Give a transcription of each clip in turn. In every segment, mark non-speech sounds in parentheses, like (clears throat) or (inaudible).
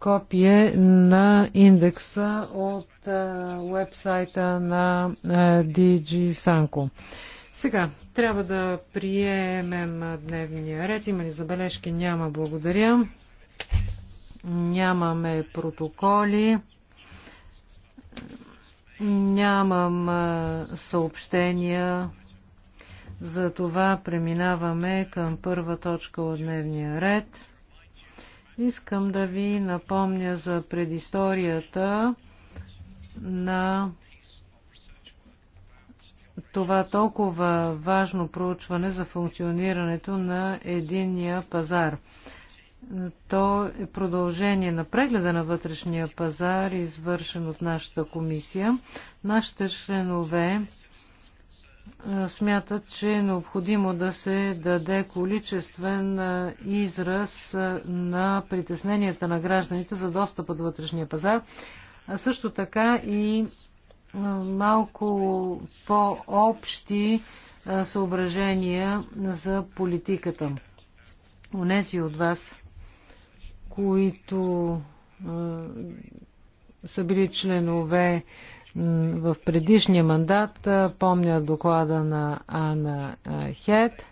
копие на индекса от вебсайта на DG Sanko. Сега, трябва да приемем дневния ред. Има ли забележки? Няма. Благодаря. Нямаме протоколи. Нямам съобщения. за това преминаваме към първа точка от дневния ред. Искам да ви напомня за предисторията на това толкова важно проучване за функционирането на единния пазар. То е продължение на прегледа на вътрешния пазар, извършен от нашата комисия. Нашите членове смятат, че е необходимо да се даде количествен израз на притесненията на гражданите за достъпа до вътрешния пазар, а също така и малко по-общи съображения за политиката. Унези от вас, които са били членове в предишния мандат помня доклада на Анна Хед,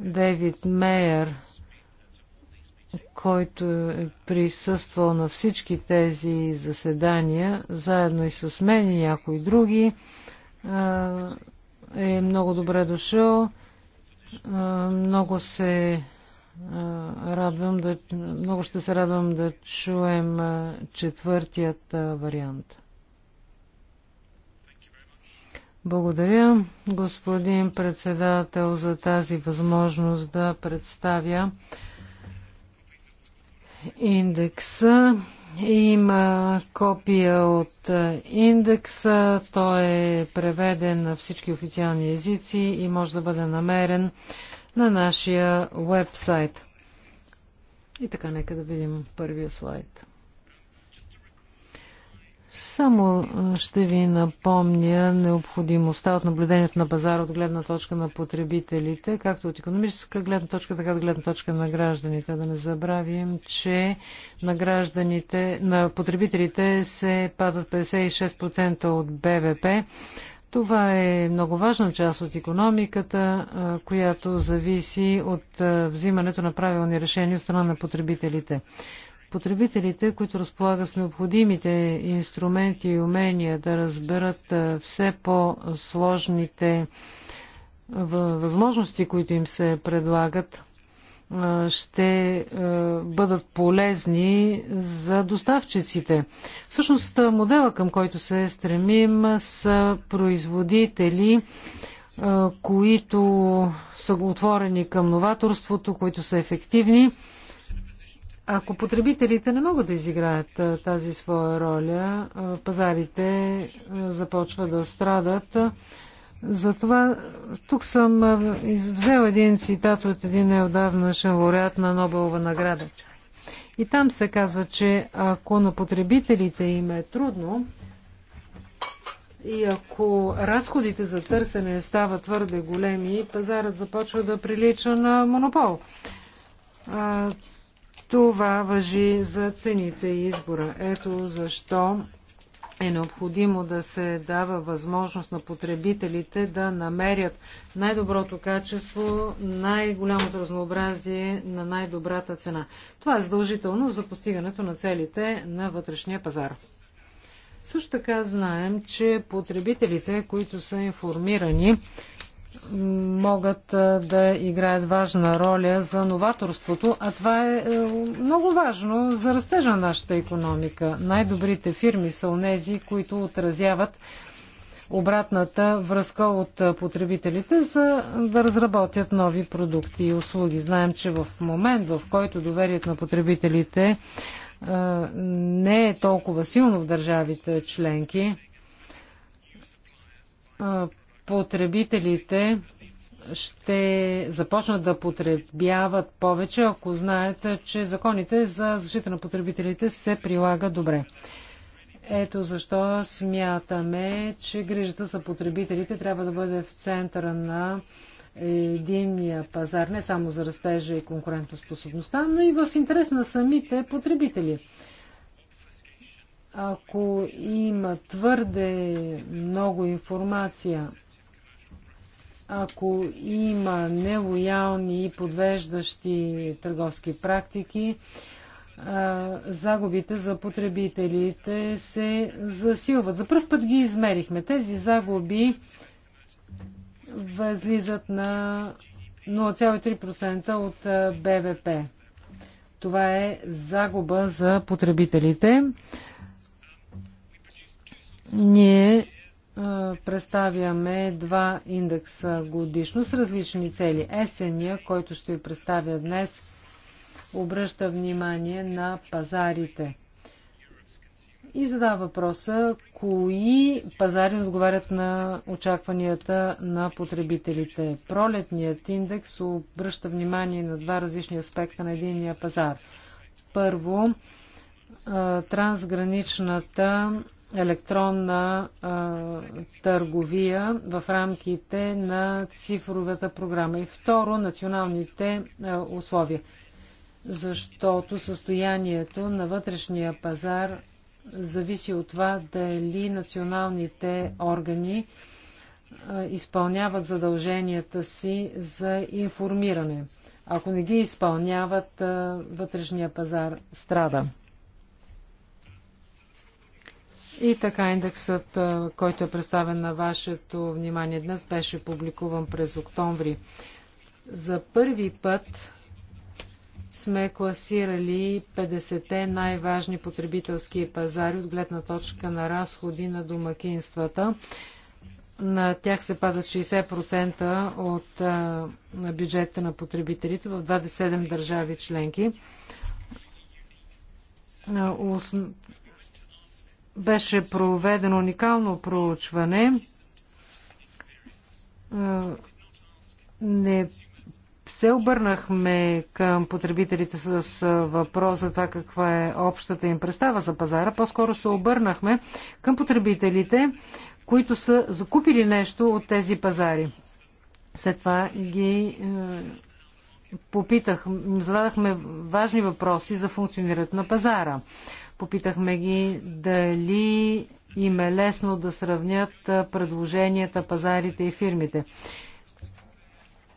Дейвид Мейер, който е присъствал на всички тези заседания, заедно и с мен и някои други, е много добре дошъл. Много се радвам да, много ще се радвам да чуем четвъртият вариант. Благодаря, господин председател, за тази възможност да представя индекса. Има копия от индекса. Той е преведен на всички официални езици и може да бъде намерен на нашия вебсайт. И така, нека да видим първия слайд. Само ще ви напомня необходимостта от наблюдението на пазара от гледна точка на потребителите, както от економическа гледна точка, така от гледна точка на гражданите. Да не забравим, че на гражданите, на потребителите се падат 56% от БВП. Това е много важна част от економиката, която зависи от взимането на правилни решения от страна на потребителите. Потребителите, които разполагат с необходимите инструменти и умения да разберат все по-сложните възможности, които им се предлагат, ще бъдат полезни за доставчиците. Всъщност модела, към който се стремим, са производители, които са отворени към новаторството, които са ефективни ако потребителите не могат да изиграят тази своя роля, пазарите започват да страдат. Затова тук съм взел един цитат от един неодавнашен лауреат на Нобелова награда. И там се казва, че ако на потребителите им е трудно и ако разходите за търсене стават твърде големи, пазарът започва да прилича на монопол. Това въжи за цените и избора. Ето защо е необходимо да се дава възможност на потребителите да намерят най-доброто качество, най-голямото разнообразие на най-добрата цена. Това е задължително за постигането на целите на вътрешния пазар. Също така знаем, че потребителите, които са информирани, могат да играят важна роля за новаторството, а това е, е много важно за растежа на нашата економика. Най-добрите фирми са онези, които отразяват обратната връзка от потребителите, за да разработят нови продукти и услуги. Знаем, че в момент, в който доверието на потребителите не е толкова силно в държавите членки, потребителите ще започнат да потребяват повече, ако знаят, че законите за защита на потребителите се прилагат добре. Ето защо смятаме, че грижата за потребителите трябва да бъде в центъра на единния пазар, не само за растежа и конкурентоспособността, но и в интерес на самите потребители. Ако има твърде много информация ако има нелоялни и подвеждащи търговски практики, загубите за потребителите се засилват. За първ път ги измерихме. Тези загуби възлизат на 0,3% от БВП. Това е загуба за потребителите. Ние представяме два индекса годишно с различни цели. Есения, който ще ви представя днес, обръща внимание на пазарите. И задава въпроса, кои пазари отговарят на очакванията на потребителите. Пролетният индекс обръща внимание на два различни аспекта на единния пазар. Първо, трансграничната електронна а, търговия в рамките на цифровата програма. И второ, националните а, условия. Защото състоянието на вътрешния пазар зависи от това дали националните органи а, изпълняват задълженията си за информиране. Ако не ги изпълняват, а, вътрешния пазар страда. И така индексът, който е представен на вашето внимание днес, беше публикуван през октомври. За първи път сме класирали 50-те най-важни потребителски пазари от гледна точка на разходи на домакинствата. На тях се падат 60% от а, бюджета на потребителите в 27 държави членки беше проведено уникално проучване. Не се обърнахме към потребителите с въпрос за това каква е общата им представа за пазара. По-скоро се обърнахме към потребителите, които са закупили нещо от тези пазари. След това ги е, попитах, зададахме важни въпроси за функционирането на пазара. Попитахме ги дали им е лесно да сравнят предложенията, пазарите и фирмите.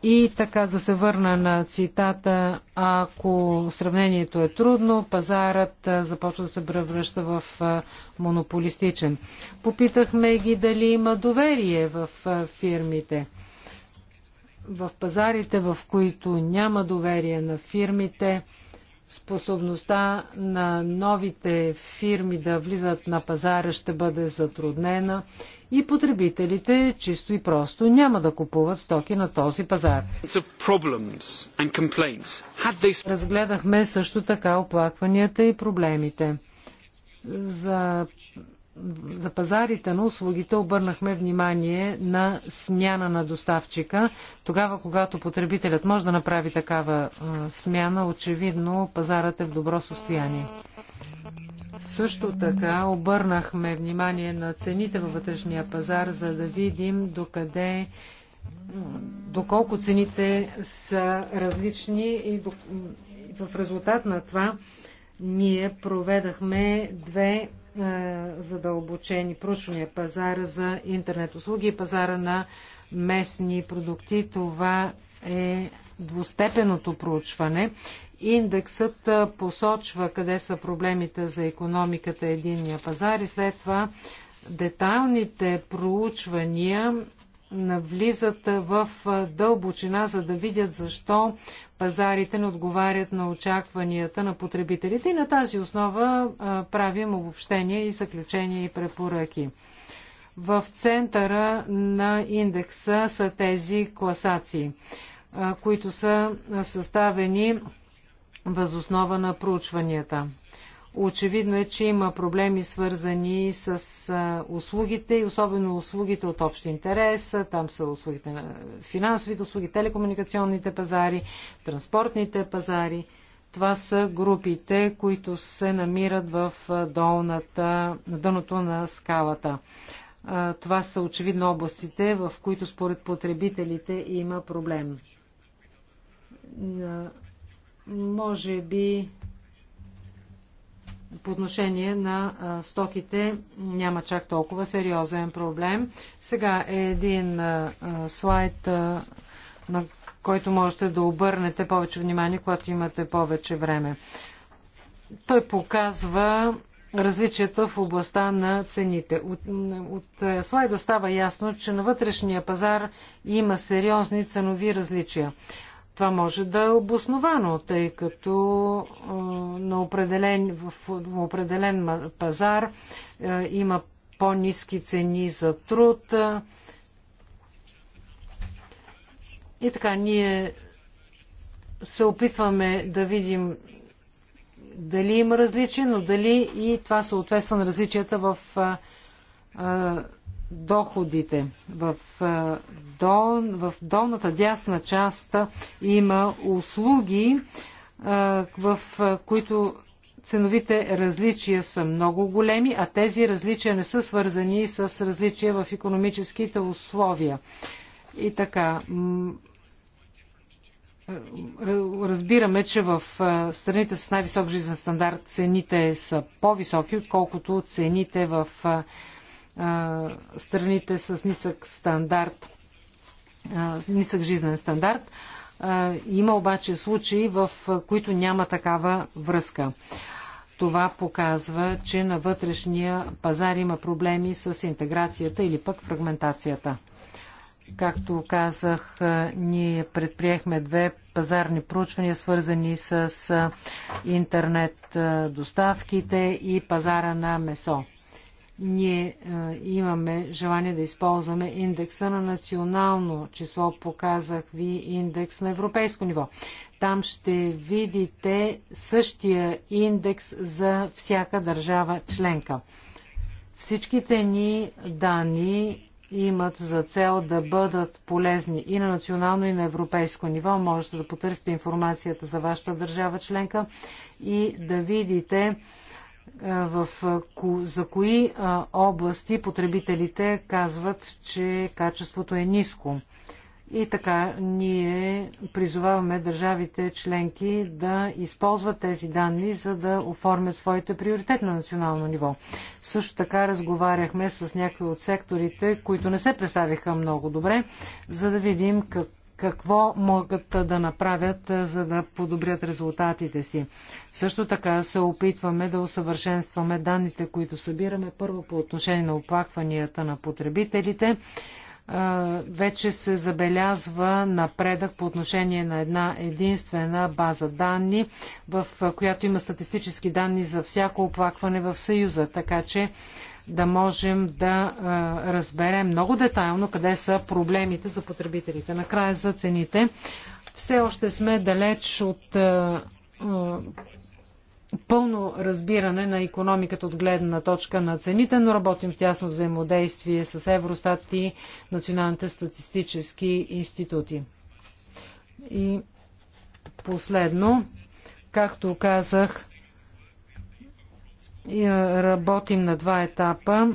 И така да се върна на цитата, ако сравнението е трудно, пазарът започва да се превръща в монополистичен. Попитахме ги дали има доверие в фирмите. В пазарите, в които няма доверие на фирмите, способността на новите фирми да влизат на пазара ще бъде затруднена и потребителите чисто и просто няма да купуват стоки на този пазар. Разгледахме също така оплакванията и проблемите. За за пазарите на услугите обърнахме внимание на смяна на доставчика. Тогава, когато потребителят може да направи такава смяна, очевидно пазарът е в добро състояние. Също така обърнахме внимание на цените във вътрешния пазар, за да видим докъде доколко цените са различни и в резултат на това ние проведахме две е, задълбочени проучвания, пазара за интернет услуги и пазара на местни продукти. Това е двустепеното проучване. Индексът е, посочва къде са проблемите за економиката единния пазар и след това детайлните проучвания навлизат в дълбочина, за да видят защо пазарите не отговарят на очакванията на потребителите. И на тази основа правим обобщения и заключения и препоръки. В центъра на индекса са тези класации, които са съставени възоснова на проучванията. Очевидно е, че има проблеми свързани с услугите и особено услугите от общ интерес. Там са услугите на финансовите услуги, телекомуникационните пазари, транспортните пазари. Това са групите, които се намират в долната, дъното на скалата. Това са очевидно областите, в които според потребителите има проблем. Може би по отношение на стоките няма чак толкова сериозен проблем. Сега е един слайд, на който можете да обърнете повече внимание, когато имате повече време. Той показва различията в областта на цените. От, от слайда става ясно, че на вътрешния пазар има сериозни ценови различия това може да е обосновано, тъй като на определен, в определен пазар има по-низки цени за труд. И така, ние се опитваме да видим дали има различия, но дали и това съответства на различията в доходите. В, дол, в долната дясна част има услуги, в които ценовите различия са много големи, а тези различия не са свързани с различия в економическите условия. И така, разбираме, че в страните с най-висок жизнен стандарт цените са по-високи, отколкото цените в страните с нисък стандарт, а, нисък жизнен стандарт. А, има обаче случаи, в които няма такава връзка. Това показва, че на вътрешния пазар има проблеми с интеграцията или пък фрагментацията. Както казах, ние предприехме две пазарни проучвания, свързани с интернет доставките и пазара на месо. Ние а, имаме желание да използваме индекса на национално число. Показах ви индекс на европейско ниво. Там ще видите същия индекс за всяка държава членка. Всичките ни данни имат за цел да бъдат полезни и на национално, и на европейско ниво. Можете да потърсите информацията за вашата държава членка и да видите в, за кои области потребителите казват, че качеството е ниско. И така ние призоваваме държавите членки да използват тези данни, за да оформят своите приоритети на национално ниво. Също така разговаряхме с някои от секторите, които не се представиха много добре, за да видим как, какво могат да направят, за да подобрят резултатите си. Също така се опитваме да усъвършенстваме данните, които събираме първо по отношение на оплакванията на потребителите. Вече се забелязва напредък по отношение на една единствена база данни, в която има статистически данни за всяко оплакване в Съюза. Така че да можем да разберем много детайлно къде са проблемите за потребителите. Накрая за цените. Все още сме далеч от пълно разбиране на економиката от гледна точка на цените, но работим в тясно взаимодействие с Евростат и националните статистически институти. И последно, както казах, е, работим на два етапа.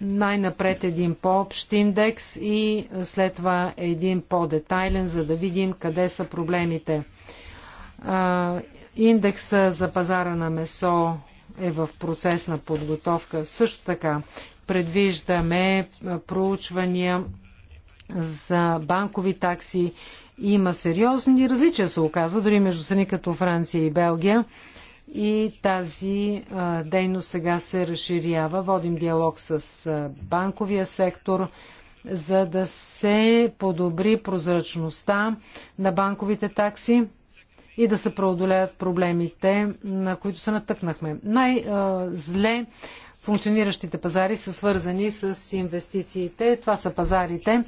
Най-напред един по-общ индекс и след това един по-детайлен, за да видим къде са проблемите. Е, индекса за пазара на месо е в процес на подготовка. Също така предвиждаме е, проучвания за банкови такси. Има сериозни различия, се оказва, дори между страни като Франция и Белгия и тази а, дейност сега се разширява. Водим диалог с а, банковия сектор, за да се подобри прозрачността на банковите такси и да се преодолеят проблемите, на които се натъкнахме. Най-зле функциониращите пазари са свързани с инвестициите. Това са пазарите,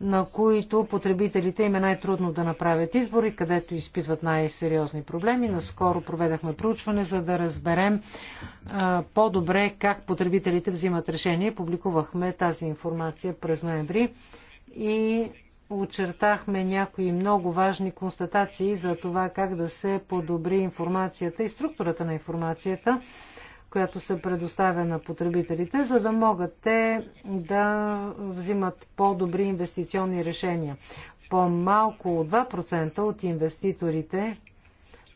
на които потребителите им е най-трудно да направят избори, където изпитват най-сериозни проблеми. Наскоро проведахме проучване, за да разберем по-добре как потребителите взимат решение. Публикувахме тази информация през ноември и очертахме някои много важни констатации за това как да се подобри информацията и структурата на информацията която се предоставя на потребителите, за да могат те да взимат по-добри инвестиционни решения. По-малко от 2% от инвеститорите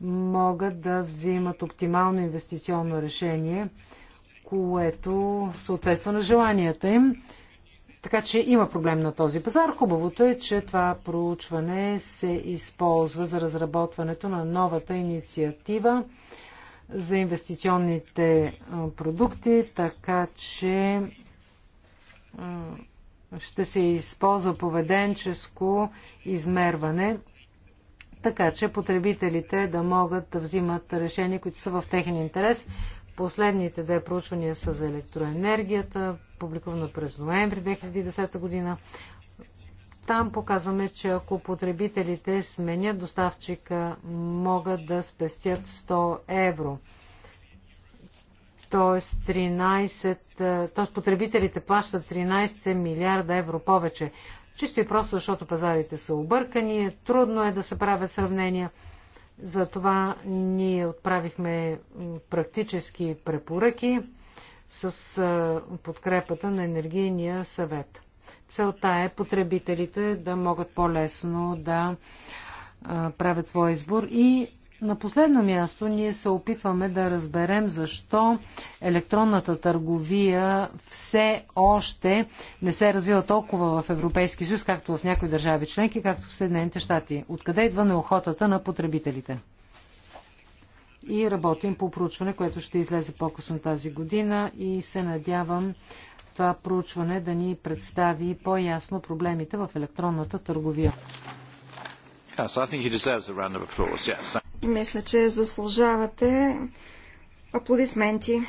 могат да взимат оптимално инвестиционно решение, което съответства на желанията им. Така че има проблем на този пазар. Хубавото е, че това проучване се използва за разработването на новата инициатива за инвестиционните продукти, така че ще се използва поведенческо измерване, така че потребителите да могат да взимат решения, които са в техен интерес. Последните две проучвания са за електроенергията, публикувана през ноември 2010 година там показваме, че ако потребителите сменят доставчика, могат да спестят 100 евро. Тоест, 13, е, тоест потребителите плащат 13 милиарда евро повече. Чисто и просто, защото пазарите са объркани, е трудно е да се правят сравнения. Затова ние отправихме практически препоръки с е, подкрепата на Енергийния съвет. Целта е потребителите да могат по-лесно да правят своя избор и на последно място ние се опитваме да разберем защо електронната търговия все още не се е развива толкова в Европейски съюз, както в някои държави членки, както в Съединените щати. Откъде идва неохотата на потребителите? И работим по проучване, което ще излезе по-късно тази година и се надявам, това проучване да ни представи по-ясно проблемите в електронната търговия. Мисля, че заслужавате аплодисменти.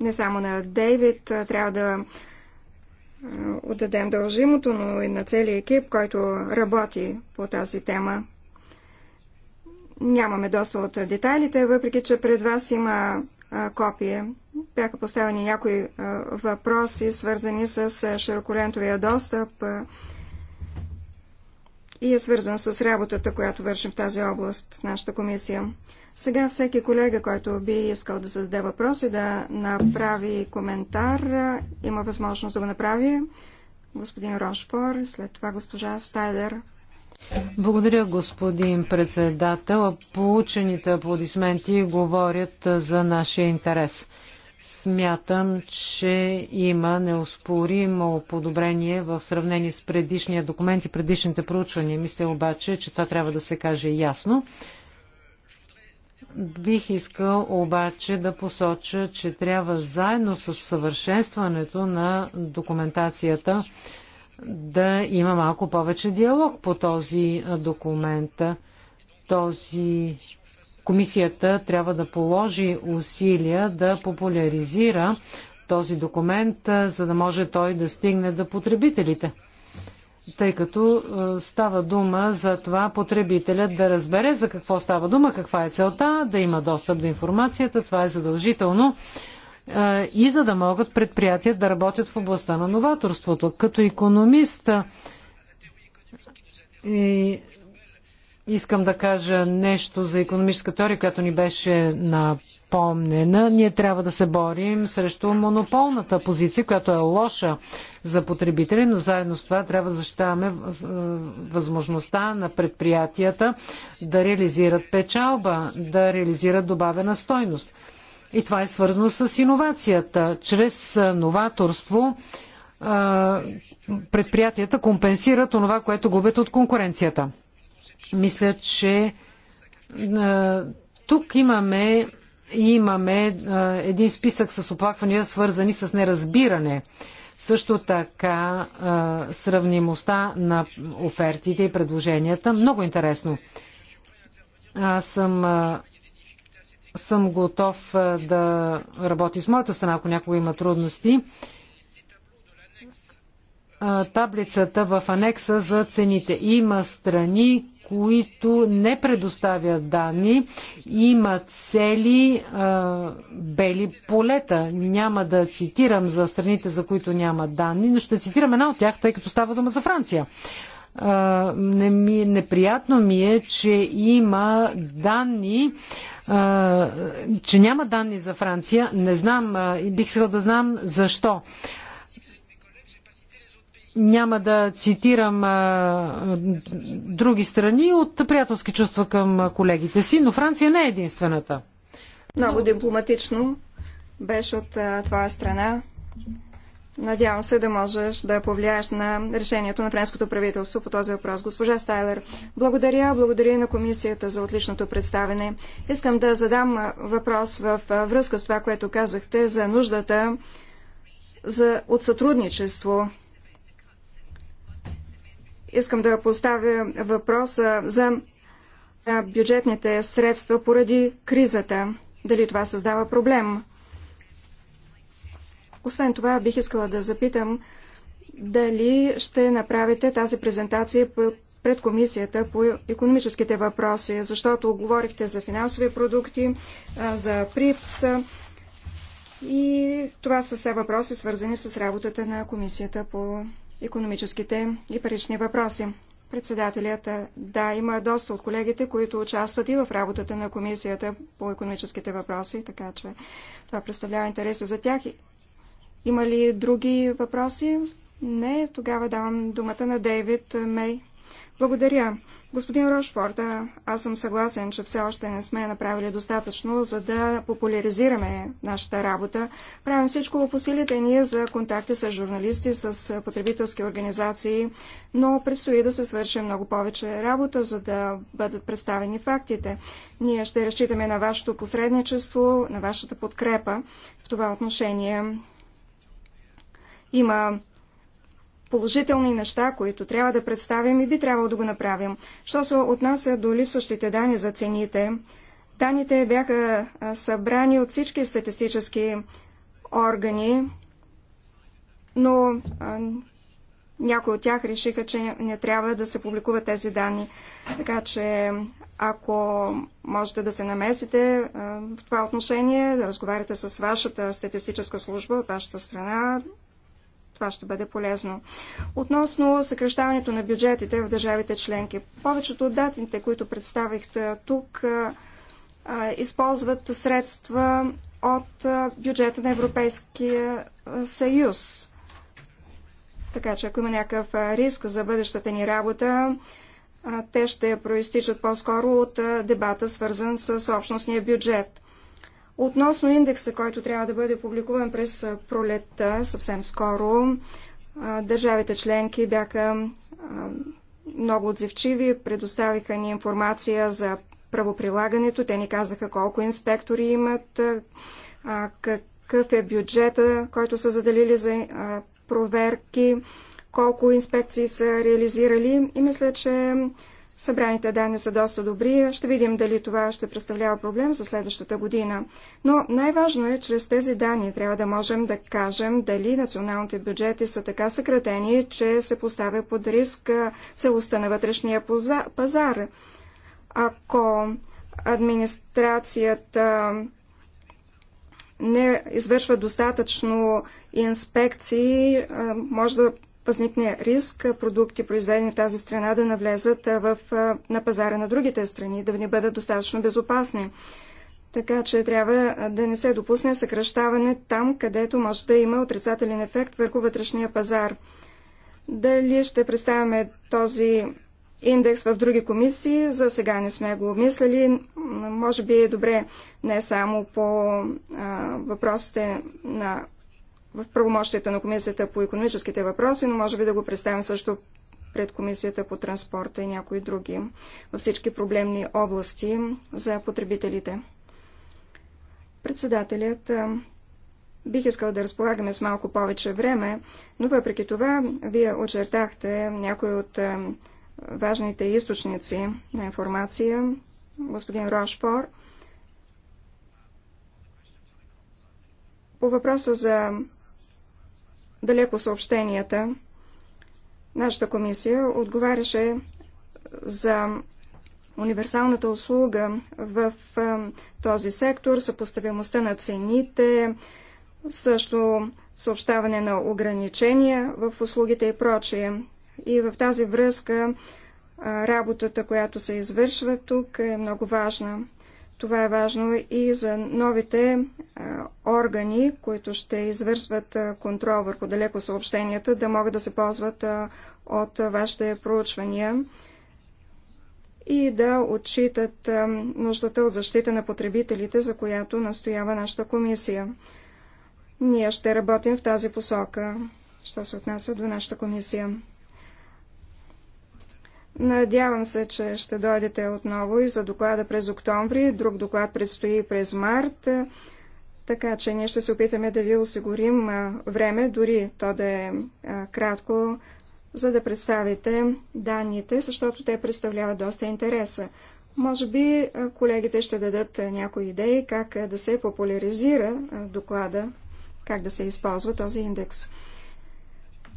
Не само на Дейвид, трябва да отдадем дължимото, но и на целия екип, който работи по тази тема. Нямаме доста от детайлите, въпреки че пред вас има копие. Бяха поставени някои въпроси, свързани с широколентовия достъп и е свързан с работата, която вършим в тази област, в нашата комисия. Сега всеки колега, който би искал да зададе въпроси, да направи коментар, има възможност да го направи. Господин Рошфор, след това госпожа Стайдер. Благодаря, господин председател. Получените аплодисменти говорят за нашия интерес. Смятам, че има неоспоримо подобрение в сравнение с предишния документ и предишните проучвания. Мисля обаче, че това трябва да се каже ясно. Бих искал обаче да посоча, че трябва заедно с съвършенстването на документацията да има малко повече диалог по този документ. Този комисията трябва да положи усилия да популяризира този документ, за да може той да стигне до потребителите. Тъй като става дума за това потребителят да разбере за какво става дума, каква е целта, да има достъп до информацията. Това е задължително и за да могат предприятия да работят в областта на новаторството. Като економист и искам да кажа нещо за економическа теория, която ни беше напомнена. Ние трябва да се борим срещу монополната позиция, която е лоша за потребители, но заедно с това трябва да защитаваме възможността на предприятията да реализират печалба, да реализират добавена стойност. И това е свързано с иновацията. Чрез новаторство предприятията компенсират това, което губят от конкуренцията. Мисля, че тук имаме, имаме един списък с оплаквания, свързани с неразбиране. Също така сравнимостта на офертите и предложенията. Много интересно. Аз съм съм готов да работя с моята страна, ако някога има трудности. Таблицата в анекса за цените. Има страни, които не предоставят данни, има цели а, бели полета. Няма да цитирам за страните, за които няма данни, но ще цитирам една от тях, тъй като става дума за Франция. А, не ми, неприятно ми е, че има данни че няма данни за Франция. Не знам и бих искал да знам защо. Няма да цитирам а, други страни от приятелски чувства към колегите си, но Франция не е единствената. Много дипломатично беше от а, твоя страна. Надявам се да можеш да повлияеш на решението на френското правителство по този въпрос. Госпожа Стайлер, благодаря, благодаря и на комисията за отличното представене. Искам да задам въпрос в връзка с това, което казахте за нуждата за, от сътрудничество. Искам да поставя въпроса за бюджетните средства поради кризата. Дали това създава проблем? Освен това, бих искала да запитам дали ще направите тази презентация пред комисията по економическите въпроси, защото говорихте за финансови продукти, за ПРИПС и това са все въпроси, свързани с работата на комисията по економическите и парични въпроси. Председателята, да, има доста от колегите, които участват и в работата на комисията по економическите въпроси, така че това представлява интереси за тях има ли други въпроси? Не. Тогава давам думата на Дейвид Мей. Благодаря. Господин Рошфорд, аз съм съгласен, че все още не сме направили достатъчно, за да популяризираме нашата работа. Правим всичко по силите ние за контакти с журналисти, с потребителски организации, но предстои да се свърши много повече работа, за да бъдат представени фактите. Ние ще разчитаме на вашето посредничество, на вашата подкрепа в това отношение. Има положителни неща, които трябва да представим и би трябвало да го направим. Що се отнася до липсващите данни за цените, данните бяха събрани от всички статистически органи, но някои от тях решиха, че не трябва да се публикуват тези данни. Така че, ако можете да се намесите в това отношение, да разговаряте с вашата статистическа служба от вашата страна, това ще бъде полезно. Относно съкръщаването на бюджетите в държавите членки, повечето от датите, които представихте тук, използват средства от бюджета на Европейския съюз. Така че ако има някакъв риск за бъдещата ни работа, те ще проистичат по-скоро от дебата, свързан с общностния бюджет. Относно индекса, който трябва да бъде публикуван през пролетта, съвсем скоро, държавите членки бяха много отзивчиви, предоставиха ни информация за правоприлагането. Те ни казаха колко инспектори имат, какъв е бюджета, който са заделили за проверки, колко инспекции са реализирали. И мисля, че Събраните данни са доста добри. Ще видим дали това ще представлява проблем за следващата година. Но най-важно е, чрез тези данни трябва да можем да кажем дали националните бюджети са така съкратени, че се поставя под риск целостта на вътрешния пазар. Ако администрацията не извършва достатъчно инспекции, може да възникне риск продукти, произведени в тази страна, да навлезат в, на пазара на другите страни, да не бъдат достатъчно безопасни. Така че трябва да не се допусне съкръщаване там, където може да има отрицателен ефект върху вътрешния пазар. Дали ще представяме този индекс в други комисии, за сега не сме го обмисляли. Може би е добре не само по а, въпросите на в правомощията на Комисията по економическите въпроси, но може би да го представим също пред Комисията по транспорта и някои други във всички проблемни области за потребителите. Председателят бих искал да разполагаме с малко повече време, но въпреки това вие очертахте някои от важните източници на информация. Господин Рошфор, по въпроса за далеко съобщенията. Нашата комисия отговаряше за универсалната услуга в този сектор, съпоставимостта на цените, също съобщаване на ограничения в услугите и прочие. И в тази връзка работата, която се извършва тук, е много важна. Това е важно и за новите органи, които ще извършват контрол върху далеко съобщенията, да могат да се ползват от вашите проучвания и да отчитат нуждата от защита на потребителите, за която настоява нашата комисия. Ние ще работим в тази посока, що се отнася до нашата комисия. Надявам се, че ще дойдете отново и за доклада през октомври. Друг доклад предстои през март. Така че ние ще се опитаме да ви осигурим време, дори то да е кратко, за да представите данните, защото те представляват доста интереса. Може би колегите ще дадат някои идеи как да се популяризира доклада, как да се използва този индекс.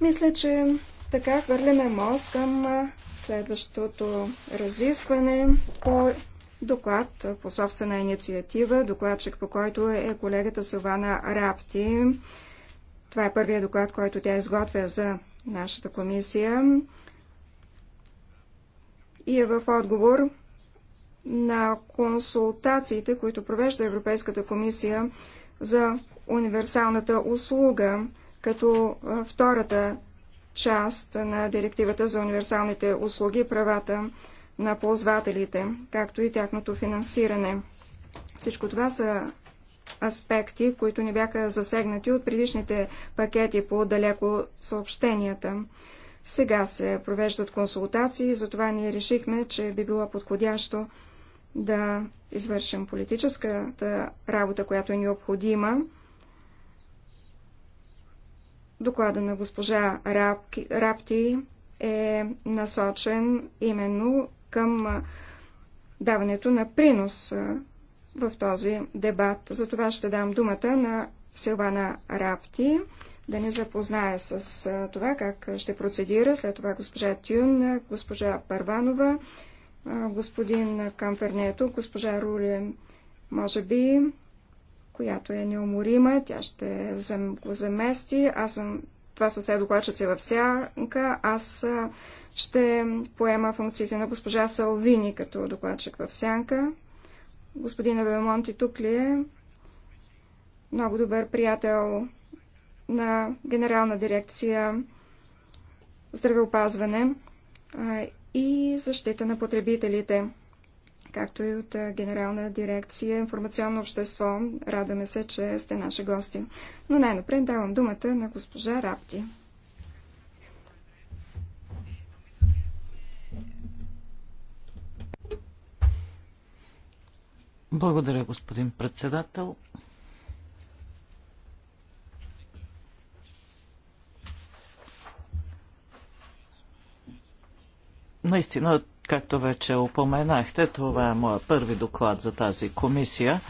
Мисля, че така хвърляме мост към следващото разискване по доклад по собствена инициатива, докладчик по който е колегата Силвана Рапти. Това е първият доклад, който тя изготвя за нашата комисия и е в отговор на консултациите, които провежда Европейската комисия за универсалната услуга, като втората част на Директивата за универсалните услуги и правата на ползвателите, както и тяхното финансиране. Всичко това са аспекти, които не бяха засегнати от предишните пакети по далеко съобщенията. Сега се провеждат консултации, затова ние решихме, че би било подходящо да извършим политическата работа, която е необходима, Доклада на госпожа Рапти е насочен именно към даването на принос в този дебат. За това ще дам думата на Силвана Рапти да ни запознае с това как ще процедира. След това госпожа Тюн, госпожа Парванова, господин Камфернето, госпожа Руле, може би която е неуморима, тя ще го замести. Аз съм, това са все докладчици в сянка. Аз ще поема функциите на госпожа Салвини като докладчик в сянка. господина Абелмонти тук ли е? Много добър приятел на генерална дирекция здравеопазване и защита на потребителите както и от Генерална дирекция информационно общество. Радваме се, че сте наши гости. Но най-напред давам думата на госпожа Рапти. Благодаря, господин председател. Наистина, Както вече упоменахте, това е моят първи доклад за тази комисия.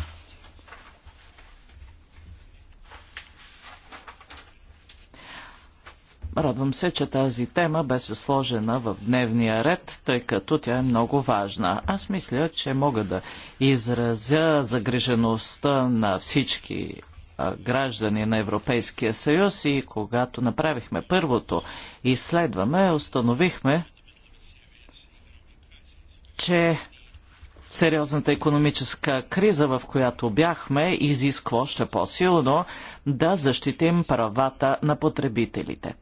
Радвам се, че тази тема беше сложена в дневния ред, тъй като тя е много важна. Аз мисля, че мога да изразя загрижеността на всички граждани на Европейския съюз и когато направихме първото изследване, установихме, че сериозната економическа криза, в която бяхме, изисква още по-силно да защитим правата на потребителите.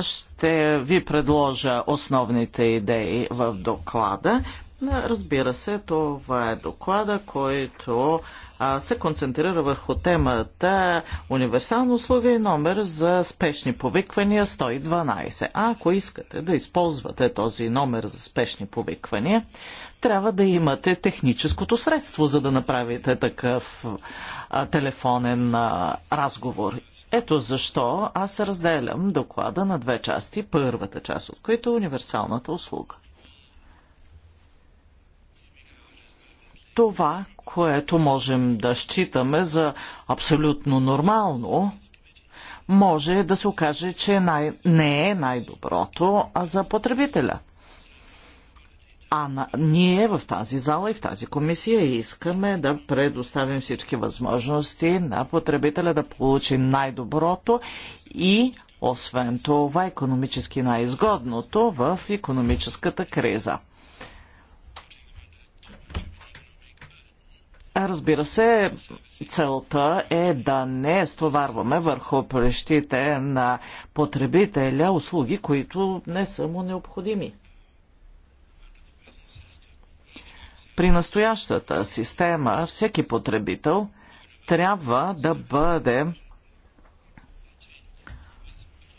Ще ви предложа основните идеи в доклада. Разбира се, това е доклада, който а, се концентрира върху темата универсално услуга и номер за спешни повиквания 112. А ако искате да използвате този номер за спешни повиквания, трябва да имате техническото средство, за да направите такъв а, телефонен а, разговор. Ето защо аз разделям доклада на две части, първата част от които е универсалната услуга. това, което можем да считаме за абсолютно нормално, може да се окаже, че най... не е най-доброто а за потребителя. А на... ние в тази зала и в тази комисия искаме да предоставим всички възможности на потребителя да получи най-доброто и освен това економически най-изгодното в економическата криза. Разбира се, целта е да не стоварваме върху плещите на потребителя услуги, които не са му необходими. При настоящата система всеки потребител трябва да бъде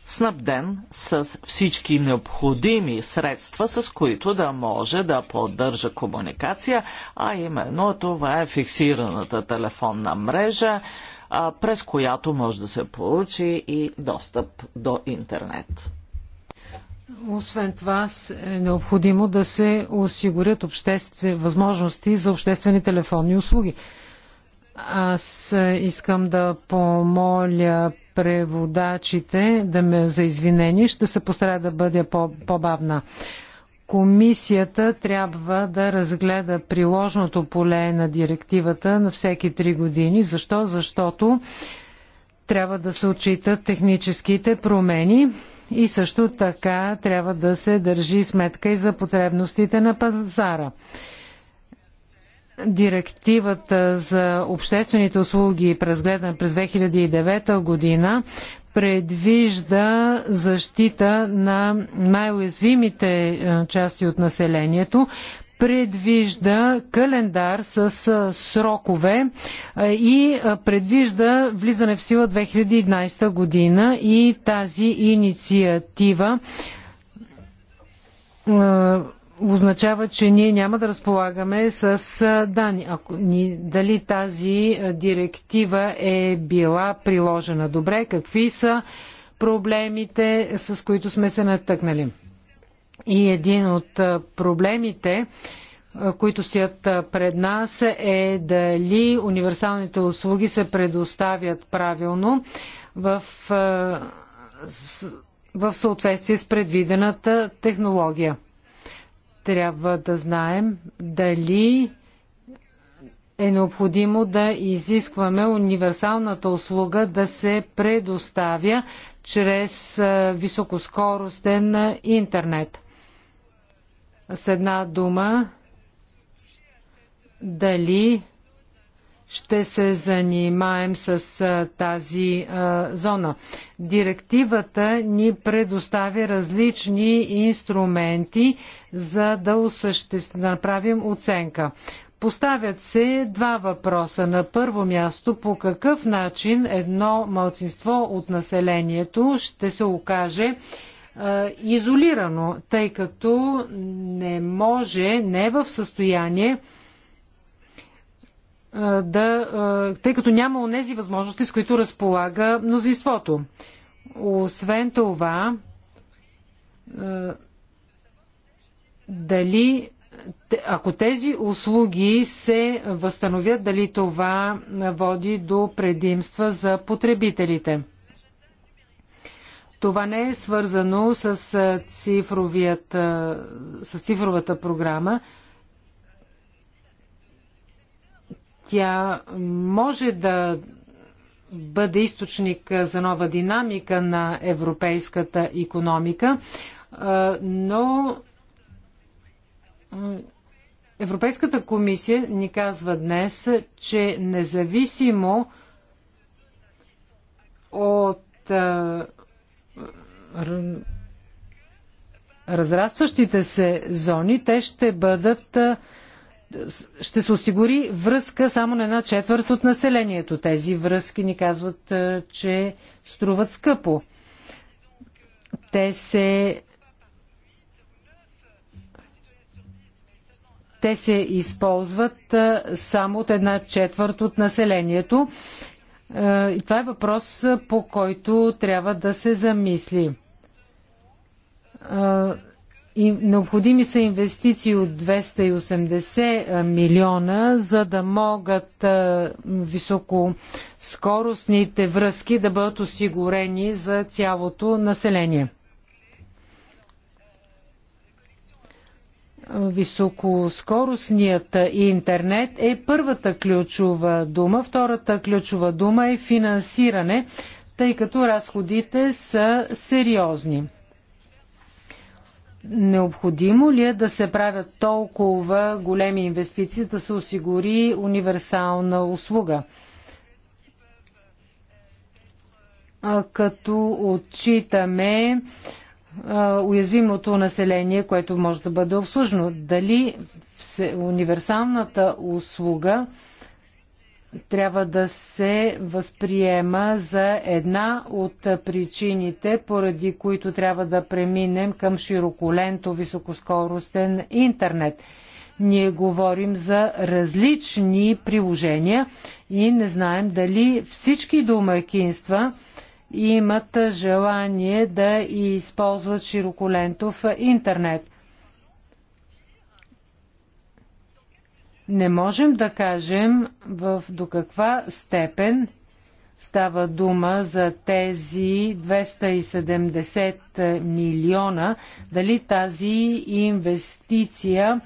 снабден с всички необходими средства, с които да може да поддържа комуникация, а именно това е фиксираната телефонна мрежа, през която може да се получи и достъп до интернет. Освен това е необходимо да се осигурят обществе, възможности за обществени телефонни услуги. Аз е, искам да помоля преводачите да ме за извинение. Ще се постарая да бъде по, по-бавна. Комисията трябва да разгледа приложното поле на директивата на всеки три години. Защо? Защото трябва да се отчитат техническите промени и също така трябва да се държи сметка и за потребностите на пазара директивата за обществените услуги, разгледана през 2009 година, предвижда защита на най-уязвимите е, части от населението, предвижда календар с е, срокове е, и предвижда влизане в сила 2011 година и тази инициатива означава, че ние няма да разполагаме с данни. Ако ни, дали тази директива е била приложена добре, какви са проблемите, с които сме се натъкнали. И един от проблемите, които стоят пред нас е дали универсалните услуги се предоставят правилно в, в съответствие с предвидената технология трябва да знаем дали е необходимо да изискваме универсалната услуга да се предоставя чрез високоскоростен интернет. С една дума, дали ще се занимаем с тази а, зона. Директивата ни предоставя различни инструменти, за да, осъществ... да направим оценка. Поставят се два въпроса. На първо място, по какъв начин едно малцинство от населението ще се окаже а, изолирано, тъй като не може, не е в състояние да, тъй като няма онези възможности, с които разполага мнозинството. Освен това, дали ако тези услуги се възстановят, дали това води до предимства за потребителите. Това не е свързано с, цифровият, с цифровата програма, Тя може да бъде източник за нова динамика на европейската економика, но Европейската комисия ни казва днес, че независимо от разрастващите се зони, те ще бъдат ще се осигури връзка само на една четвърт от населението. Тези връзки ни казват, е, че струват скъпо. Те се те се използват е, само от една четвърт от населението. Е, и това е въпрос, по който трябва да се замисли и необходими са инвестиции от 280 милиона, за да могат високоскоростните връзки да бъдат осигурени за цялото население. Високоскоростният интернет е първата ключова дума. Втората ключова дума е финансиране, тъй като разходите са сериозни. Необходимо ли е да се правят толкова големи инвестиции, да се осигури универсална услуга? Като отчитаме уязвимото население, което може да бъде обслужено. Дали универсалната услуга трябва да се възприема за една от причините, поради които трябва да преминем към широколенто високоскоростен интернет. Ние говорим за различни приложения и не знаем дали всички домакинства имат желание да използват широколентов интернет. не можем да кажем в, до каква степен става дума за тези 270 милиона, дали тази инвестиция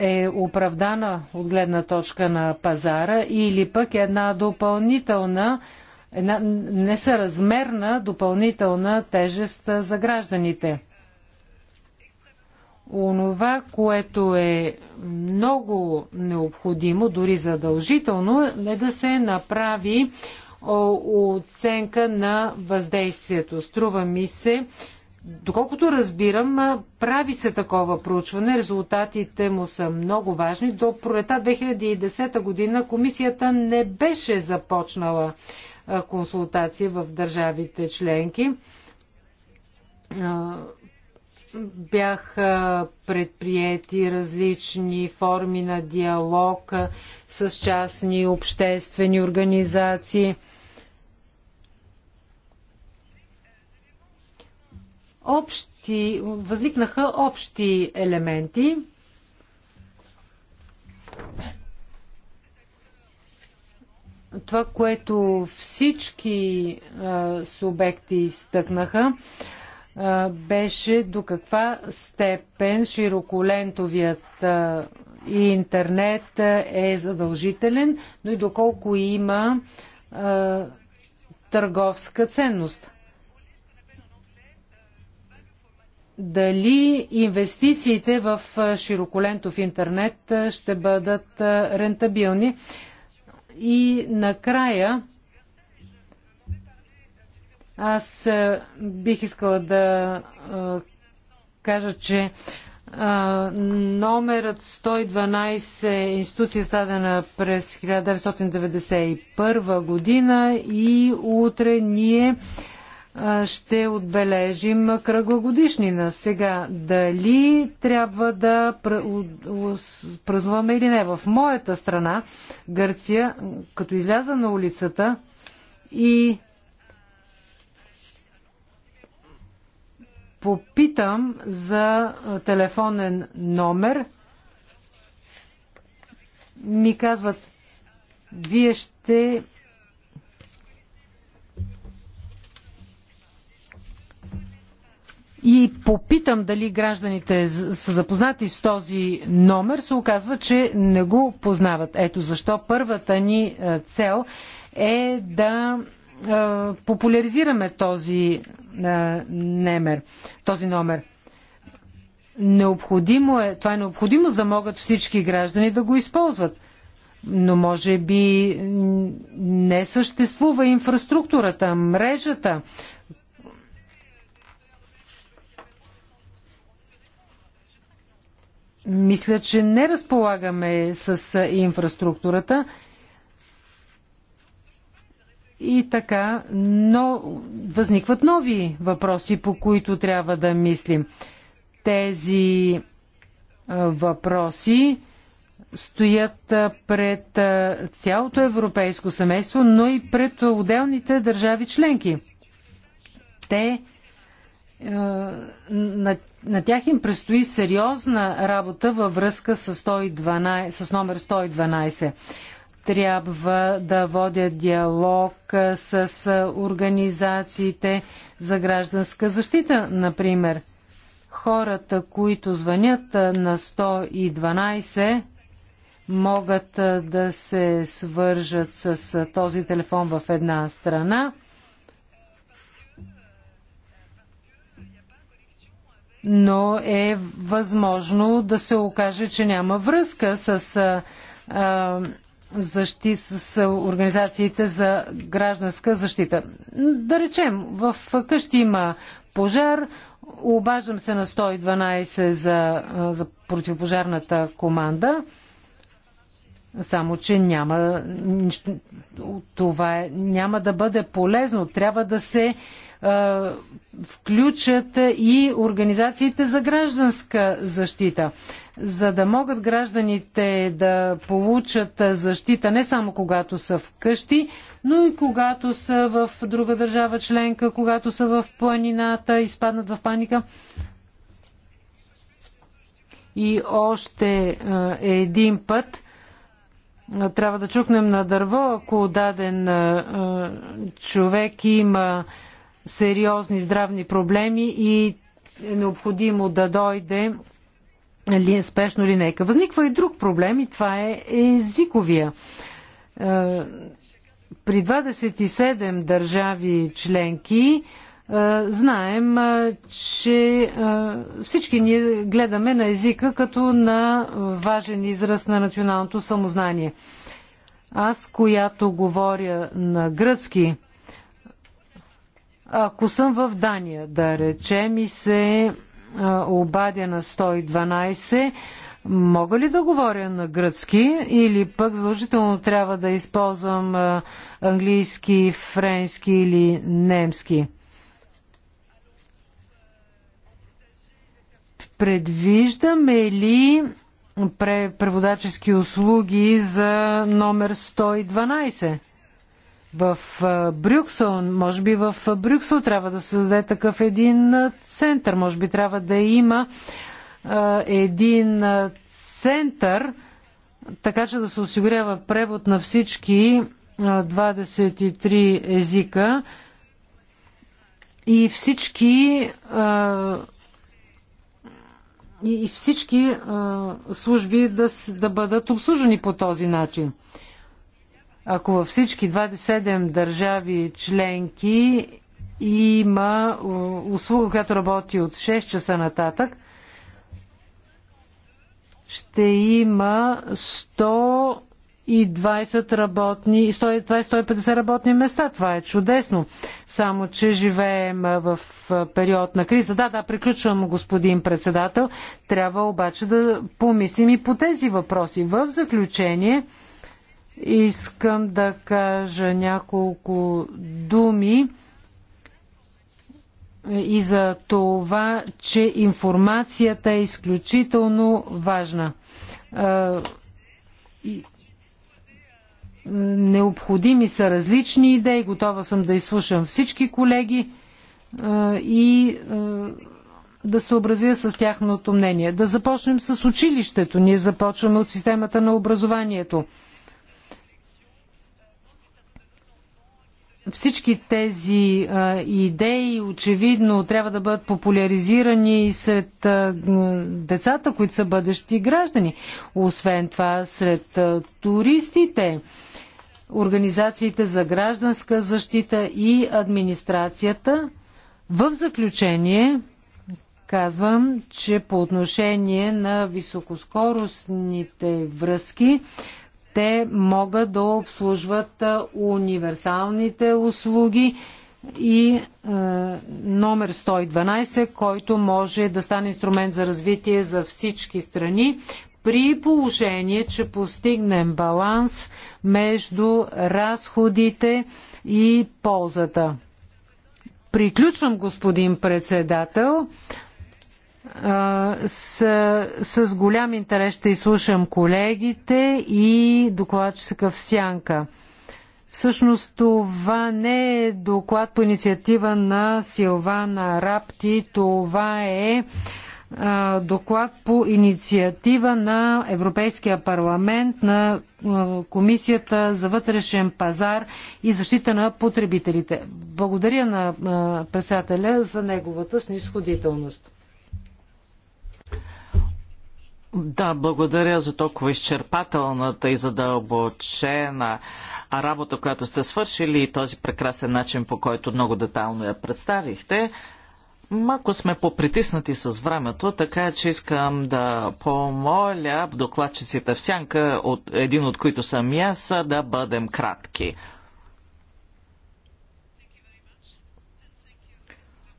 е, е оправдана от гледна точка на пазара или пък е една допълнителна, една несъразмерна допълнителна тежест за гражданите онова, което е много необходимо, дори задължително, е да се направи оценка на въздействието. Струва ми се, доколкото разбирам, прави се такова проучване. Резултатите му са много важни. До пролета 2010 година комисията не беше започнала консултации в държавите членки бяха предприяти различни форми на диалог с частни обществени организации. Общи, възникнаха общи елементи. Това, което всички а, субекти изтъкнаха, а, беше до каква степен широколентовият интернет е задължителен, но и доколко има търговска ценност. Дали инвестициите в широколентов интернет ще бъдат рентабилни? И накрая аз бих искала да кажа, че номерът 112 е институция стадена през 1991 година и утре ние ще отбележим годишнина. Сега, дали трябва да празнуваме или не? В моята страна, Гърция, като изляза на улицата и попитам за телефонен номер. Ми казват, вие ще и попитам дали гражданите са запознати с този номер, се оказва, че не го познават. Ето защо първата ни цел е да популяризираме този немер, този номер. Необходимо е, това е необходимо, за да могат всички граждани да го използват. Но може би не съществува инфраструктурата, мрежата. Мисля, че не разполагаме с инфраструктурата. И така, но възникват нови въпроси, по които трябва да мислим. Тези въпроси стоят пред цялото европейско семейство, но и пред отделните държави членки. Те на, на тях им предстои сериозна работа във връзка с, 112, с номер 112 трябва да водят диалог с организациите за гражданска защита, например. Хората, които звънят на 112, могат да се свържат с този телефон в една страна. Но е възможно да се окаже, че няма връзка с защи, с организациите за гражданска защита. Да речем, в къщи има пожар, обаждам се на 112 за, за противопожарната команда, само, че няма, това е, няма да бъде полезно. Трябва да се включат и организациите за гражданска защита за да могат гражданите да получат защита не само когато са вкъщи, но и когато са в друга държава членка, когато са в планината, изпаднат в паника. И още един път трябва да чукнем на дърво, ако даден човек има сериозни здравни проблеми и е необходимо да дойде ли е спешно или нека. Възниква и друг проблем и това е езиковия. Е, при 27 държави членки е, знаем, е, че всички ние гледаме на езика като на важен израз на националното самознание. Аз, която говоря на гръцки, ако съм в Дания, да речем, и се обадя на 112, мога ли да говоря на гръцки или пък задължително трябва да използвам английски, френски или немски? Предвиждаме ли преводачески услуги за номер 112? в Брюксел, може би в Брюксел трябва да се създаде такъв един център, може би трябва да има един център, така че да се осигурява превод на всички 23 езика и всички и всички служби да, да бъдат обслужени по този начин ако във всички 27 държави членки има услуга, която работи от 6 часа нататък, ще има 120 работни, 120-150 работни места. Това е чудесно. Само, че живеем в период на криза. Да, да, приключвам, господин председател. Трябва обаче да помислим и по тези въпроси. В заключение, Искам да кажа няколко думи и за това, че информацията е изключително важна. Необходими са различни идеи. Готова съм да изслушам всички колеги и да съобразя с тяхното мнение. Да започнем с училището. Ние започваме от системата на образованието. Всички тези а, идеи очевидно трябва да бъдат популяризирани сред а, децата, които са бъдещи граждани. Освен това, сред а, туристите, организациите за гражданска защита и администрацията. В заключение, казвам, че по отношение на високоскоростните връзки, те могат да обслужват универсалните услуги и е, номер 112, който може да стане инструмент за развитие за всички страни, при положение, че постигнем баланс между разходите и ползата. Приключвам, господин председател. С, с голям интерес ще изслушам колегите и докладчика в сянка. Всъщност това не е доклад по инициатива на Силвана Рапти, това е а, доклад по инициатива на Европейския парламент, на а, Комисията за вътрешен пазар и защита на потребителите. Благодаря на а, председателя за неговата снисходителност. Да, благодаря за толкова изчерпателната и задълбочена работа, която сте свършили и този прекрасен начин, по който много детайлно я представихте. Малко сме попритиснати с времето, така че искам да помоля докладчиците в сянка, от, един от които съм и аз, да бъдем кратки.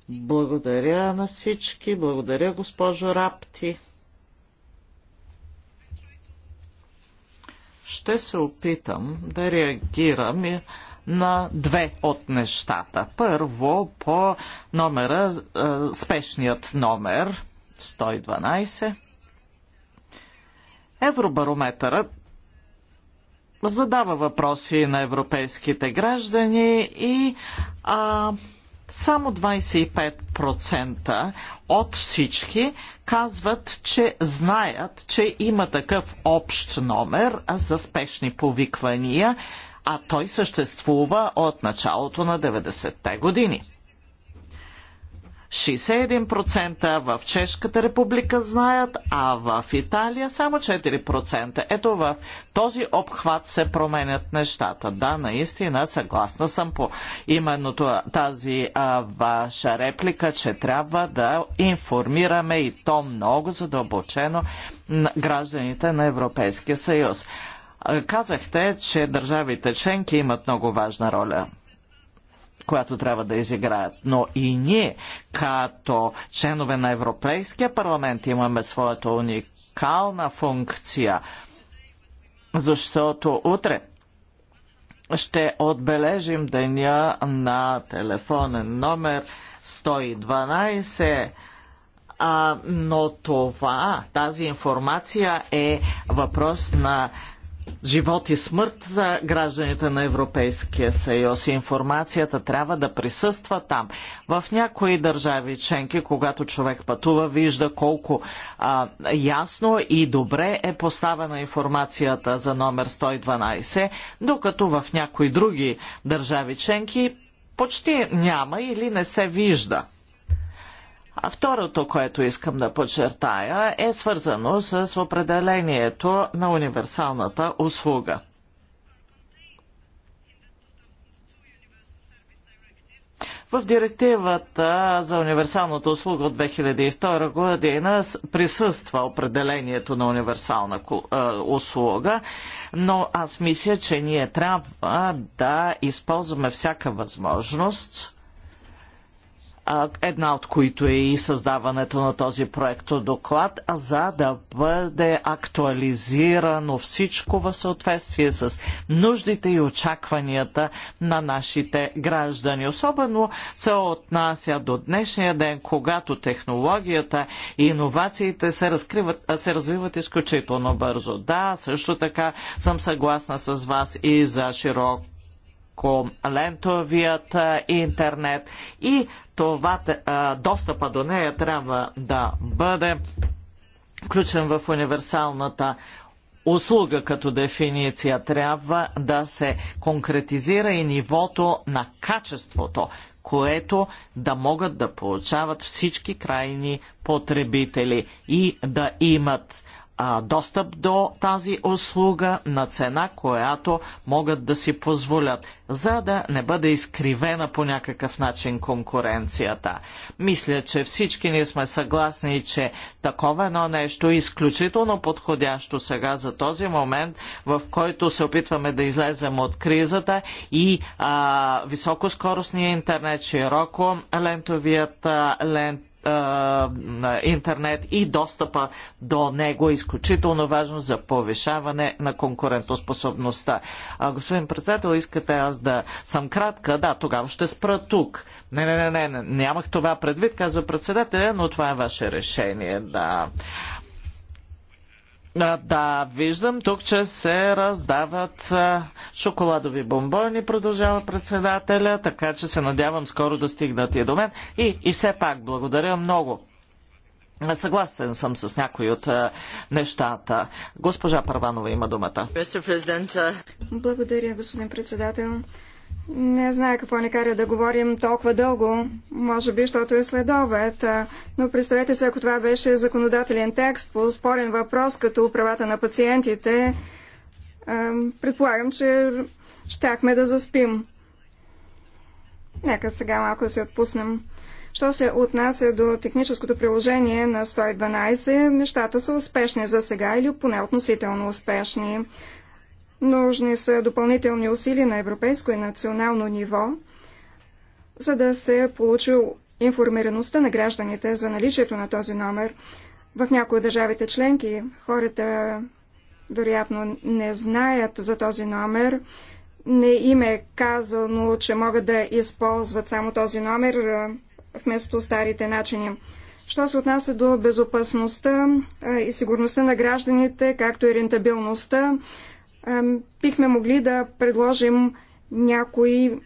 Благодаря на всички, благодаря госпожо Рапти. Ще се опитам да реагирам на две от нещата. Първо по номера, е, спешният номер 112. Евробарометърът задава въпроси на европейските граждани и а, само 25% от всички казват, че знаят, че има такъв общ номер за спешни повиквания, а той съществува от началото на 90-те години. 61% в Чешката република знаят, а в Италия само 4%. Ето в този обхват се променят нещата. Да, наистина, съгласна съм по именно тази а, ваша реплика, че трябва да информираме и то много задълбочено гражданите на Европейския съюз. Казахте, че държавите членки имат много важна роля която трябва да изиграят. Но и ние, като членове на Европейския парламент, имаме своята уникална функция, защото утре ще отбележим деня на телефонен номер 112 а, но това, тази информация е въпрос на живот и смърт за гражданите на Европейския съюз. Информацията трябва да присъства там. В някои държави членки, когато човек пътува, вижда колко а, ясно и добре е поставена информацията за номер 112, докато в някои други държави членки почти няма или не се вижда. Второто, което искам да подчертая, е свързано с определението на универсалната услуга. В директивата за универсалната услуга от 2002 година присъства определението на универсална услуга, но аз мисля, че ние трябва да използваме всяка възможност една от които е и създаването на този проекто доклад, за да бъде актуализирано всичко в съответствие с нуждите и очакванията на нашите граждани. Особено се отнася до днешния ден, когато технологията и иновациите се, разкриват, се развиват изключително бързо. Да, също така съм съгласна с вас и за широк. Лентовият интернет и това достъпа до нея трябва да бъде включен в универсалната услуга като дефиниция. Трябва да се конкретизира и нивото на качеството, което да могат да получават всички крайни потребители и да имат достъп до тази услуга на цена, която могат да си позволят, за да не бъде изкривена по някакъв начин конкуренцията. Мисля, че всички ние сме съгласни, че такова едно нещо е изключително подходящо сега за този момент, в който се опитваме да излезем от кризата и а, високоскоростния интернет, широко лентовият лент интернет и достъпа до него е изключително важно за повишаване на конкурентоспособността. А, господин председател, искате аз да съм кратка? Да, тогава ще спра тук. Не, не, не, не, нямах това предвид, казва председателя, но това е ваше решение. Да. Да, виждам тук, че се раздават шоколадови бомбони, продължава председателя, така че се надявам скоро да стигнат и до мен. И, и все пак, благодаря много. Съгласен съм с някои от нещата. Госпожа Парванова, има думата. Благодаря, господин председател. Не знае какво ни кара да говорим толкова дълго, може би, защото е следовет. Но представете се, ако това беше законодателен текст по спорен въпрос, като правата на пациентите, предполагам, че щяхме да заспим. Нека сега малко да се отпуснем. Що се отнася до техническото приложение на 112, нещата са успешни за сега или поне относително успешни. Нужни са допълнителни усилия на европейско и национално ниво, за да се получи информираността на гражданите за наличието на този номер. В някои от държавите членки хората вероятно не знаят за този номер, не им е казано, че могат да използват само този номер вместо старите начини. Що се отнася до безопасността и сигурността на гражданите, както и рентабилността, бихме могли да предложим някои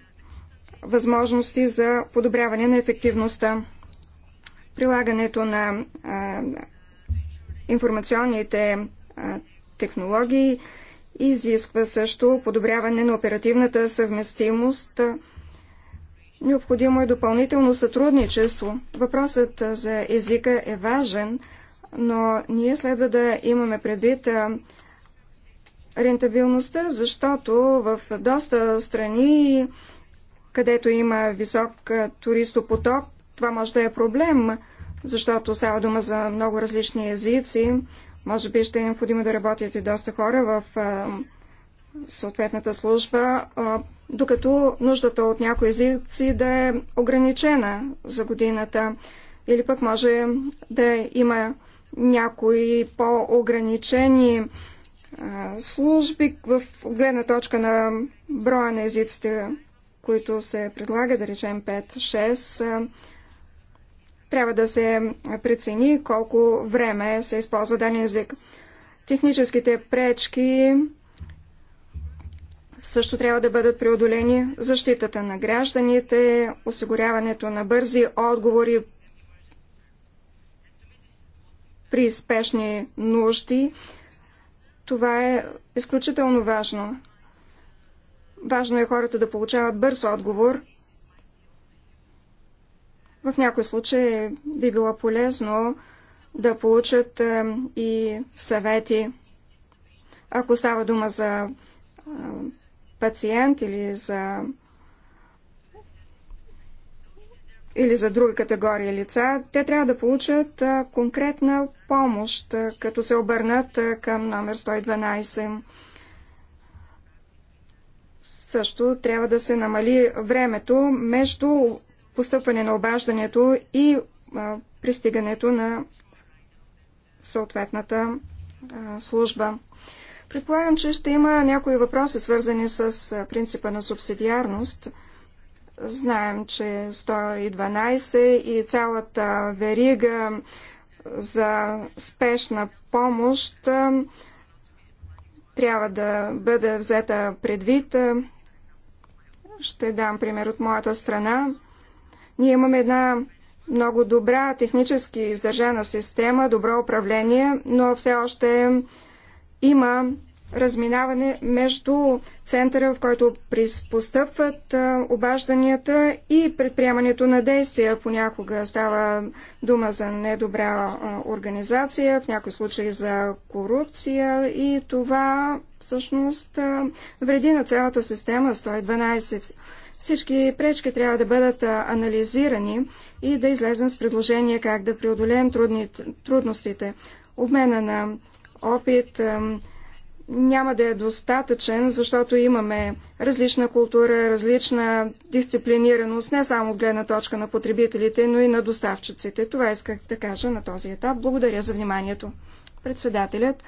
възможности за подобряване на ефективността. Прилагането на информационните технологии изисква също подобряване на оперативната съвместимост. Необходимо е допълнително сътрудничество. Въпросът за езика е важен, но ние следва да имаме предвид рентабилността, защото в доста страни, където има висок туристопоток, това може да е проблем, защото става дума за много различни езици. Може би ще е необходимо да работят и доста хора в съответната служба, докато нуждата от някои езици да е ограничена за годината. Или пък може да има някои по-ограничени служби в гледна точка на броя на езиците, които се предлага, да речем 5-6, трябва да се прецени колко време се използва даден език. Техническите пречки също трябва да бъдат преодолени защитата на гражданите, осигуряването на бързи отговори при спешни нужди, това е изключително важно. Важно е хората да получават бърз отговор. В някои случаи би било полезно да получат е, и съвети. Ако става дума за е, пациент или за или за друга категория лица, те трябва да получат конкретна помощ, като се обърнат към номер 112. Също трябва да се намали времето между постъпване на обаждането и пристигането на съответната служба. Предполагам, че ще има някои въпроси, свързани с принципа на субсидиарност – Знаем, че 112 и цялата верига за спешна помощ трябва да бъде взета предвид. Ще дам пример от моята страна. Ние имаме една много добра технически издържана система, добро управление, но все още има разминаване между центъра, в който постъпват обажданията и предприемането на действия. Понякога става дума за недобра организация, в някои случаи за корупция и това всъщност вреди на цялата система 112. Всички пречки трябва да бъдат анализирани и да излезем с предложение как да преодолеем трудностите. Обмена на опит, няма да е достатъчен, защото имаме различна култура, различна дисциплинираност, не само от гледна точка на потребителите, но и на доставчиците. Това исках да кажа на този етап. Благодаря за вниманието. Председателят,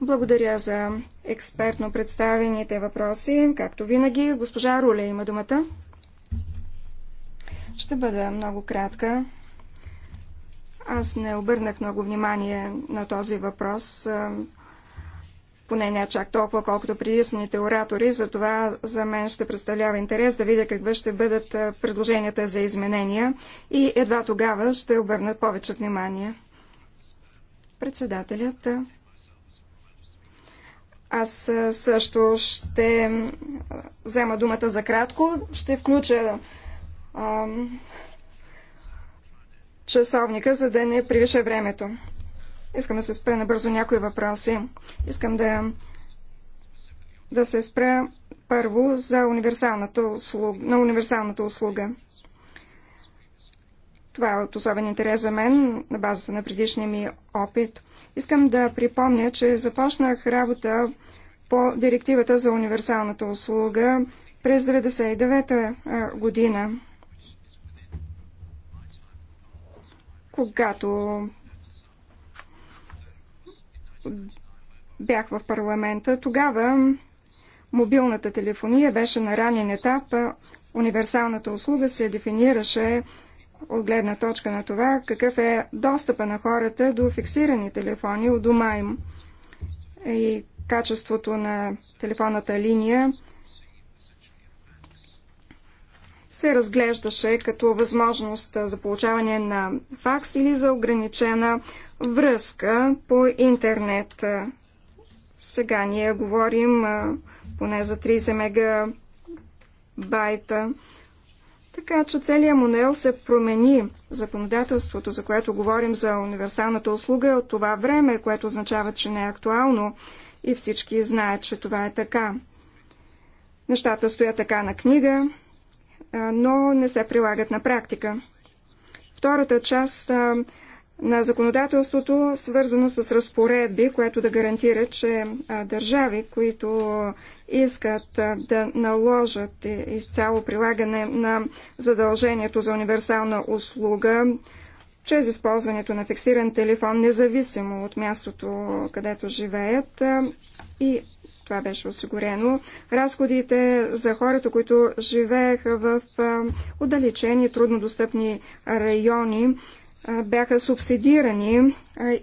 благодаря за експертно представените въпроси. Както винаги, госпожа Руля има думата. Ще бъда много кратка. Аз не обърнах много внимание на този въпрос поне не чак толкова, колкото предишните оратори. за това за мен ще представлява интерес да видя какви ще бъдат предложенията за изменения и едва тогава ще обърнат повече внимание. Председателят. Аз също ще взема думата за кратко. Ще включа часовника, за да не превиша времето. Искам да се спра набързо някои въпроси. Искам да, да се спра първо за универсалната услуга, на универсалната услуга. Това е от особен интерес за мен, на базата на предишния ми опит. Искам да припомня, че започнах работа по директивата за универсалната услуга през 1999 година, когато бях в парламента, тогава мобилната телефония беше на ранен етап. Универсалната услуга се дефинираше от гледна точка на това какъв е достъпа на хората до фиксирани телефони от дома им и качеството на телефонната линия се разглеждаше като възможност за получаване на факс или за ограничена връзка по интернет. Сега ние говорим поне за 30 мегабайта. Така че целият модел се промени. Законодателството, за което говорим за универсалната услуга е от това време, което означава, че не е актуално и всички знаят, че това е така. Нещата стоят така на книга, но не се прилагат на практика. Втората част на законодателството, свързано с разпоредби, което да гарантира, че държави, които искат да наложат изцяло прилагане на задължението за универсална услуга, чрез използването на фиксиран телефон, независимо от мястото, където живеят. И това беше осигурено. Разходите за хората, които живееха в отдалечени, труднодостъпни райони, бяха субсидирани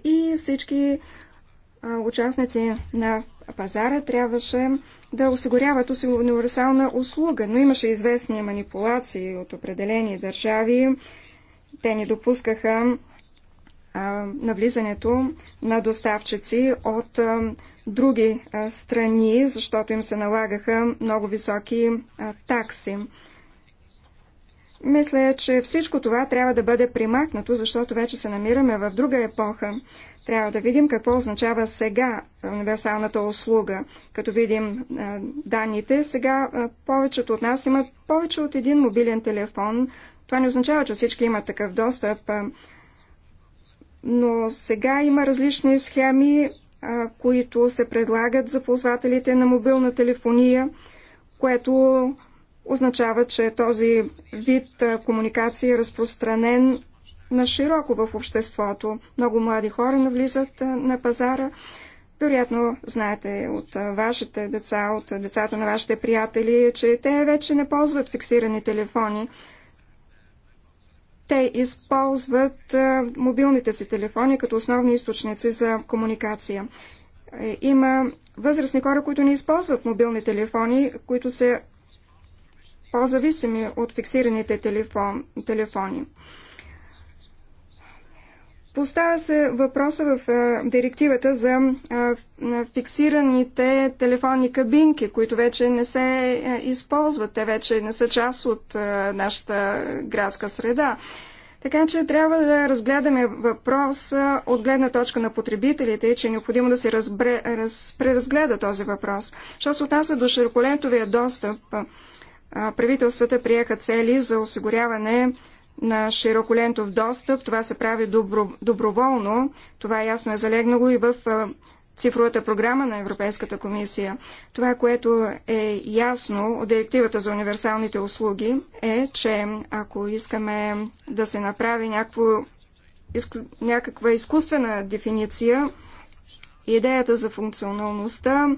и всички участници на пазара трябваше да осигуряват универсална услуга, но имаше известни манипулации от определени държави. Те ни допускаха навлизането на доставчици от други страни, защото им се налагаха много високи такси. Мисля, че всичко това трябва да бъде примахнато, защото вече се намираме в друга епоха. Трябва да видим какво означава сега универсалната услуга. Като видим данните, сега повечето от нас имат повече от един мобилен телефон. Това не означава, че всички имат такъв достъп. но сега има различни схеми, които се предлагат за ползвателите на мобилна телефония, което означава, че този вид комуникация е разпространен на широко в обществото. Много млади хора навлизат на пазара. Вероятно знаете от вашите деца, от децата на вашите приятели, че те вече не ползват фиксирани телефони. Те използват мобилните си телефони като основни източници за комуникация. Е, има възрастни хора, които не използват мобилни телефони, които се по-зависими от фиксираните телефон, телефони. Поставя се въпроса в директивата за фиксираните телефонни кабинки, които вече не се използват. Те вече не са част от нашата градска среда. Така че трябва да разгледаме въпрос от гледна точка на потребителите, и че е необходимо да се разбре, раз, преразгледа този въпрос. Що се отнася до широколентовия достъп, правителствата приеха цели за осигуряване на широколентов достъп. Това се прави добро, доброволно. Това ясно е залегнало и в цифровата програма на Европейската комисия. Това, което е ясно от директивата за универсалните услуги, е, че ако искаме да се направи някакво, изку, някаква изкуствена дефиниция, идеята за функционалността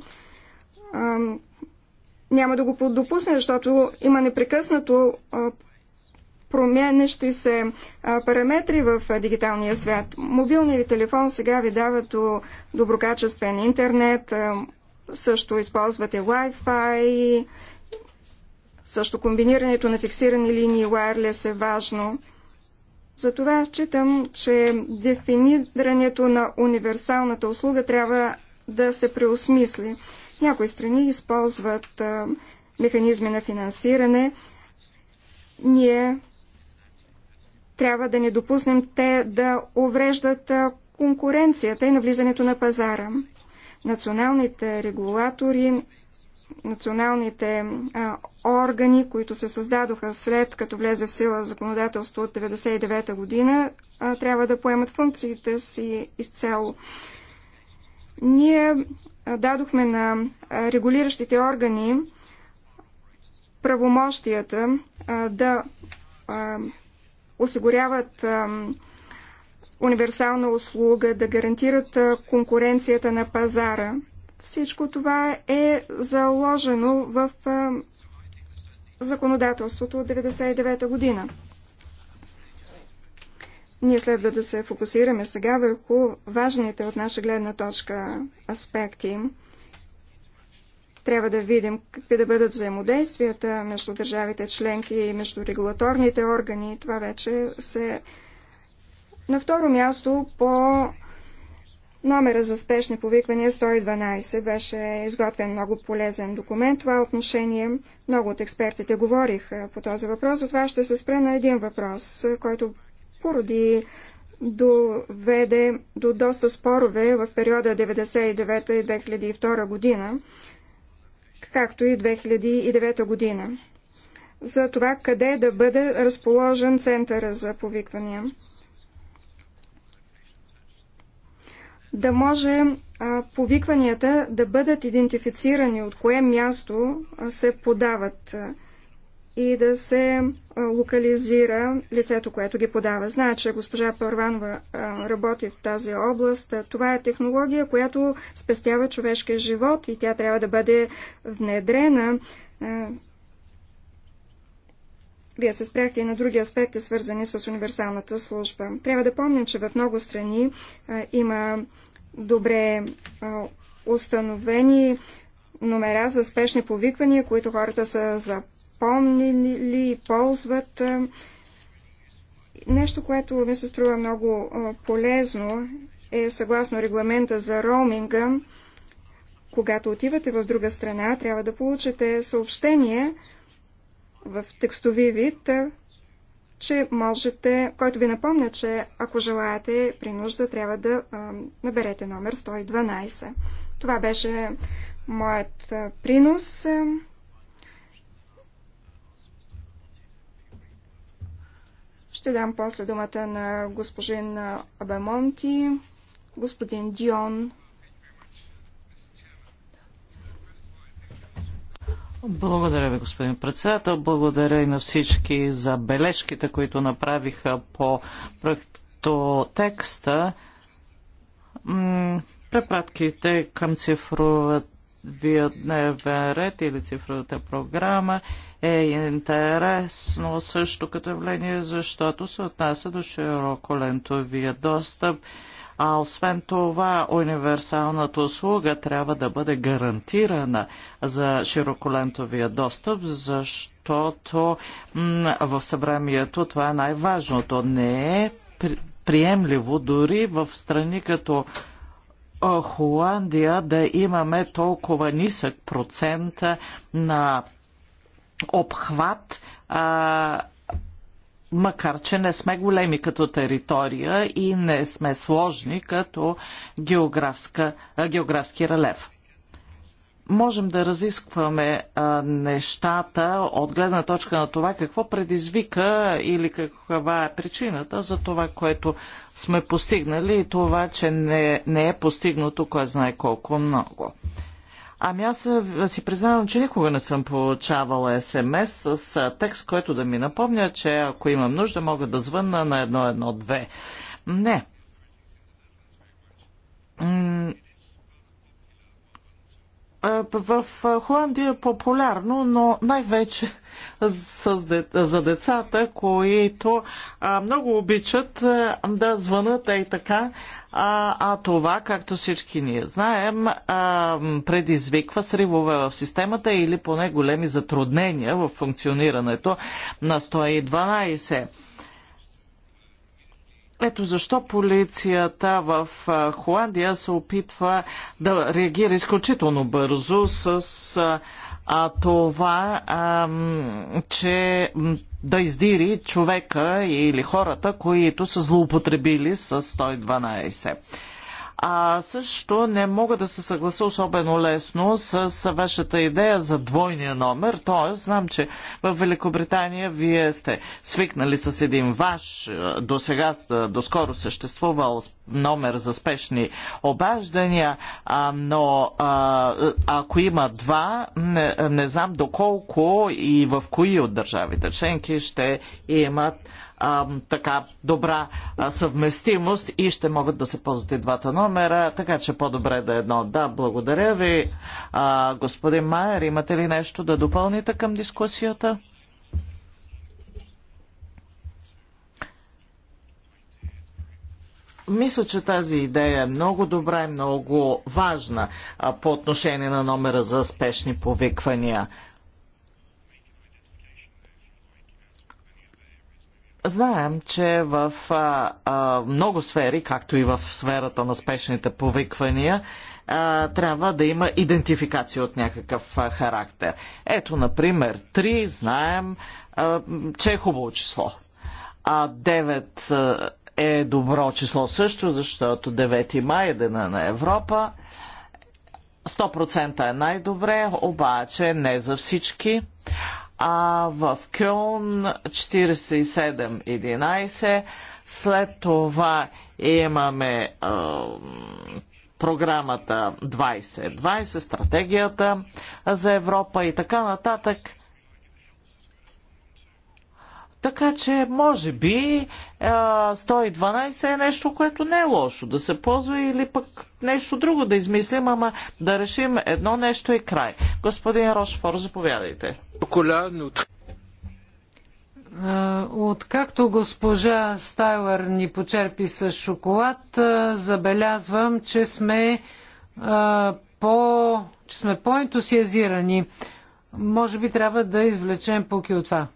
няма да го допусне, защото има непрекъснато променещи се параметри в дигиталния свят. Мобилният ви телефон сега ви дава до доброкачествен интернет, също използвате Wi-Fi, също комбинирането на фиксирани линии wireless е важно. Затова считам, че дефинирането на универсалната услуга трябва да се преосмисли. Някои страни използват механизми на финансиране. Ние трябва да не допуснем те да увреждат конкуренцията и навлизането на пазара. Националните регулатори, националните а, органи, които се създадоха след като влезе в сила законодателство от 1999 година, а, трябва да поемат функциите си изцяло. Ние дадохме на регулиращите органи правомощията да осигуряват универсална услуга, да гарантират конкуренцията на пазара. Всичко това е заложено в законодателството от 1999 година. Ние следва да се фокусираме сега върху важните от наша гледна точка аспекти. Трябва да видим какви да бъдат взаимодействията между държавите членки и между регулаторните органи. Това вече се... На второ място по номера за спешни повиквания 112 беше изготвен много полезен документ. Това отношение много от експертите говориха по този въпрос. От това ще се спре на един въпрос, който поради доведе до доста спорове в периода 1999 и 2002 година, както и 2009 година, за това къде да бъде разположен центъра за повиквания. Да може повикванията да бъдат идентифицирани от кое място се подават а, и да се локализира лицето, което ги подава. Знае, че госпожа Парванова работи в тази област. Това е технология, която спестява човешкия живот и тя трябва да бъде внедрена. Вие се спряхте и на други аспекти, свързани с универсалната служба. Трябва да помним, че в много страни има добре установени номера за спешни повиквания, които хората са за. Помнили, и ползват. Нещо, което ми се струва много полезно е съгласно регламента за роуминга, когато отивате в друга страна, трябва да получите съобщение в текстови вид, че можете, който ви напомня, че ако желаете при нужда, трябва да а, наберете номер 112. Това беше моят принос. Ще дам после думата на господин Абамонти, господин Дион. Благодаря ви, господин председател. Благодаря и на всички за бележките, които направиха по проекто текста. Препратките към цифровата вият дневен ред или цифровата програма е интересно също като явление, защото се отнася до широко лентовия достъп, а освен това универсалната услуга трябва да бъде гарантирана за широколентовия достъп, защото в събранието това е най-важното. Не е приемливо дори в страни като Холандия да имаме толкова нисък процент на обхват, а, макар че не сме големи като територия и не сме сложни като географска, географски релеф можем да разискваме а, нещата от гледна точка на това какво предизвика или каква е причината за това, което сме постигнали и това, че не, не е постигнато кое знае колко много. Ами аз си признавам, че никога не съм получавала СМС с текст, който да ми напомня, че ако имам нужда, мога да звънна на 112. Не в Холандия е популярно, но най-вече за децата, които много обичат да звънат и така, а, а това, както всички ние знаем, предизвиква сривове в системата или поне големи затруднения в функционирането на 112. Ето защо полицията в Холандия се опитва да реагира изключително бързо с а, това, а, че да издири човека или хората, които са злоупотребили с 112. А също не мога да се съглася особено лесно с вашата идея за двойния номер, т.е. знам, че в Великобритания вие сте свикнали с един ваш до сега, до скоро съществувал номер за спешни обаждания, а, но а, ако има два, не, не знам доколко и в кои от държавите членки ще имат а, така добра а, съвместимост и ще могат да се ползват и двата номера, така че по-добре да е едно. Да, благодаря ви. А, господин Майер, имате ли нещо да допълните към дискусията? мисля, че тази идея е много добра и много важна по отношение на номера за спешни повиквания. Знаем, че в а, а, много сфери, както и в сферата на спешните повиквания, а, трябва да има идентификация от някакъв а, характер. Ето, например, 3 знаем, а, че е хубаво число. А 9 е добро число също, защото 9 май е дена на Европа. 100% е най-добре, обаче не за всички а в Кьон 47-11. След това имаме а, програмата 2020, стратегията за Европа и така нататък. Така че, може би, 112 е нещо, което не е лошо да се ползва или пък нещо друго да измислим, ама да решим едно нещо и край. Господин Рошфор, заповядайте. Откакто госпожа Стайлър ни почерпи с шоколад, забелязвам, че сме, по, че сме по-ентусиазирани. Може би трябва да извлечем пуки от това.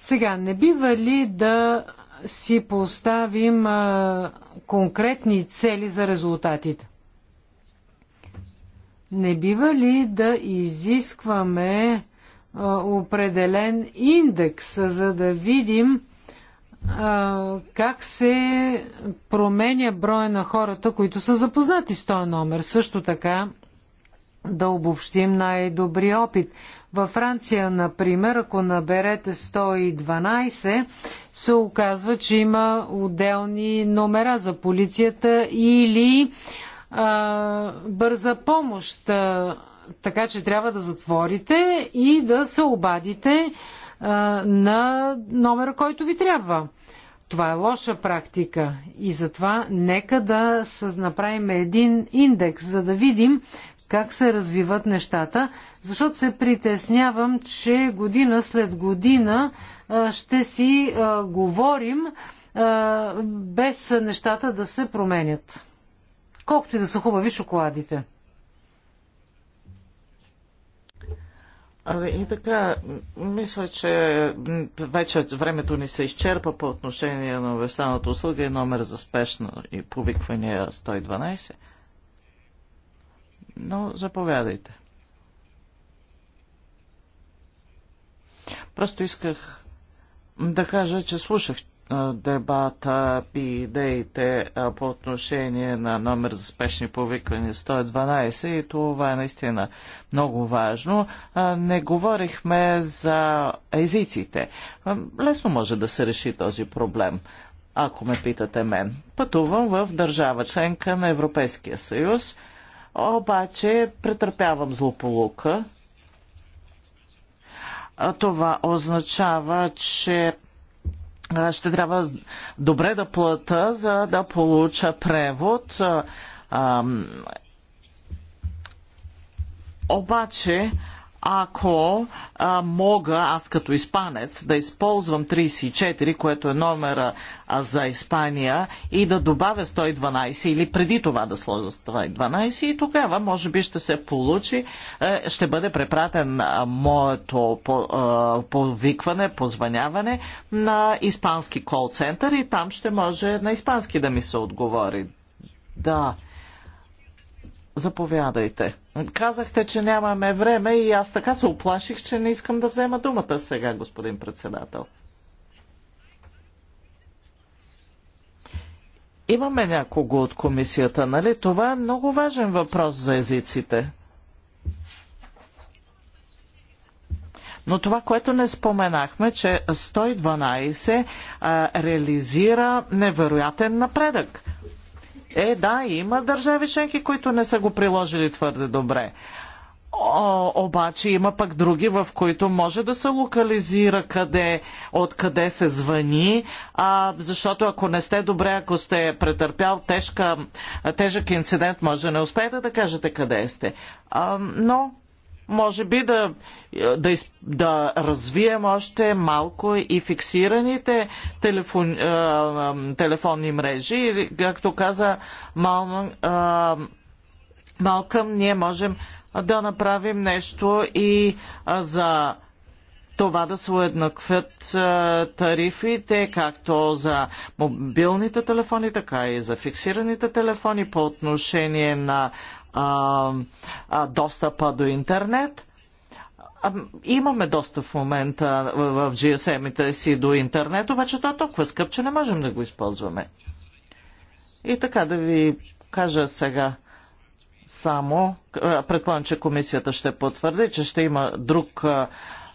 Сега, не бива ли да си поставим а, конкретни цели за резултатите? Не бива ли да изискваме а, определен индекс, за да видим а, как се променя броя на хората, които са запознати с този номер? Също така да обобщим най-добрия опит. Във Франция, например, ако наберете 112, се оказва, че има отделни номера за полицията или а, бърза помощ. Така че трябва да затворите и да се обадите а, на номера, който ви трябва. Това е лоша практика и затова нека да направим един индекс, за да видим как се развиват нещата, защото се притеснявам, че година след година ще си говорим без нещата да се променят. Колкото и да са хубави шоколадите. Абе И така, мисля, че вече времето ни се изчерпа по отношение на универсалната услуга и номер за спешно и повиквания 112 но заповядайте. Просто исках да кажа, че слушах дебата и идеите по отношение на номер за спешни повиквания 112 и това е наистина много важно. Не говорихме за езиците. Лесно може да се реши този проблем, ако ме питате мен. Пътувам в държава членка на Европейския съюз – обаче претърпявам злополука. Това означава, че ще трябва добре да плата, за да получа превод. Обаче, ако а, мога аз като испанец да използвам 34, което е номера а, за Испания, и да добавя 112 или преди това да сложа 112 и тогава може би ще се получи, е, ще бъде препратен а, моето по, а, повикване, позваняване на испански кол-център и там ще може на испански да ми се отговори. Да. Заповядайте. Казахте, че нямаме време и аз така се оплаших, че не искам да взема думата сега, господин председател. Имаме някого от комисията, нали? Това е много важен въпрос за езиците. Но това, което не споменахме, че 112 а, реализира невероятен напредък е, да, има държави членки, които не са го приложили твърде добре. О, обаче има пък други, в които може да се локализира къде, откъде се звъни, а, защото ако не сте добре, ако сте претърпял тежка, тежък инцидент, може да не успеете да кажете къде сте. А, но може би да, да, из, да развием още малко и фиксираните телефон, е, телефонни мрежи. както каза Мал, е, Малкъм, ние можем да направим нещо и за това да се уеднаквят тарифите, както за мобилните телефони, така и за фиксираните телефони по отношение на а, а, достъпа до интернет. Имаме достъп в момента в GSM-ите си до интернет, обаче това е толкова скъп, че не можем да го използваме. И така да ви кажа сега само, предполагам, че комисията ще потвърди, че ще има друг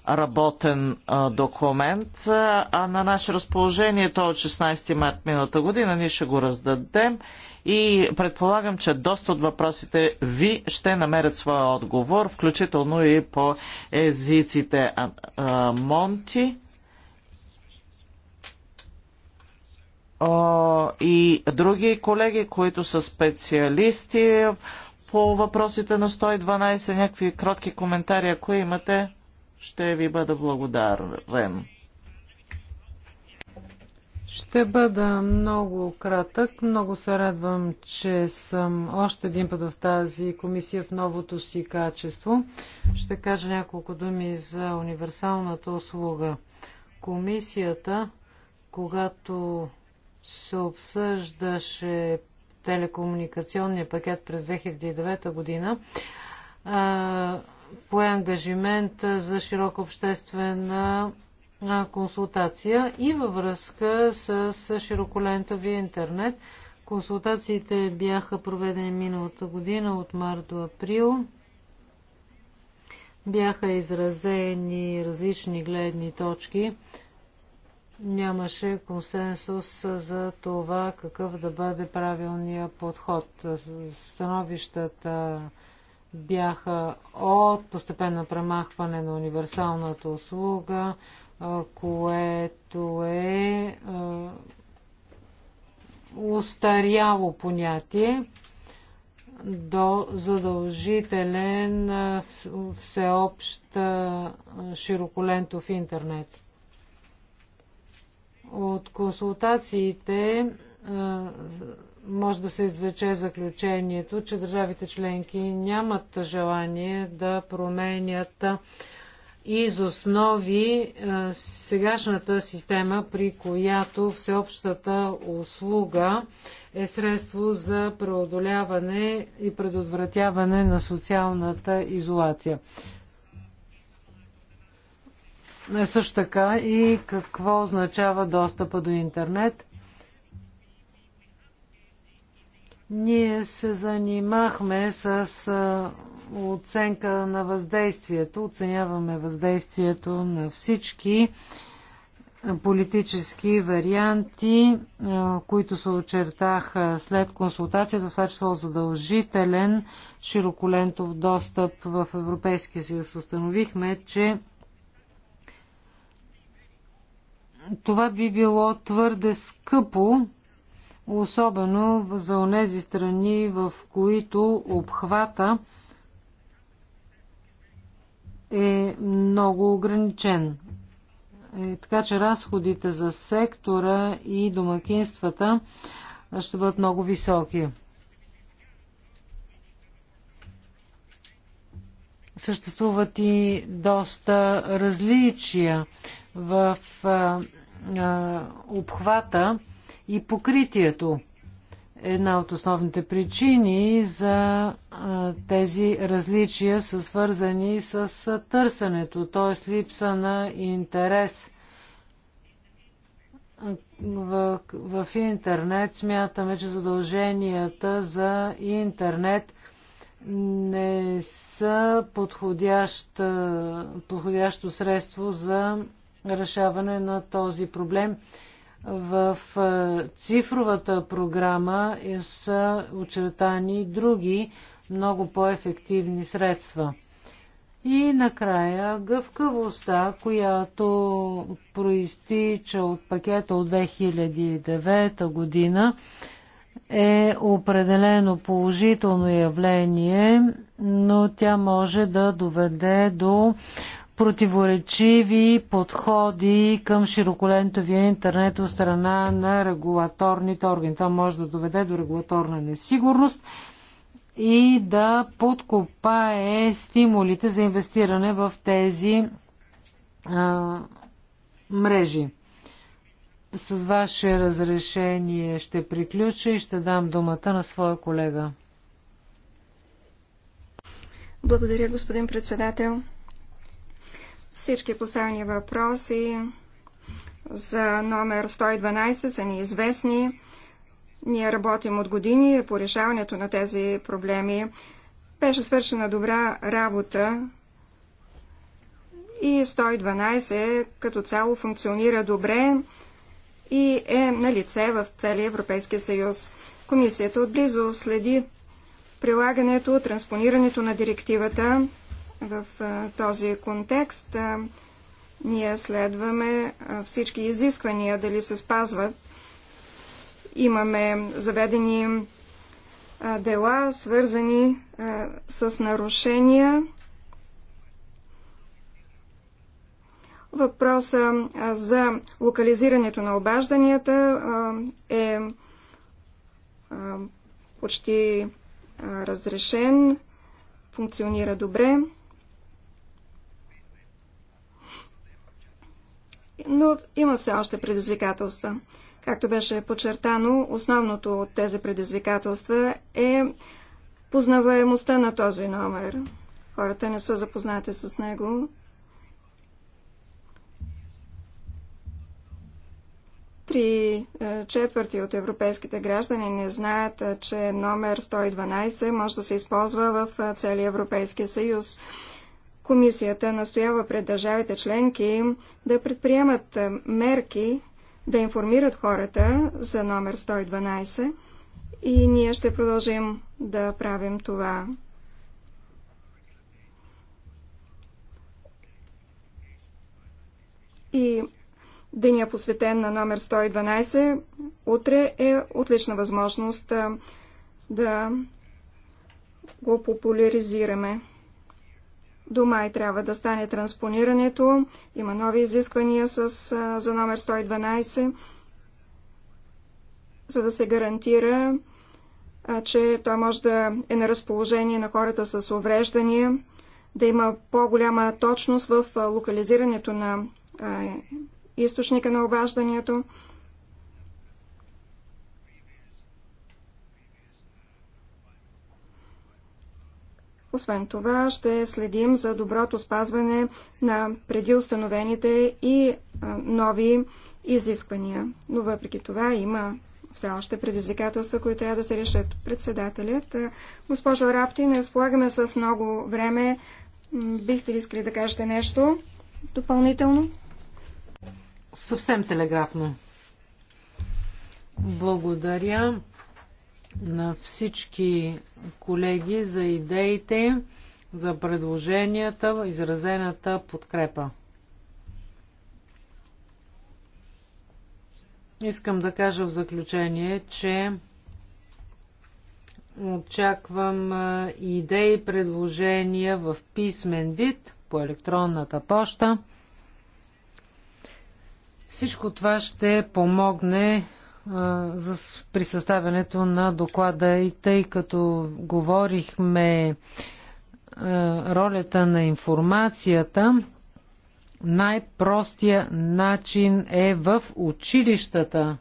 работен документ, а на наше разположение то от 16 март миналата година. Ние ще го раздадем и предполагам, че доста от въпросите ви ще намерят своя отговор, включително и по езиците Монти. и други колеги, които са специалисти по въпросите на 112, някакви кротки коментари, ако имате ще ви бъда благодарен. Ще бъда много кратък. Много се радвам, че съм още един път в тази комисия в новото си качество. Ще кажа няколко думи за универсалната услуга. Комисията, когато се обсъждаше телекомуникационния пакет през 2009 година, пое ангажимент за широка обществена консултация и във връзка с широколентовия интернет. Консултациите бяха проведени миналата година от март до април. Бяха изразени различни гледни точки. Нямаше консенсус за това какъв да бъде правилният подход. Становищата бяха от постепенно премахване на универсалната услуга, което е устаряло понятие до задължителен всеобщ широколентов интернет. От консултациите може да се извлече заключението, че държавите членки нямат желание да променят из основи е, сегашната система, при която всеобщата услуга е средство за преодоляване и предотвратяване на социалната изолация. Е, също така и какво означава достъпа до интернет – Ние се занимахме с оценка на въздействието. Оценяваме въздействието на всички политически варианти, които се очертаха след консултацията, това число задължителен широколентов достъп в Европейския съюз. Установихме, че това би било твърде скъпо особено за онези страни, в които обхвата е много ограничен. Е, така че разходите за сектора и домакинствата ще бъдат много високи. Съществуват и доста различия в обхвата и покритието. Една от основните причини за тези различия са свързани с търсенето, т.е. липса на интерес. В, в интернет смятаме, че задълженията за интернет не са подходящ, подходящо средство за решаване на този проблем в цифровата програма е, са очертани други много по-ефективни средства. И накрая гъвкавостта, която проистича от пакета от 2009 година, е определено положително явление, но тя може да доведе до противоречиви подходи към широколентовия интернет от страна на регулаторните органи. Това може да доведе до регулаторна несигурност и да подкопае стимулите за инвестиране в тези а, мрежи. С ваше разрешение ще приключа и ще дам думата на своя колега. Благодаря, господин председател. Всички поставени въпроси за номер 112 са неизвестни. Ние работим от години по решаването на тези проблеми. Беше свършена добра работа и 112 като цяло функционира добре и е на лице в целия Европейския съюз. Комисията отблизо следи прилагането, транспонирането на директивата в този контекст ние следваме всички изисквания, дали се спазват. Имаме заведени дела, свързани с нарушения. Въпроса за локализирането на обажданията е почти разрешен, функционира добре. но има все още предизвикателства. Както беше подчертано, основното от тези предизвикателства е познаваемостта на този номер. Хората не са запознати с него. Три е, четвърти от европейските граждани не знаят, е, че номер 112 може да се използва в е, целия Европейски съюз. Комисията настоява пред държавите членки да предприемат е, мерки, да информират хората за номер 112 и ние ще продължим да правим това. И деня посветен на номер 112, утре е отлична възможност е, да го популяризираме до май трябва да стане транспонирането. Има нови изисквания с, за номер 112, за да се гарантира, че той може да е на разположение на хората с увреждания, да има по-голяма точност в локализирането на източника на обаждането. Освен това, ще следим за доброто спазване на преди установените и нови изисквания. Но въпреки това има все още предизвикателства, които трябва да се решат. Председателят, госпожо Рапти, не разполагаме с много време. Бихте ли искали да кажете нещо допълнително? Съвсем телеграфно. Благодаря на всички колеги за идеите им, за предложенията, изразената подкрепа. Искам да кажа в заключение, че очаквам идеи и предложения в писмен вид по електронната поща. Всичко това ще помогне за, при съставянето на доклада и тъй като говорихме ролята на информацията, най-простия начин е в училищата.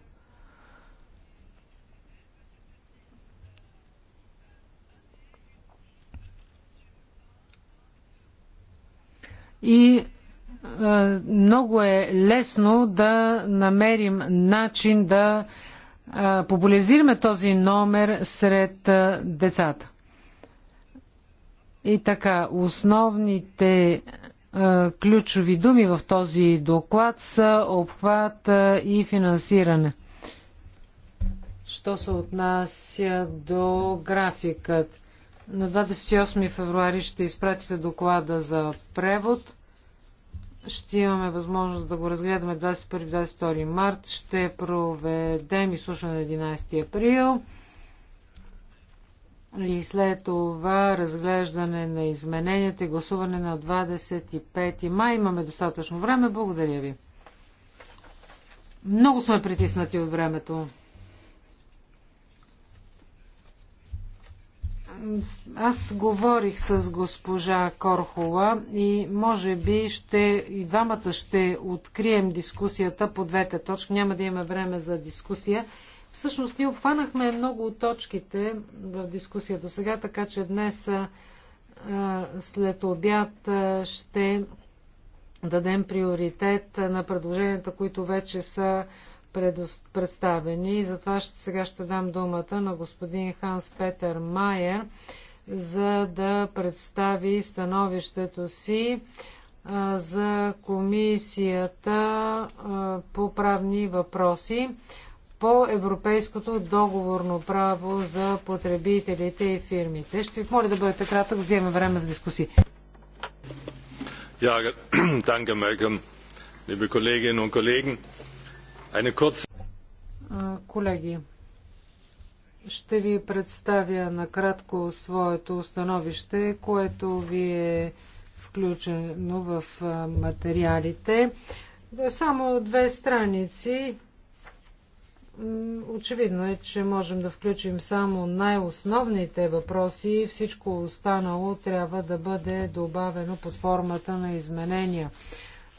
И е, много е лесно да намерим начин да е, популяризираме този номер сред е, децата. И така, основните ключови думи в този доклад са обхват и финансиране. Що се отнася до графикът? На 28 февруари ще изпратите доклада за превод. Ще имаме възможност да го разгледаме 21-22 март. Ще проведем изслушване на 11 април. И след това разглеждане на измененията и гласуване на 25 май. Имаме достатъчно време. Благодаря ви. Много сме притиснати от времето. Аз говорих с госпожа Корхола и може би ще, и двамата ще открием дискусията по двете точки. Няма да има време за дискусия. Всъщност ние обхванахме много от точките в дискусията сега, така че днес след обяд ще дадем приоритет на предложенията, които вече са представени. И затова ще, сега ще дам думата на господин Ханс Петър Майер, за да представи становището си а, за комисията а, по правни въпроси по европейското договорно право за потребителите и фирмите. Ще ви моля да бъдете кратък, да вземем време за дискусии. Ja, (clears throat) danke, Malcolm. Liebe Kolleginnen und Kollegen, Колеги, ще ви представя накратко своето становище, което ви е включено в материалите. Е, само две страници. Очевидно е, че можем да включим само най-основните въпроси и всичко останало трябва да бъде добавено под формата на изменения.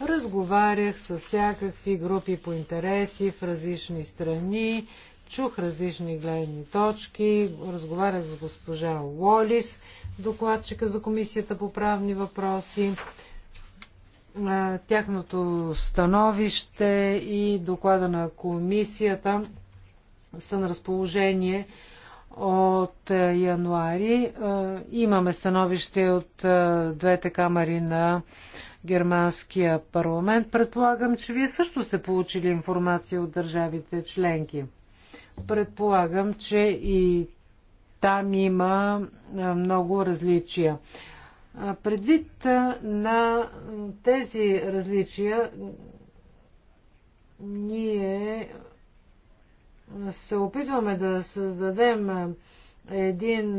Разговарях с всякакви групи по интереси в различни страни, чух различни гледни точки, разговарях с госпожа Уолис, докладчика за Комисията по правни въпроси, тяхното становище и доклада на комисията са на разположение от януари. Имаме становище от двете камери на германския парламент. Предполагам, че вие също сте получили информация от държавите членки. Предполагам, че и там има много различия. Предвид на тези различия, ние се опитваме да създадем един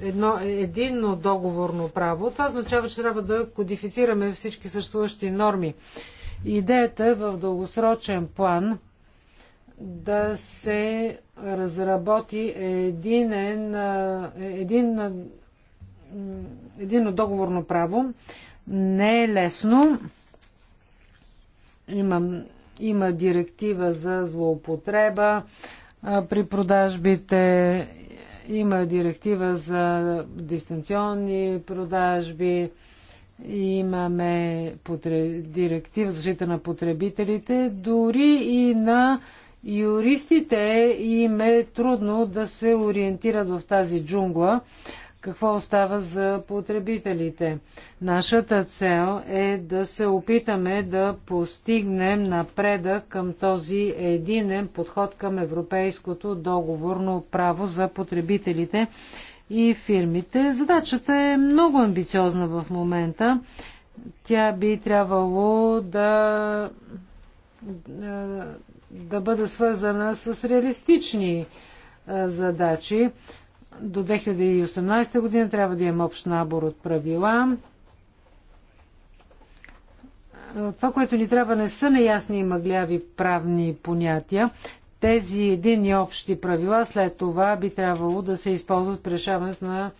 едно единно договорно право, това означава, че трябва да кодифицираме всички съществуващи норми. Идеята е в дългосрочен план да се разработи единен, един, единно договорно право. Не е лесно. Има, има директива за злоупотреба при продажбите има директива за дистанционни продажби, имаме потре... директива за защита на потребителите, дори и на юристите им е трудно да се ориентират в тази джунгла какво остава за потребителите. Нашата цел е да се опитаме да постигнем напредък към този единен подход към европейското договорно право за потребителите и фирмите. Задачата е много амбициозна в момента. Тя би трябвало да, е, да бъде свързана с реалистични е, задачи до 2018 година трябва да имаме общ набор от правила. Това, което ни трябва, не са неясни и мъгляви правни понятия. Тези едини общи правила след това би трябвало да се използват при решаването на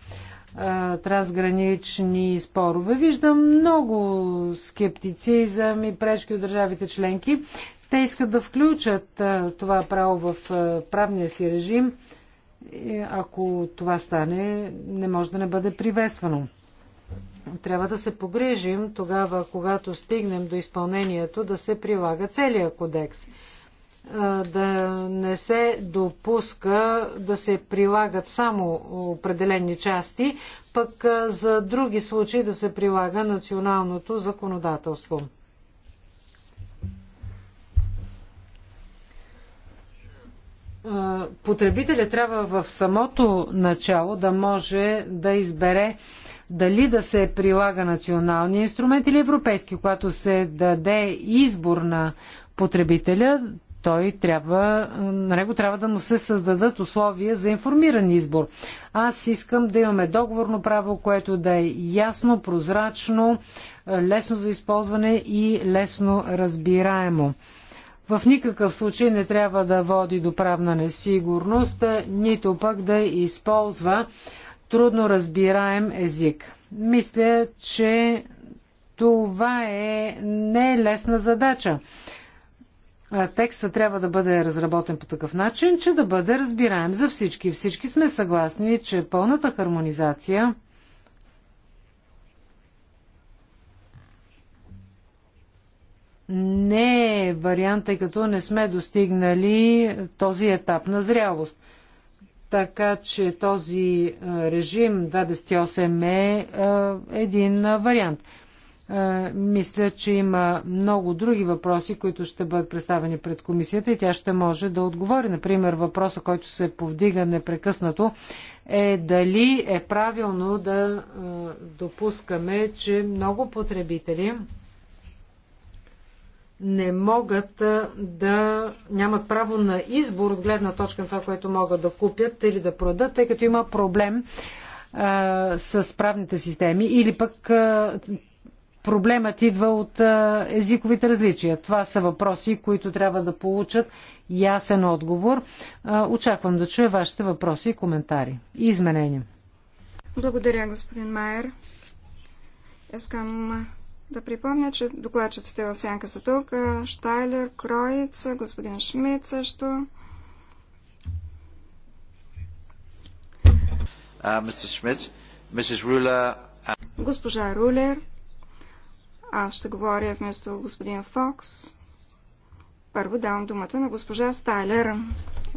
трансгранични спорове. Виждам много скептицизъм и пречки от държавите членки. Те искат да включат а, това право в а, правния си режим е, ако това стане, не може да не бъде приветствано. Трябва да се погрежим тогава, когато стигнем до изпълнението, да се прилага целия кодекс. Е, да не се допуска да се прилагат само определени части, пък е, за други случаи да се прилага националното законодателство. Е, потребителя трябва в самото начало да може да избере дали да се прилага националния инструмент или европейски. Когато се даде избор на потребителя, той трябва, на него трябва да му се създадат условия за информиран избор. Аз искам да имаме договорно право, което да е ясно, прозрачно, лесно за използване и лесно разбираемо в никакъв случай не трябва да води до правна несигурност, нито пък да използва трудно разбираем език. Мисля, че това е не е лесна задача. Текстът трябва да бъде разработен по такъв начин, че да бъде разбираем за всички. Всички сме съгласни, че пълната хармонизация не е вариант, тъй като не сме достигнали този етап на зрялост. Така че този режим 28 е един вариант. Мисля, че има много други въпроси, които ще бъдат представени пред комисията и тя ще може да отговори. Например, въпроса, който се повдига непрекъснато е дали е правилно да допускаме, че много потребители не могат да нямат право на избор от гледна точка на това, което могат да купят или да продадат, тъй като има проблем а, с правните системи или пък а, проблемът идва от а, езиковите различия. Това са въпроси, които трябва да получат ясен отговор. А, очаквам да чуя вашите въпроси и коментари и изменения. Благодаря, господин Майер. Искам да припомня, че докладчиците в сянка са тук. Штайлер, Кроица, господин Шмидт също. Госпожа Рулер. Аз ще говоря вместо господин Фокс. Първо давам думата на госпожа Стайлер.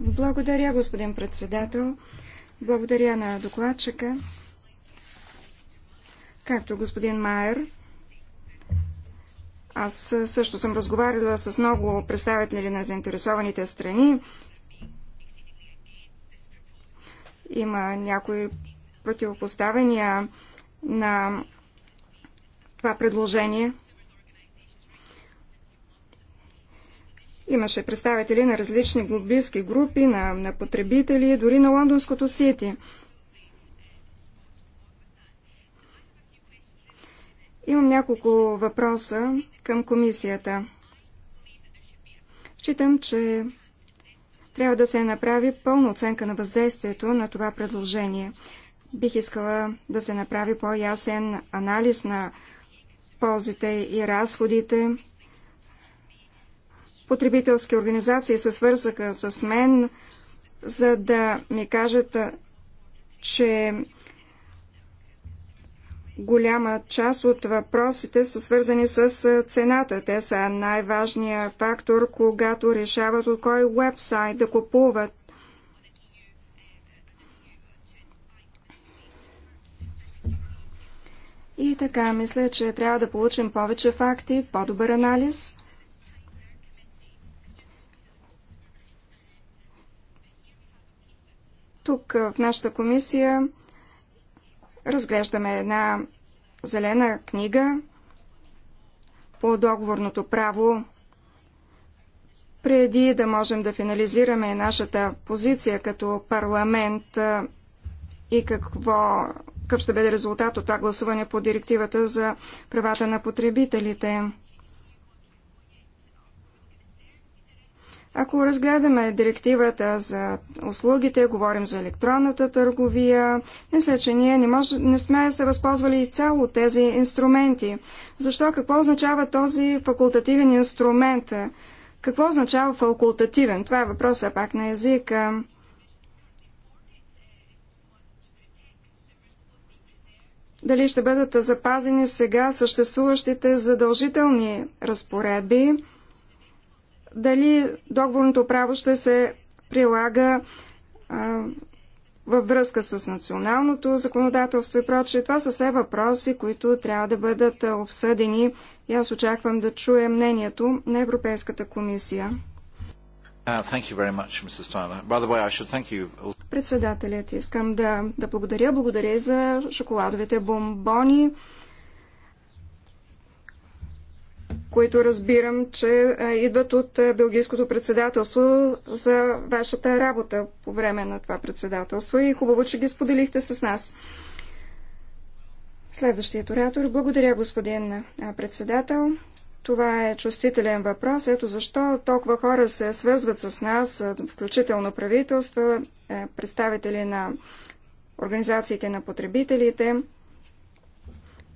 Благодаря, господин председател. Благодаря на докладчика. Както господин Майер аз също съм разговаряла с много представители на заинтересованите страни. Има някои противопоставения на това предложение. Имаше представители на различни глобийски групи, на, на потребители, дори на лондонското сити. Имам няколко въпроса към комисията. Считам, че трябва да се направи пълна оценка на въздействието на това предложение. Бих искала да се направи по-ясен анализ на ползите и разходите. Потребителски организации се свързаха с мен, за да ми кажат, че голяма част от въпросите са свързани с цената. Те са най важния фактор, когато решават от кой вебсайт да купуват. И така, мисля, че трябва да получим повече факти, по-добър анализ. Тук в нашата комисия разглеждаме една зелена книга по договорното право. Преди да можем да финализираме нашата позиция като парламент и какво, какъв ще бъде резултат от това гласуване по директивата за правата на потребителите. Ако разгледаме директивата за услугите, говорим за електронната търговия, мисля, че ние не, може, не сме се възползвали изцяло от тези инструменти. Защо? Какво означава този факултативен инструмент? Какво означава факултативен? Това е въпроса пак на езика. Дали ще бъдат запазени сега съществуващите задължителни разпоредби? дали договорното право ще се прилага а, във връзка с националното законодателство и прочее. Това са все въпроси, които трябва да бъдат обсъдени и аз очаквам да чуя мнението на Европейската комисия. Uh, Председателят, искам да, да благодаря. Благодаря за шоколадовите бомбони които разбирам, че идват от Белгийското председателство за вашата работа по време на това председателство и хубаво, че ги споделихте с нас. Следващият оратор. Благодаря, господин председател. Това е чувствителен въпрос. Ето защо толкова хора се свързват с нас, включително правителства, е, представители на организациите на потребителите,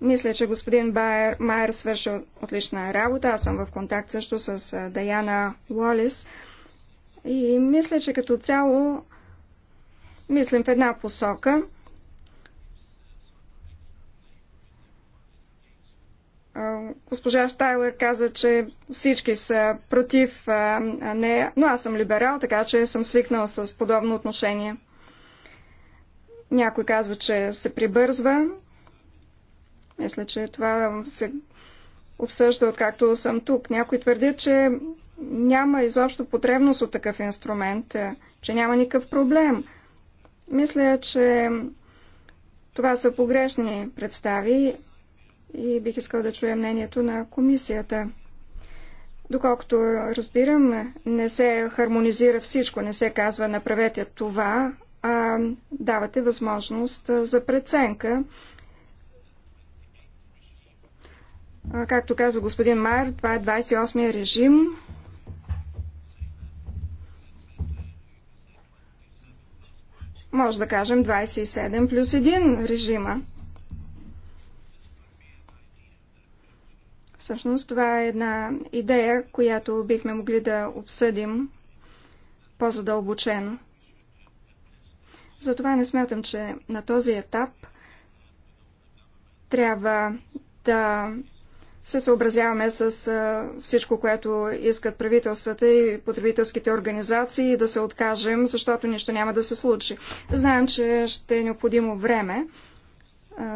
мисля, че господин Байер, Майер свърши отлична работа. Аз съм в контакт също с Даяна Уолис. И мисля, че като цяло мислим в една посока. Госпожа Штайлер каза, че всички са против нея, но аз съм либерал, така че съм свикнал с подобно отношение. Някой казва, че се прибързва, мисля, че това се обсъжда откакто съм тук. Някой твърди, че няма изобщо потребност от такъв инструмент, е, че няма никакъв проблем. Мисля, че това са погрешни представи и бих искал да чуя мнението на комисията. Доколкото разбирам, не се хармонизира всичко, не се казва направете това, а давате възможност за преценка Както каза господин Майер, това е 28-я режим. Може да кажем 27 плюс 1 режима. Всъщност това е една идея, която бихме могли да обсъдим по-задълбочено. Затова не смятам, че на този етап трябва да се съобразяваме с всичко, което искат правителствата и потребителските организации да се откажем, защото нищо няма да се случи. Знаем, че ще е необходимо време.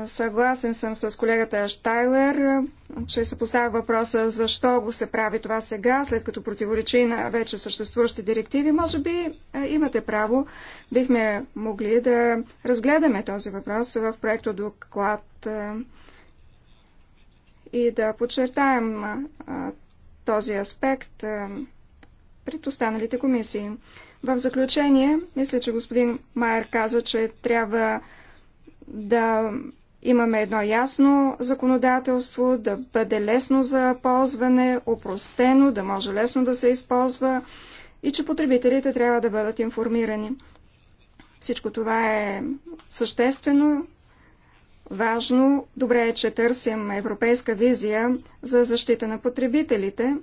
Съгласен съм с колегата Штайлер, че се поставя въпроса защо го се прави това сега, след като противоречи на вече съществуващи директиви. Може би имате право, бихме могли да разгледаме този въпрос в проекто доклад и да подчертаем този аспект пред останалите комисии. В заключение, мисля, че господин Майер каза, че трябва да имаме едно ясно законодателство, да бъде лесно за ползване, опростено, да може лесно да се използва и че потребителите трябва да бъдат информирани. Всичко това е съществено Важно, добре е, че търсим европейска визия за защита на потребителите.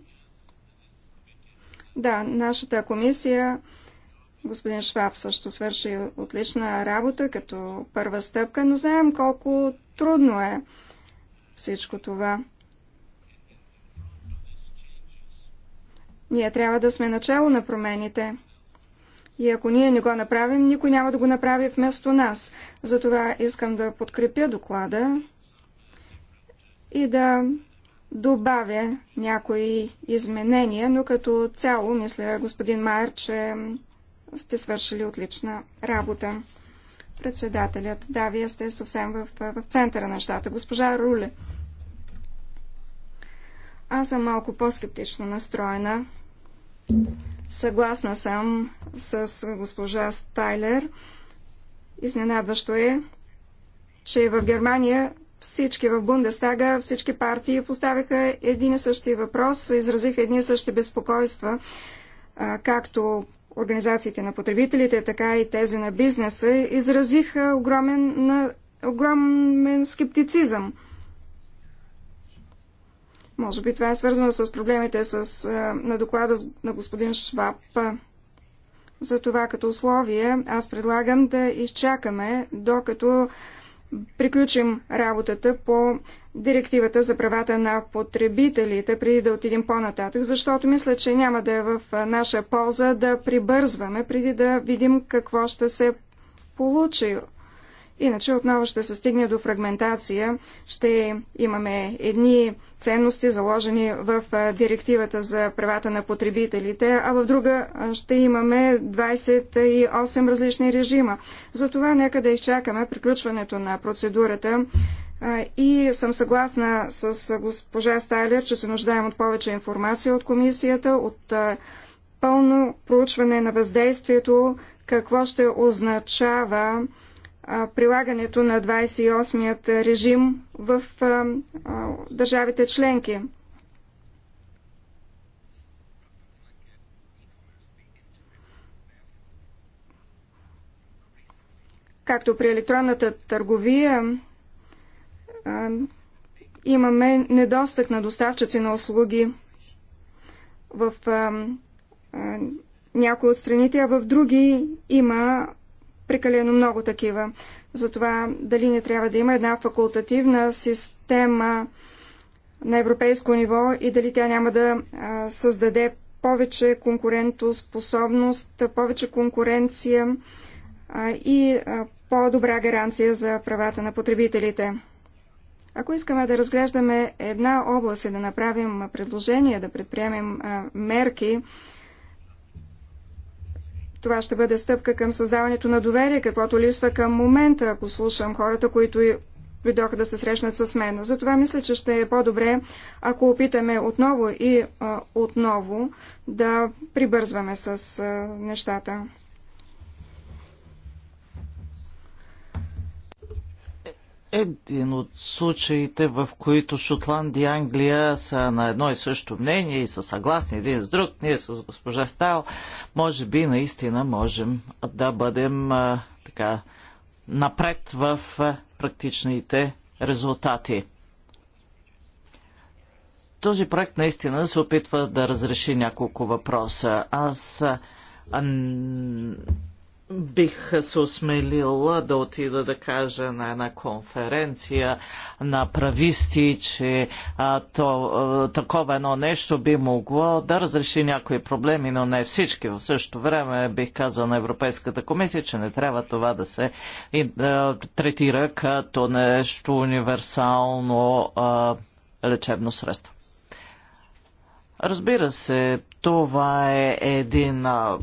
Да, нашата комисия, господин Шваб също свърши отлична работа като първа стъпка, но знаем колко трудно е всичко това. Ние трябва да сме начало на промените. И ако ние не го направим, никой няма да го направи вместо нас. Затова искам да подкрепя доклада и да добавя някои изменения, но като цяло мисля, господин Майер, че сте свършили отлична работа. Председателят, да, вие сте съвсем в, в центъра на щата. Госпожа Руле. Аз съм малко по-скептично настроена Съгласна съм с госпожа Стайлер. Изненадващо е, че в Германия всички в Бундестага, всички партии поставиха един и същи въпрос, изразиха едни и същи безпокойства, както организациите на потребителите, така и тези на бизнеса, изразиха огромен, огромен скептицизъм. Може би това е свързано с проблемите с, на доклада на господин Шваб. За това като условие аз предлагам да изчакаме, докато приключим работата по директивата за правата на потребителите, преди да отидем по-нататък, защото мисля, че няма да е в наша полза да прибързваме, преди да видим какво ще се получи Иначе отново ще се стигне до фрагментация. Ще имаме едни ценности, заложени в директивата за правата на потребителите, а в друга ще имаме 28 различни режима. Затова нека да изчакаме приключването на процедурата. И съм съгласна с госпожа Стайлер, че се нуждаем от повече информация от комисията, от пълно проучване на въздействието, какво ще означава прилагането на 28-ят режим в държавите членки. Както при електронната търговия, имаме недостъг на доставчици на услуги в някои от страните, а в други има прекалено много такива. Затова дали не трябва да има една факултативна система на европейско ниво и дали тя няма да създаде повече конкурентоспособност, повече конкуренция и по-добра гаранция за правата на потребителите. Ако искаме да разглеждаме една област и да направим предложение, да предприемем мерки, това ще бъде стъпка към създаването на доверие, каквото липсва към момента, ако слушам хората, които дойдоха да се срещнат с мен. Затова мисля, че ще е по-добре, ако опитаме отново и а, отново да прибързваме с а, нещата. един от случаите, в които Шотландия и Англия са на едно и също мнение и са съгласни един с друг, ние с госпожа Стайл, може би наистина можем да бъдем а, така напред в а, практичните резултати. Този проект наистина се опитва да разреши няколко въпроса. Аз а, бих се осмелила да отида да кажа на една конференция на прависти, че а, то, а, такова едно нещо би могло да разреши някои проблеми, но не всички. В същото време бих казал на Европейската комисия, че не трябва това да се и, а, третира като нещо универсално а, лечебно средство. Разбира се, това е един а,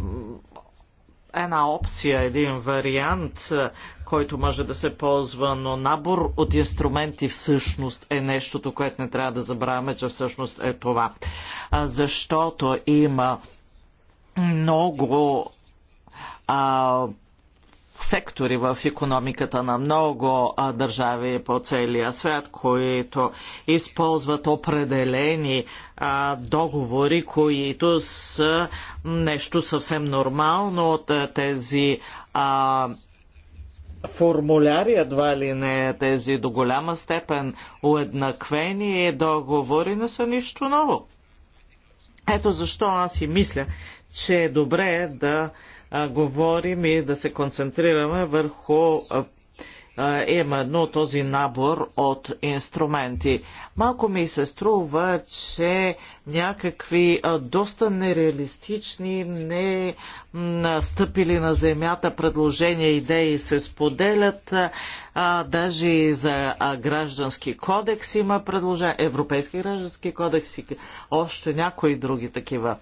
една опция, един вариант, е, който може да се ползва, но набор от инструменти всъщност е нещото, което не трябва да забравяме, че всъщност е това. Защото има много а, сектори в економиката на много държави по целия свят, които използват определени договори, които са нещо съвсем нормално от тези формуляри, едва ли не тези до голяма степен уеднаквени договори не са нищо ново. Ето защо аз и мисля, че е добре да а, говорим и да се концентрираме върху а, именно този набор от инструменти. Малко ми се струва, че някакви а, доста нереалистични, не стъпили на земята предложения, идеи се споделят. А, даже и за а, граждански кодекс има предложения, Европейски граждански кодекс и още някои други такива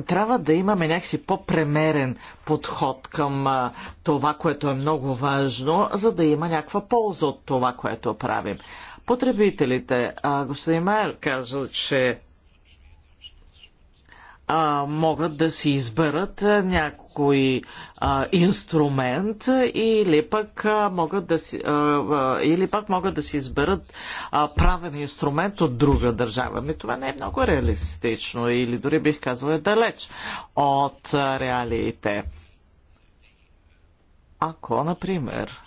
трябва да имаме някакси по-премерен подход към а, това, което е много важно, за да има някаква полза от това, което правим. Потребителите, а, господин Майер каза, че а, могат да си изберат някой а, инструмент или пък, а, могат да си, а, или пък могат да си изберат а, правен инструмент от друга държава. Ми това не е много реалистично или дори бих казала е далеч от а, реалиите. Ако, например,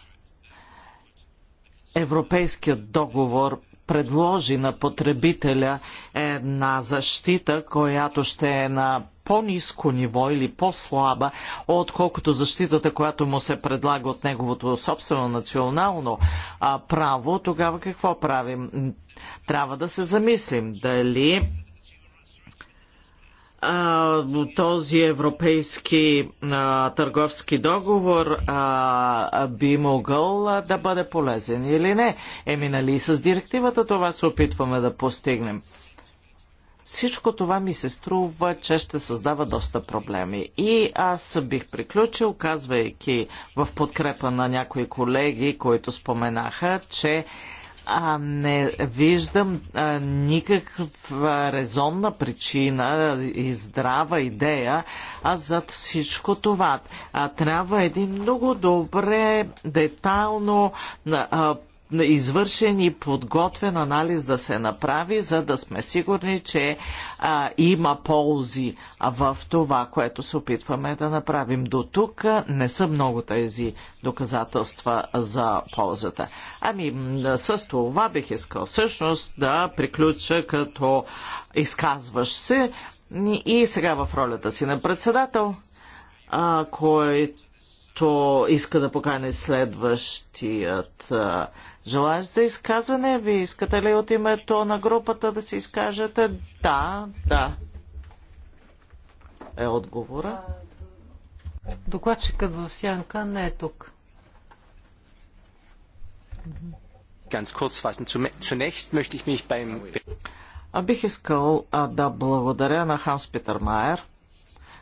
Европейският договор предложи на потребителя една защита, която ще е на по-низко ниво или по-слаба, отколкото защитата, която му се предлага от неговото собствено национално право, тогава какво правим? Трябва да се замислим дали този европейски а, търговски договор а, би могъл а, да бъде полезен или не. Еми нали с директивата това се опитваме да постигнем. Всичко това ми се струва, че ще създава доста проблеми. И аз бих приключил, казвайки в подкрепа на някои колеги, които споменаха, че а, не виждам а, никаква резонна причина и здрава идея а зад всичко това. А, трябва един много добре, детайлно а, извършен и подготвен анализ да се направи, за да сме сигурни, че а, има ползи в това, което се опитваме да направим. До тук не са много тези доказателства за ползата. Ами, с това бих искал всъщност да приключа като изказващ се и сега в ролята си на председател, а, който то иска да покане следващият а, Желаеш за изказване? Ви искате ли от името на групата да се изкажете? Да, да. Е отговора. Докладчикът в сянка не е тук. Ganz kurz Zunächst möchte ich mich beim... Бих искал а, да благодаря на Ханс Питер Майер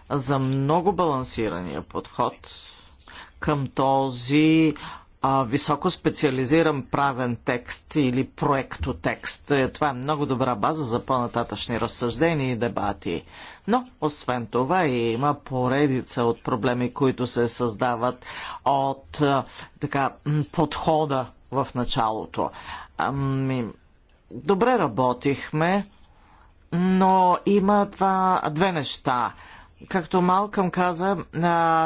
за много балансирания подход към този високо специализиран правен текст или проектотекст. Е, това е много добра база за по-нататъчни разсъждения и дебати. Но, освен това, има поредица от проблеми, които се създават от е, така, подхода в началото. Ами, добре работихме, но има два, две неща – както Малкъм каза,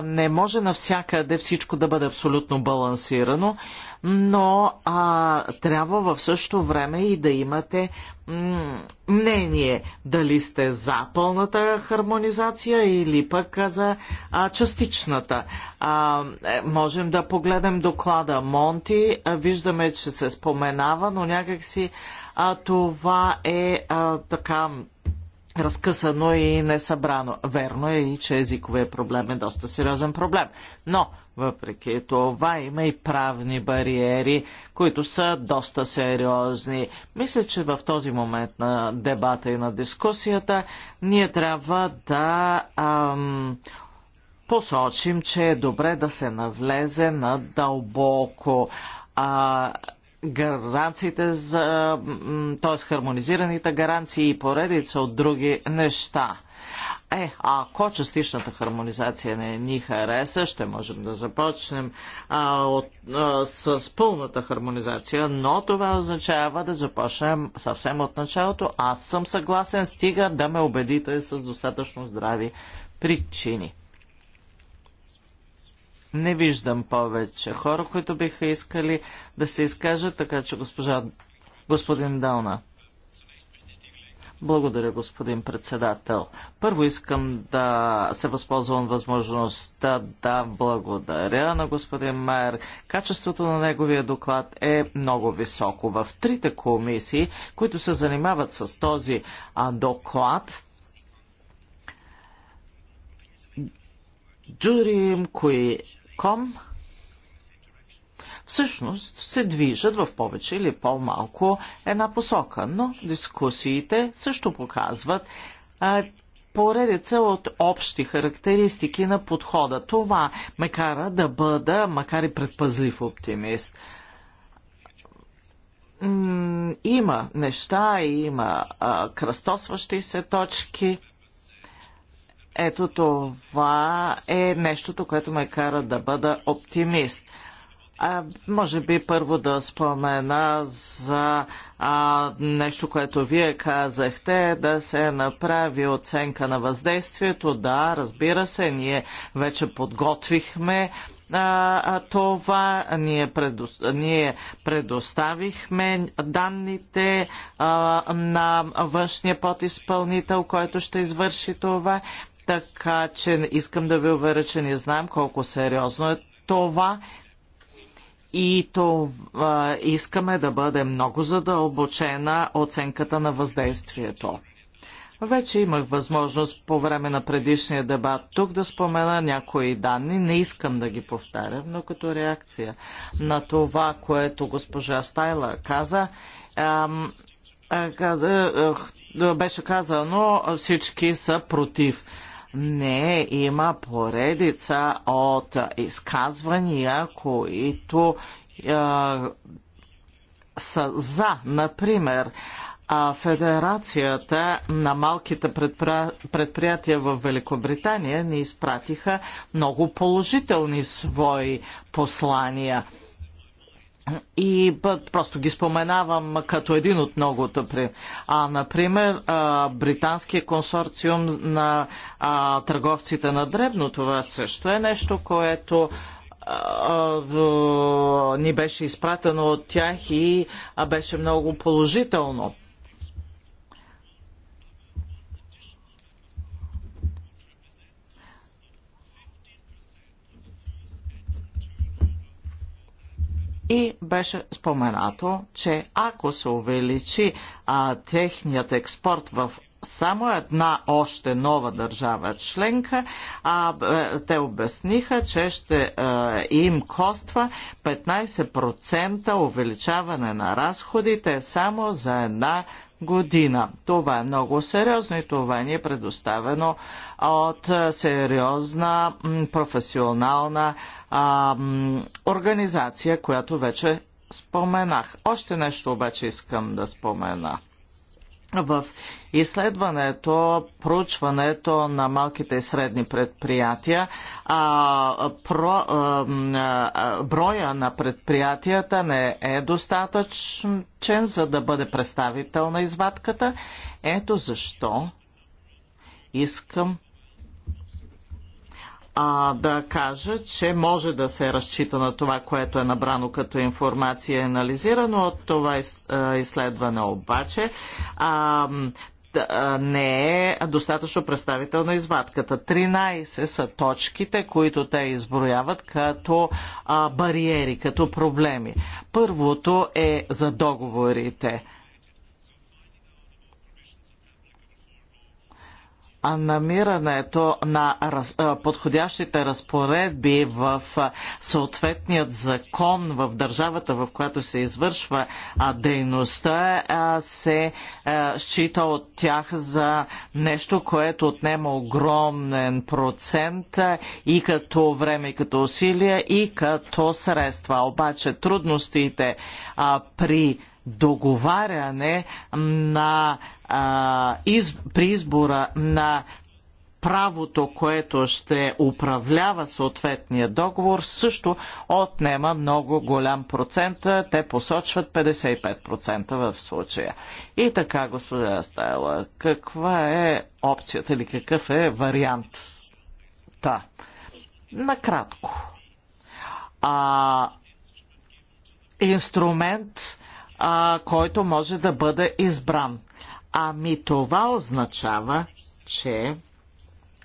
не може навсякъде всичко да бъде абсолютно балансирано, но а, трябва в същото време и да имате мнение дали сте за пълната хармонизация или пък за а, частичната. А, е, можем да погледнем доклада Монти. Виждаме, че се споменава, но някакси а, това е а, така разкъсано и несъбрано. Верно е и, че езиковия проблем е доста сериозен проблем. Но, въпреки това, има и правни бариери, които са доста сериозни. Мисля, че в този момент на дебата и на дискусията ние трябва да ам, посочим, че е добре да се навлезе на дълбоко. А, гаранциите за, т.е. хармонизираните гаранции и поредица от други неща. Е, ако частичната хармонизация не ни хареса, ще можем да започнем а, от, а, с пълната хармонизация, но това означава да започнем съвсем от началото. Аз съм съгласен, стига да ме убедите с достатъчно здрави причини. Не виждам повече хора, които биха искали да се изкажат, така че госпожа, господин Дауна. Благодаря, господин председател. Първо искам да се възползвам възможността да благодаря на господин Майер. Качеството на неговия доклад е много високо. В трите комисии, които се занимават с този доклад, ком. всъщност се движат в повече или по-малко една посока, но дискусиите също показват а, поредица от общи характеристики на подхода. Това ме кара да бъда, макар и предпазлив оптимист. има неща, има а, кръстосващи се точки – ето това е нещото, което ме кара да бъда оптимист. А, може би първо да спомена за а, нещо, което вие казахте, да се направи оценка на въздействието. Да, разбира се, ние вече подготвихме а, това, ние, предо, ние предоставихме данните а, на външния подизпълнител, който ще извърши това така че искам да ви уверя, че не знаем колко сериозно е това и това искаме да бъде много задълбочена оценката на въздействието. Вече имах възможност по време на предишния дебат тук да спомена някои данни. Не искам да ги повтарям, но като реакция на това, което госпожа Стайла каза, ам, каза беше казано, всички са против. Не, има поредица от изказвания, които е, са за, например, а Федерацията на малките предприятия в Великобритания ни изпратиха много положителни свои послания – и просто ги споменавам като един от многото. А, например, британския консорциум на търговците на Дребно, това също е нещо, което ни беше изпратено от тях и беше много положително. и беше споменато, че ако се увеличи а, техният експорт в само една още нова държава членка, а те обясниха, че ще а, им коства 15% увеличаване на разходите само за една година. Това е много сериозно и това ни е предоставено от сериозна професионална а, организация, която вече споменах. Още нещо обаче искам да спомена в изследването, проучването на малките и средни предприятия, а, про, а, а, броя на предприятията не е достатъчен, за да бъде представител на извадката. Ето защо искам а, да кажа, че може да се разчита на това, което е набрано като информация и анализирано от това изследване. Обаче а, не е достатъчно представителна извадката. 13 са точките, които те изброяват като а, бариери, като проблеми. Първото е за договорите. намирането на подходящите разпоредби в съответният закон в държавата, в която се извършва дейността, се счита от тях за нещо, което отнема огромен процент и като време, и като усилия, и като средства. Обаче трудностите при договаряне на, а, из, при избора на правото, което ще управлява съответния договор, също отнема много голям процент. Те посочват 55% в случая. И така, господа Стайла, каква е опцията или какъв е вариант? Та, накратко. А, инструмент, а, който може да бъде избран. Ами това означава, че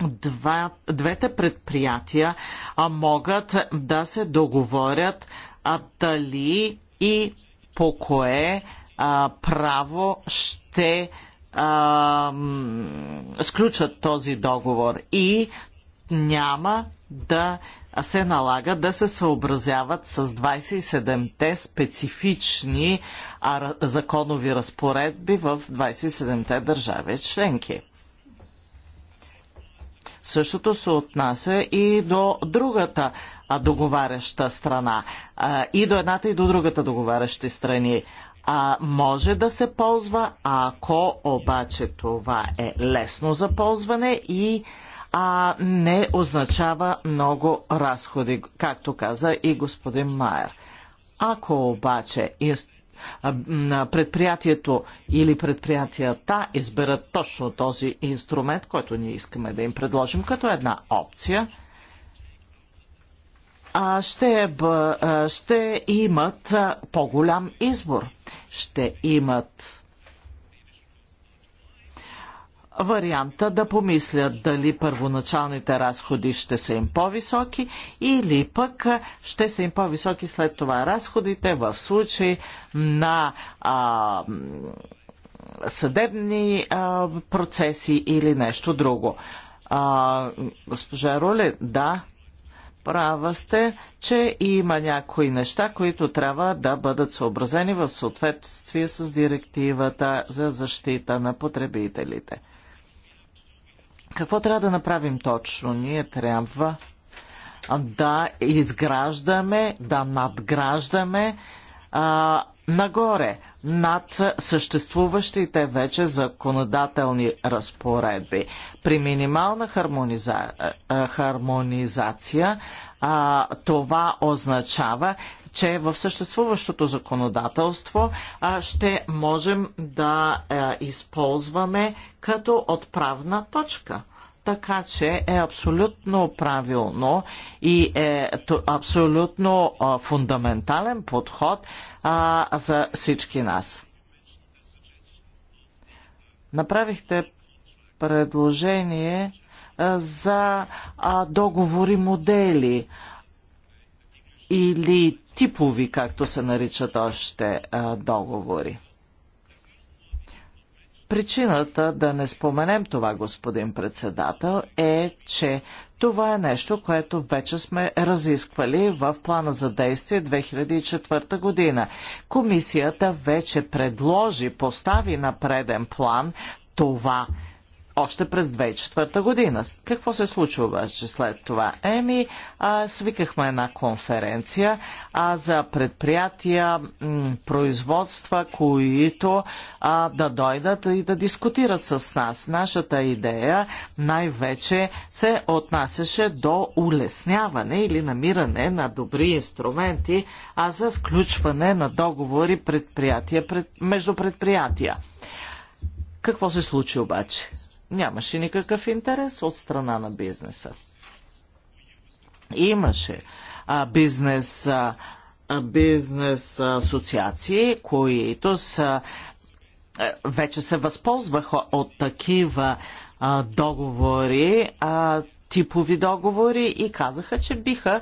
два, двете предприятия а, могат да се договорят а, дали и по кое а, право ще а, сключат този договор и няма да се налага да се съобразяват с 27-те специфични законови разпоредби в 27-те държави членки. Същото се отнася и до другата договаряща страна, и до едната и до другата договарящи страни. А, може да се ползва, ако обаче това е лесно за ползване и а не означава много разходи, както каза и господин Майер. Ако обаче предприятието или предприятията изберат точно този инструмент, който ние искаме да им предложим като една опция, ще, ще имат по-голям избор. Ще имат варианта да помислят дали първоначалните разходи ще са им по-високи или пък ще са им по-високи след това разходите в случай на а, съдебни а, процеси или нещо друго. А, госпожа Руле, да, права сте, че има някои неща, които трябва да бъдат съобразени в съответствие с директивата за защита на потребителите. Какво трябва да направим точно? Ние трябва да изграждаме, да надграждаме а, нагоре над съществуващите вече законодателни разпоредби. При минимална хармониза... хармонизация а, това означава, че в съществуващото законодателство ще можем да е, използваме като отправна точка така че е абсолютно правилно и е абсолютно фундаментален подход а, за всички нас. Направихте предложение за а, договори модели или типови, както се наричат още договори. Причината да не споменем това, господин председател, е, че това е нещо, което вече сме разисквали в плана за действие 2004 година. Комисията вече предложи, постави на преден план това още през 2004 година. Какво се случи обаче след това? Еми, а, свикахме една конференция а, за предприятия, м, производства, които а, да дойдат и да дискутират с нас. Нашата идея най-вече се отнасяше до улесняване или намиране на добри инструменти а за сключване на договори предприятия, пред, между предприятия. Какво се случи обаче? нямаше никакъв интерес от страна на бизнеса. Имаше а, бизнес, а, бизнес асоциации, които са, вече се възползваха от такива а, договори, а, типови договори и казаха, че биха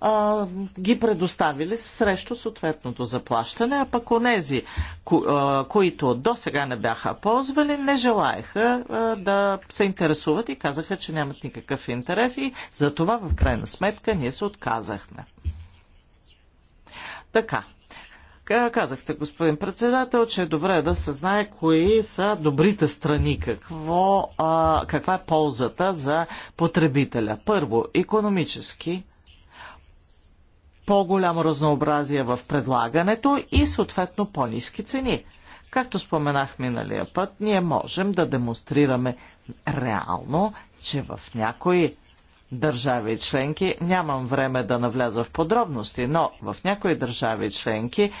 а, ги предоставили срещу съответното заплащане, а пък онези, ко, а, които до сега не бяха ползвали, не желаеха а, да се интересуват и казаха, че нямат никакъв интерес и за това в крайна сметка ние се отказахме. Така, Казахте, господин председател, че е добре да се знае кои са добрите страни, какво, а, каква е ползата за потребителя. Първо, економически по-голямо разнообразие в предлагането и съответно по-низки цени. Както споменах миналия път, ние можем да демонстрираме реално, че в някои държави членки, нямам време да навляза в подробности, но в някои държави членки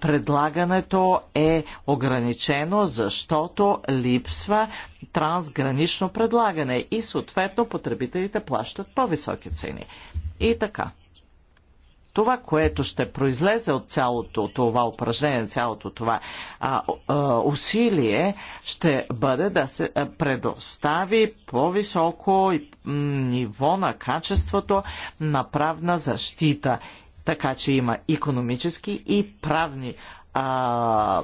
предлагането е ограничено, защото липсва трансгранично предлагане и съответно потребителите плащат по-високи цени. И така това, което ще произлезе от цялото това упражнение, цялото това а, а, усилие, ще бъде да се предостави по-високо ниво на качеството на правна защита. Така че има економически и правни а,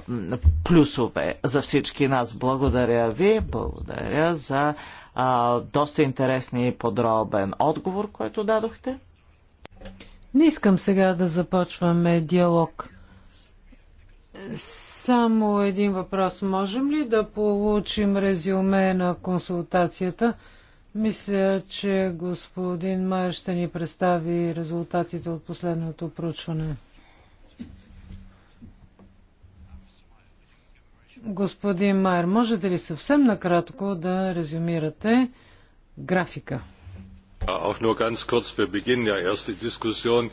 плюсове за всички нас. Благодаря ви, благодаря за а, доста интересни и подробен отговор, който дадохте. Не искам сега да започваме диалог. Само един въпрос. Можем ли да получим резюме на консултацията? Мисля, че господин Майер ще ни представи резултатите от последното проучване. Господин Майер, можете ли съвсем накратко да резюмирате графика? Auch nur ganz kurz, wir beginnen ja erst die Diskussion.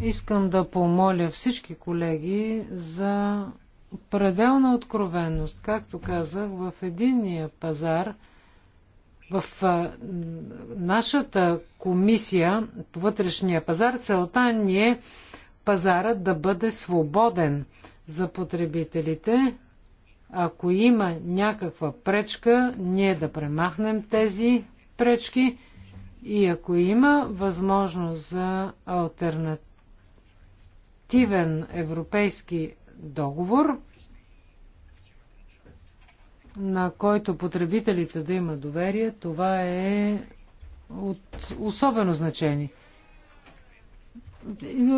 Искам да помоля всички колеги за пределна откровенност. Както казах, в единния пазар, в нашата комисия по вътрешния пазар, целта ни е пазарът да бъде свободен за потребителите, ако има някаква пречка, ние да премахнем тези пречки и ако има възможност за альтернативен европейски договор, на който потребителите да има доверие, това е от особено значение.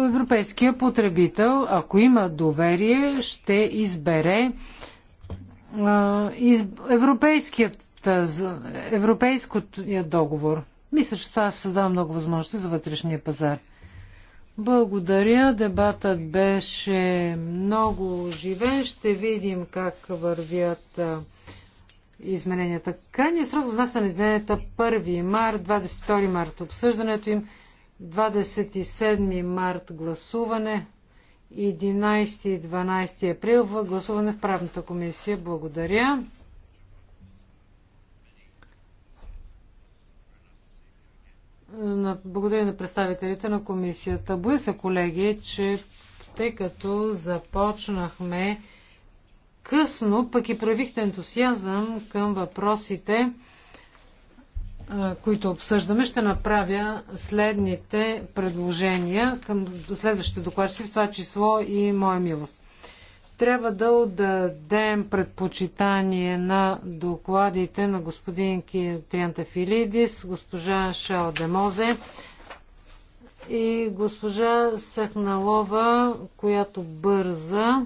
Европейския потребител, ако има доверие, ще избере европейският, европейското договор. Мисля, че това създава много възможности за вътрешния пазар. Благодаря. Дебатът беше много живен. Ще видим как вървят измененията. Крайният срок за нас на измененията 1 е март, 22 март обсъждането им, 27 март гласуване. 11 и 12 април в гласуване в правната комисия. Благодаря. Благодаря на представителите на комисията. Боя се, колеги, че тъй като започнахме късно, пък и проявихте ентусиазъм към въпросите, които обсъждаме, ще направя следните предложения към следващите докладчици, в това число и моя милост. Трябва да отдадем предпочитание на докладите на господин Филидис, госпожа Шао Демозе и госпожа Сахналова, която бърза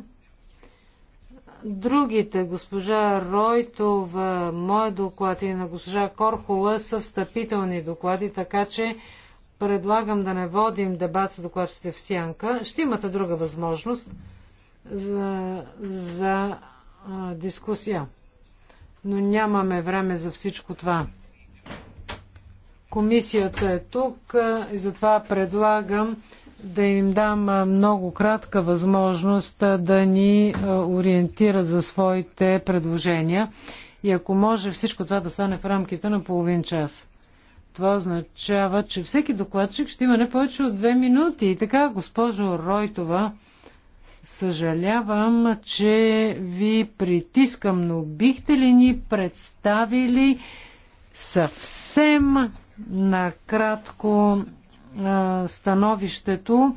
Другите, госпожа Ройтова, моя доклад и на госпожа Корхола са встъпителни доклади, така че предлагам да не водим дебат с докладчите в сянка. Ще имате друга възможност за, за а, дискусия. Но нямаме време за всичко това. Комисията е тук и затова предлагам да им дам много кратка възможност да ни ориентират за своите предложения и ако може всичко това да стане в рамките на половин час. Това означава, че всеки докладчик ще има не повече от две минути. И така, госпожо Ройтова, съжалявам, че ви притискам, но бихте ли ни представили съвсем накратко становището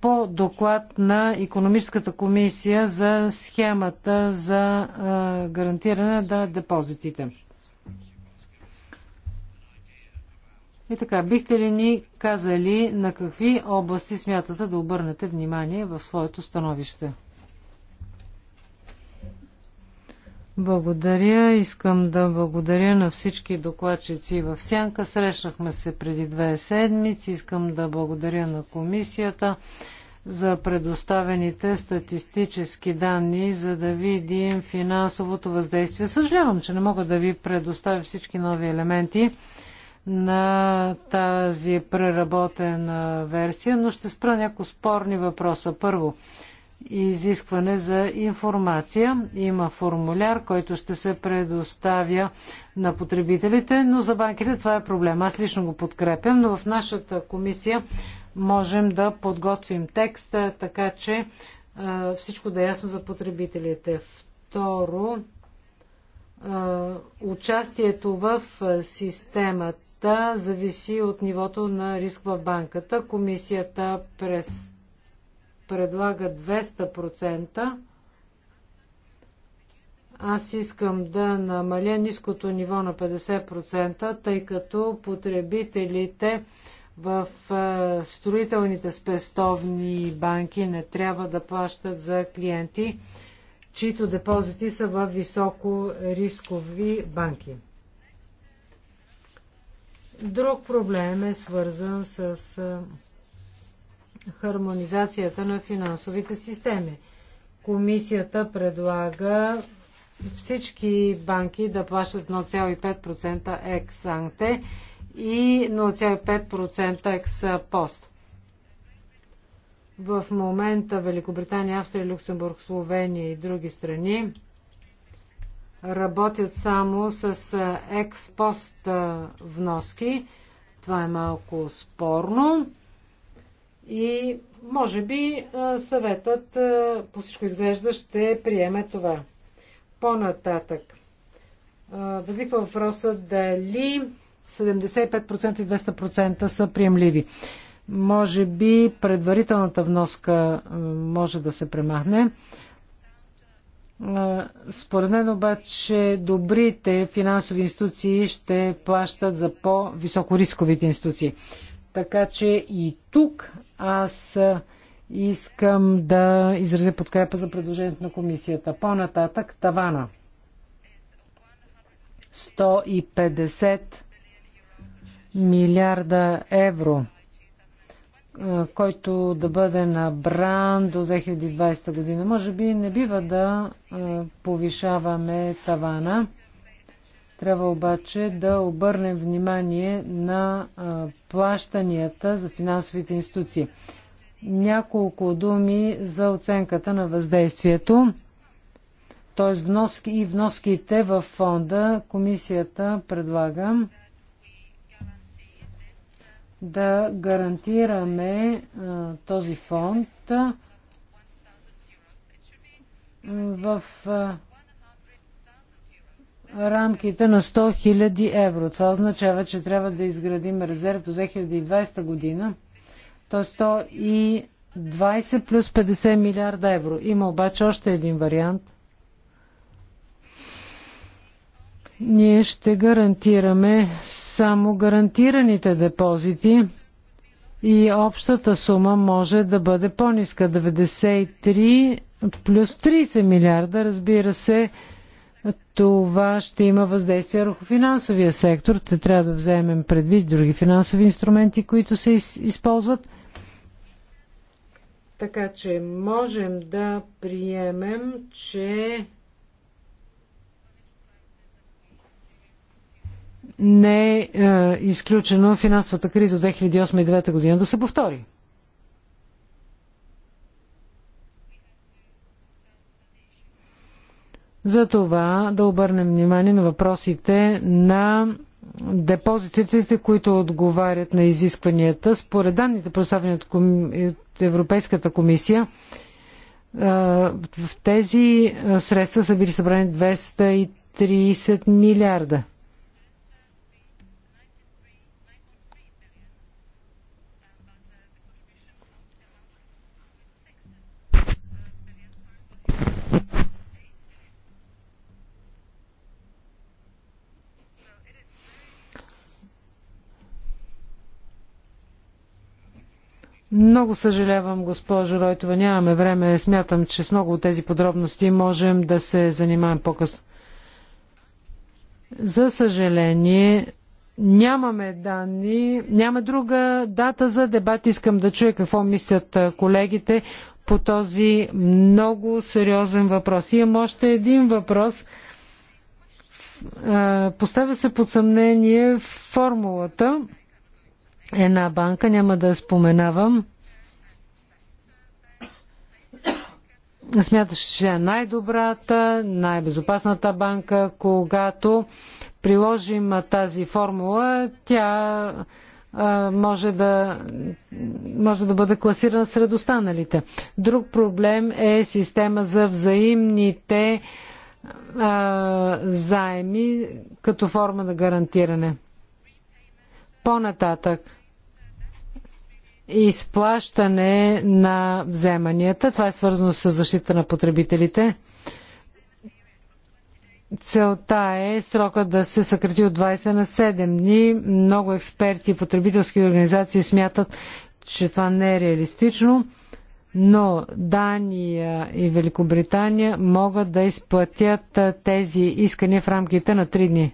по доклад на економическата комисия за схемата за гарантиране на депозитите. И така, бихте ли ни казали на какви области смятате да обърнете внимание в своето становище? Благодаря. Искам да благодаря на всички докладчици в Сянка. Срещнахме се преди две седмици. Искам да благодаря на комисията за предоставените статистически данни, за да видим финансовото въздействие. Съжалявам, че не мога да ви предоставя всички нови елементи на тази преработена версия, но ще спра някои спорни въпроса. Първо, изискване за информация. Има формуляр, който ще се предоставя на потребителите, но за банките това е проблем. Аз лично го подкрепям, но в нашата комисия можем да подготвим текста, така че а, всичко да е ясно за потребителите. Второ, а, участието в системата зависи от нивото на риск в банката. Комисията през предлага 200%, аз искам да намаля ниското ниво на 50%, тъй като потребителите в е, строителните спестовни банки не трябва да плащат за клиенти, чието депозити са в високо рискови банки. Друг проблем е свързан с е, хармонизацията на финансовите системи. Комисията предлага всички банки да плащат 0,5% екс-анте и 0,5% екс-пост. В момента Великобритания, Австрия, Люксембург, Словения и други страни работят само с експост вноски. Това е малко спорно. И може би е, съветът е, по всичко изглежда ще приеме това. По-нататък. Е, възниква въпроса дали 75% и 200% са приемливи. Може би предварителната вноска може да се премахне. Според мен обаче добрите финансови институции ще плащат за по-високо рисковите институции. Така че и тук аз искам да изразя подкрепа за предложението на комисията. По-нататък тавана. 150 милиарда евро, който да бъде набран до 2020 година. Може би не бива да повишаваме тавана. Трябва обаче да обърнем внимание на плащанията за финансовите институции. Няколко думи за оценката на въздействието, т.е. вноски и вноските в фонда. Комисията предлага да гарантираме а, този фонд а, в а, рамките на 100 000 евро. Това означава, че трябва да изградим резерв до 2020 година. То е 120 плюс 50 милиарда евро. Има обаче още един вариант. Ние ще гарантираме само гарантираните депозити и общата сума може да бъде по-ниска 93 плюс 30 милиарда. Разбира се, това ще има въздействие върху финансовия сектор. Те трябва да вземем предвид други финансови инструменти, които се използват. Така че можем да приемем, че не е, е изключено финансовата криза от 2008 и 2009 година да се повтори. за това да обърнем внимание на въпросите на депозитите, които отговарят на изискванията. Според данните, представени от, ком... от Европейската комисия, в тези средства са били събрани 230 милиарда. Много съжалявам, госпожо Ройтова, нямаме време. Смятам, че с много от тези подробности можем да се занимаем по-късно. За съжаление, нямаме данни, няма друга дата за дебат. Искам да чуя какво мислят колегите по този много сериозен въпрос. Имам още един въпрос. Поставя се под съмнение формулата една банка, няма да споменавам. Смяташ, че е най-добрата, най-безопасната банка. Когато приложим тази формула, тя може да, може да бъде класирана сред останалите. Друг проблем е система за взаимните а, заеми като форма на гарантиране. По-нататък – изплащане на вземанията. Това е свързано с защита на потребителите. Целта е срока да се съкрати от 20 на 7 дни. Много експерти и потребителски организации смятат, че това не е реалистично, но Дания и Великобритания могат да изплатят тези искания в рамките на 3 дни.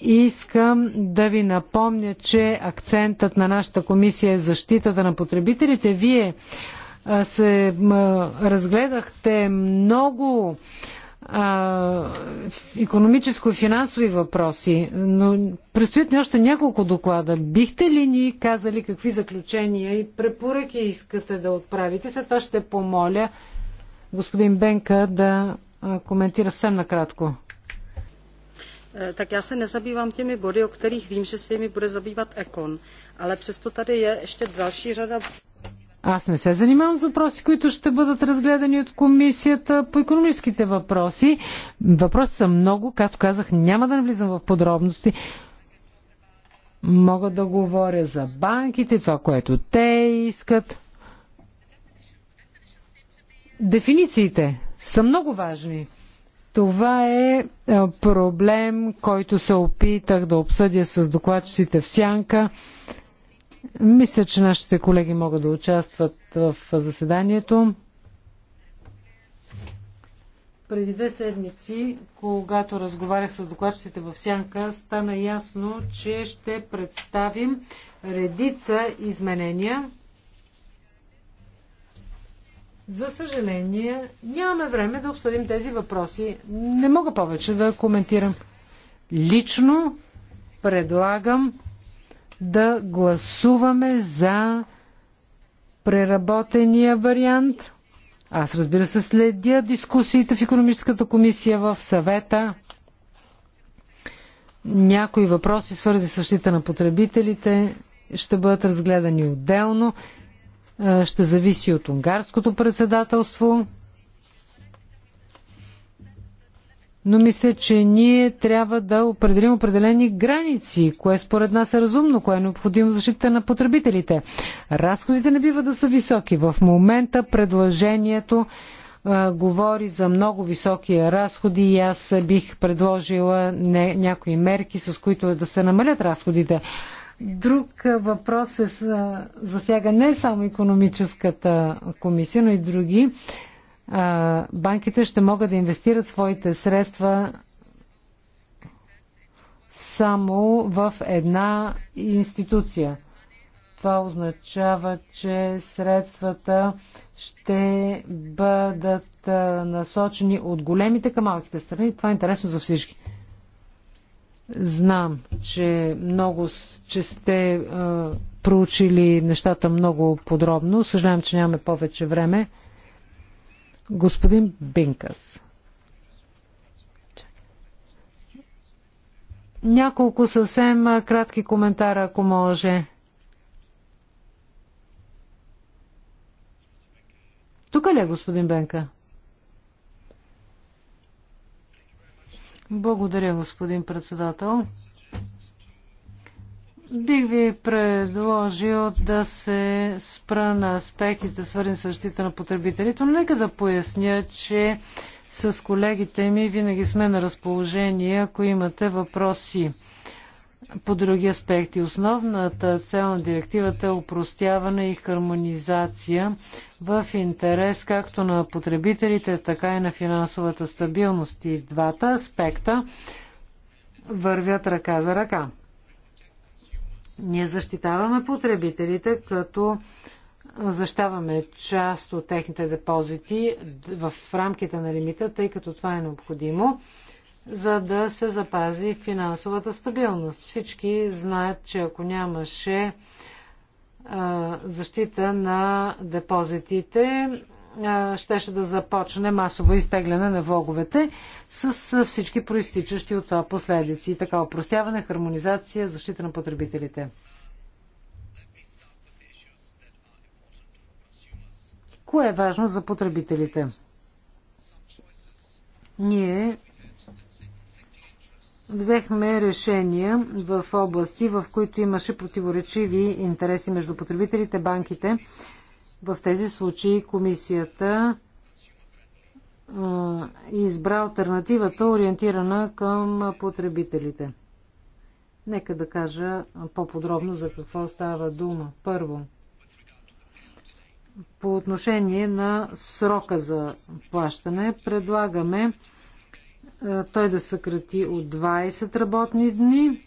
Искам да ви напомня, че акцентът на нашата комисия е защитата на потребителите. Вие се разгледахте много економическо и финансови въпроси, но предстоят ни още няколко доклада. Бихте ли ни казали какви заключения и препоръки искате да отправите? След това ще помоля господин Бенка да коментира съвсем накратко. Eh, tak já se nezabývám těmi body, o kterých vím, že se jimi bude zabývat Ekon. Ale přesto tady je ještě další řada. Аз не се занимавам с въпроси, които ще бъдат разгледани от комисията по економическите въпроси. Въпроси са много, както казах, няма да навлизам в подробности. Мога да говоря за банките, това, което те искат. Дефинициите са много важни. Това е проблем, който се опитах да обсъдя с докладчиците в Сянка. Мисля, че нашите колеги могат да участват в заседанието. Преди две седмици, когато разговарях с докладчиците в Сянка, стана ясно, че ще представим редица изменения. За съжаление, нямаме време да обсъдим тези въпроси. Не мога повече да коментирам. Лично предлагам да гласуваме за преработения вариант. Аз разбира се следя дискусиите в економическата комисия в съвета. Някои въпроси, свързани с защита на потребителите, ще бъдат разгледани отделно. Е, ще зависи от унгарското председателство. Но мисля, че ние трябва да определим определени граници, кое според нас е разумно, кое е необходимо защита на потребителите. Разходите не бива да са високи. В момента предложението а, е, говори за много високи разходи и аз бих предложила не, някои мерки, с които да се намалят разходите. Друг въпрос е, засяга не само економическата комисия, но и други. Банките ще могат да инвестират своите средства само в една институция. Това означава, че средствата ще бъдат насочени от големите към малките страни. Това е интересно за всички. Знам, че много, че сте а, проучили нещата много подробно. Съжалявам, че нямаме повече време. Господин Бинкас. Няколко съвсем а, кратки коментара, ако може. Тук ли е господин Бенка? Благодаря, господин председател. Бих ви предложил да се спра на аспектите, свързани с защита на потребителите, но нека да поясня, че с колегите ми винаги сме на разположение, ако имате въпроси по други аспекти. Основната цел на директивата е упростяване и хармонизация в интерес както на потребителите, така и на финансовата стабилност. И двата аспекта вървят ръка за ръка. Ние защитаваме потребителите, като защаваме част от техните депозити в рамките на лимита, тъй като това е необходимо за да се запази финансовата стабилност. Всички знаят, че ако нямаше защита на депозитите, щеше да започне масово изтегляне на влоговете с всички проистичащи от това последици. Така опростяване, хармонизация, защита на потребителите. Кое е важно за потребителите? Ние взехме решения в области, в които имаше противоречиви интереси между потребителите, банките. В тези случаи комисията избра альтернативата, ориентирана към потребителите. Нека да кажа по-подробно за какво става дума. Първо, по отношение на срока за плащане, предлагаме е, той да съкрати от 20 работни дни.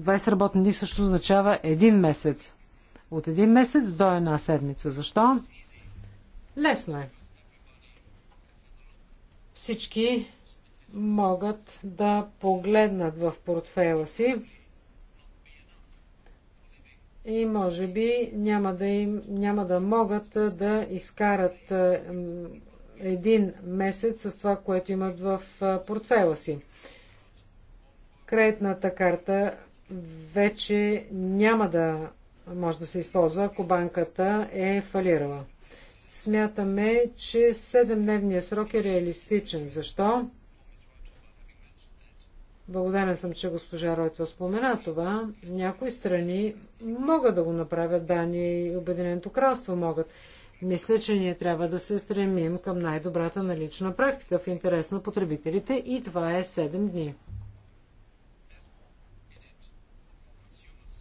20 работни дни също означава един месец. От един месец до една седмица. Защо? Лесно е. Всички могат да погледнат в портфела си и може би няма да, им, няма да могат да изкарат един месец с това, което имат в портфела си. Кредитната карта вече няма да може да се използва, ако банката е фалирала. Смятаме, че 7-дневният срок е реалистичен. Защо? Благодарен съм, че госпожа Ройтва спомена това. Някои страни могат да го направят, Дания и Обединеното кралство могат. Мисля, че ние трябва да се стремим към най-добрата налична практика в интерес на потребителите и това е 7 дни.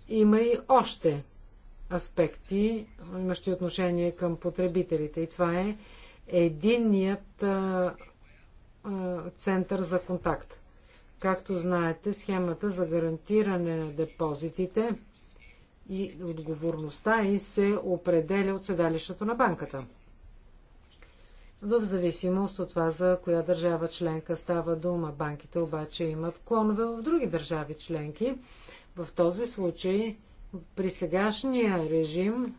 Има и още аспекти, имащи отношение към потребителите и това е единният а, а, център за контакт. Както знаете, схемата за гарантиране на депозитите и отговорността и се определя от седалището на банката. В зависимост от това, за коя държава членка става дума, банките обаче имат клонове в други държави членки. В този случай, при сегашния режим,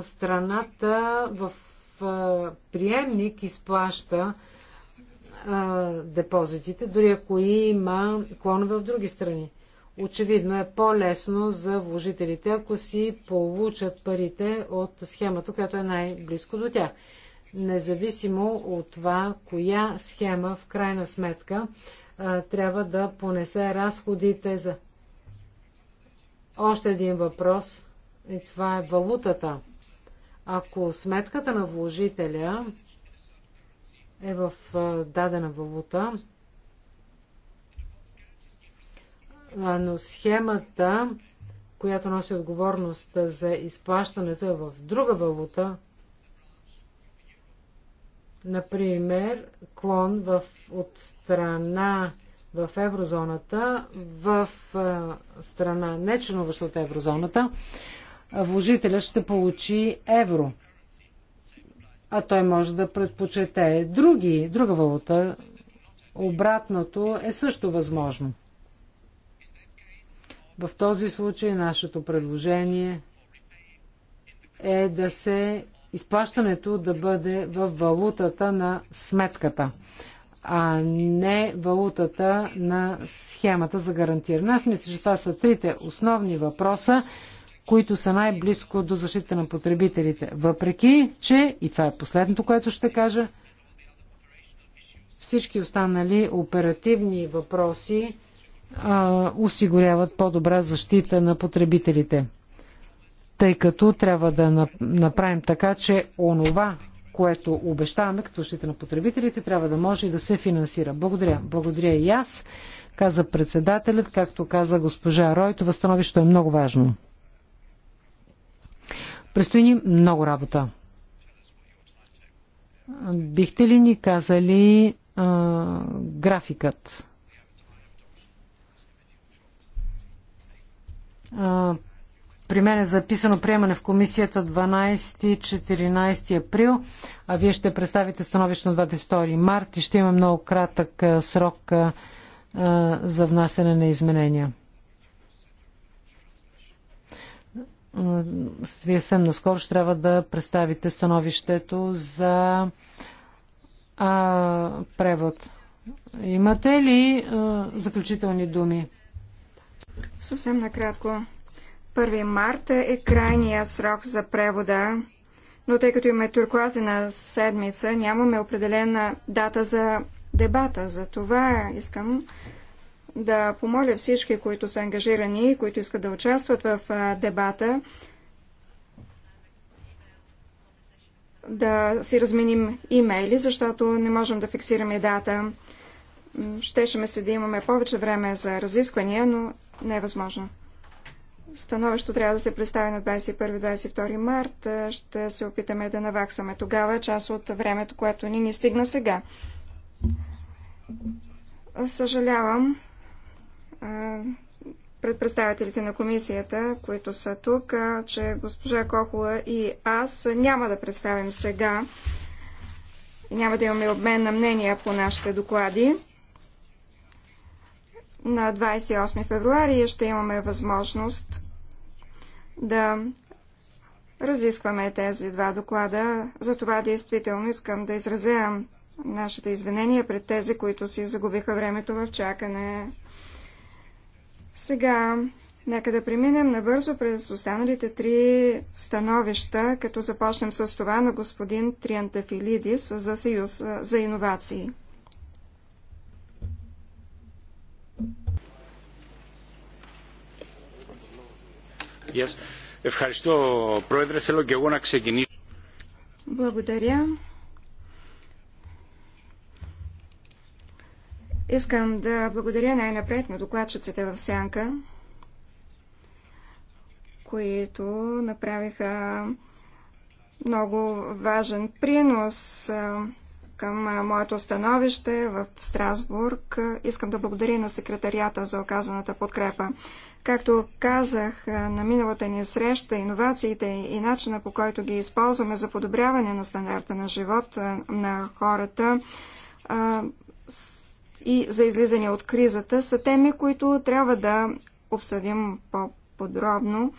страната в приемник изплаща а, депозитите, дори ако има клонове в други страни. Очевидно е по-лесно за вложителите, ако си получат парите от схемата, която е най-близко до тях. Независимо от това, коя схема в крайна сметка а, трябва да понесе разходите за. Още един въпрос. И това е валутата. Ако сметката на вложителя е в дадена валута, но схемата, която носи отговорност за изплащането е в друга валута, например, клон в, от страна в еврозоната, в страна не членуваща от еврозоната, вложителя ще получи евро а той може да предпочете други, друга валута. Обратното е също възможно. В този случай нашето предложение е да се изплащането да бъде в валутата на сметката, а не валутата на схемата за гарантиране. Аз мисля, че това са трите основни въпроса, които са най-близко до защита на потребителите. Въпреки, че, и това е последното, което ще кажа, всички останали оперативни въпроси а, осигуряват по-добра защита на потребителите. Тъй като трябва да направим така, че онова, което обещаваме като защита на потребителите, трябва да може и да се финансира. Благодаря. Благодаря и аз, каза председателят, както каза госпожа Ройто. Възстановището е много важно. Престои ни много работа. Бихте ли ни казали а, графикът? А, при мен е записано приемане в комисията 12-14 април, а вие ще представите становище на 22 март и ще има много кратък срок за внасяне на изменения. вие съвсем наскоро ще трябва да представите становището за а, превод. Имате ли а, заключителни думи? Съвсем накратко. 1 марта е крайния срок за превода, но тъй като имаме туркуазена седмица, нямаме определена дата за дебата. За това искам да помоля всички, които са ангажирани, които искат да участват в дебата, да си разменим имейли, защото не можем да фиксираме дата. Щеше ме се да имаме повече време за разисквания, но не е възможно. Становището трябва да се представи на 21-22 март. Ще се опитаме да наваксаме тогава част от времето, което ни ни стигна сега. Съжалявам, пред представителите на комисията, които са тук, че госпожа Кохола и аз няма да представим сега и няма да имаме обмен на мнения по нашите доклади. На 28 февруари ще имаме възможност да разискваме тези два доклада. Затова действително искам да изразявам нашите извинения пред тези, които си загубиха времето в чакане сега нека да преминем набързо през останалите три становища, като започнем с това на господин Триантафилидис за Съюз за иновации. Yes. Благодаря. Искам да благодаря най-напред на докладчиците в Сянка, които направиха много важен принос към моето становище в Страсбург. Искам да благодаря на секретарията за оказаната подкрепа. Както казах на миналата ни среща, иновациите и начина по който ги използваме за подобряване на стандарта на живот на хората и за излизане от кризата са теми, които трябва да обсъдим по-подробно.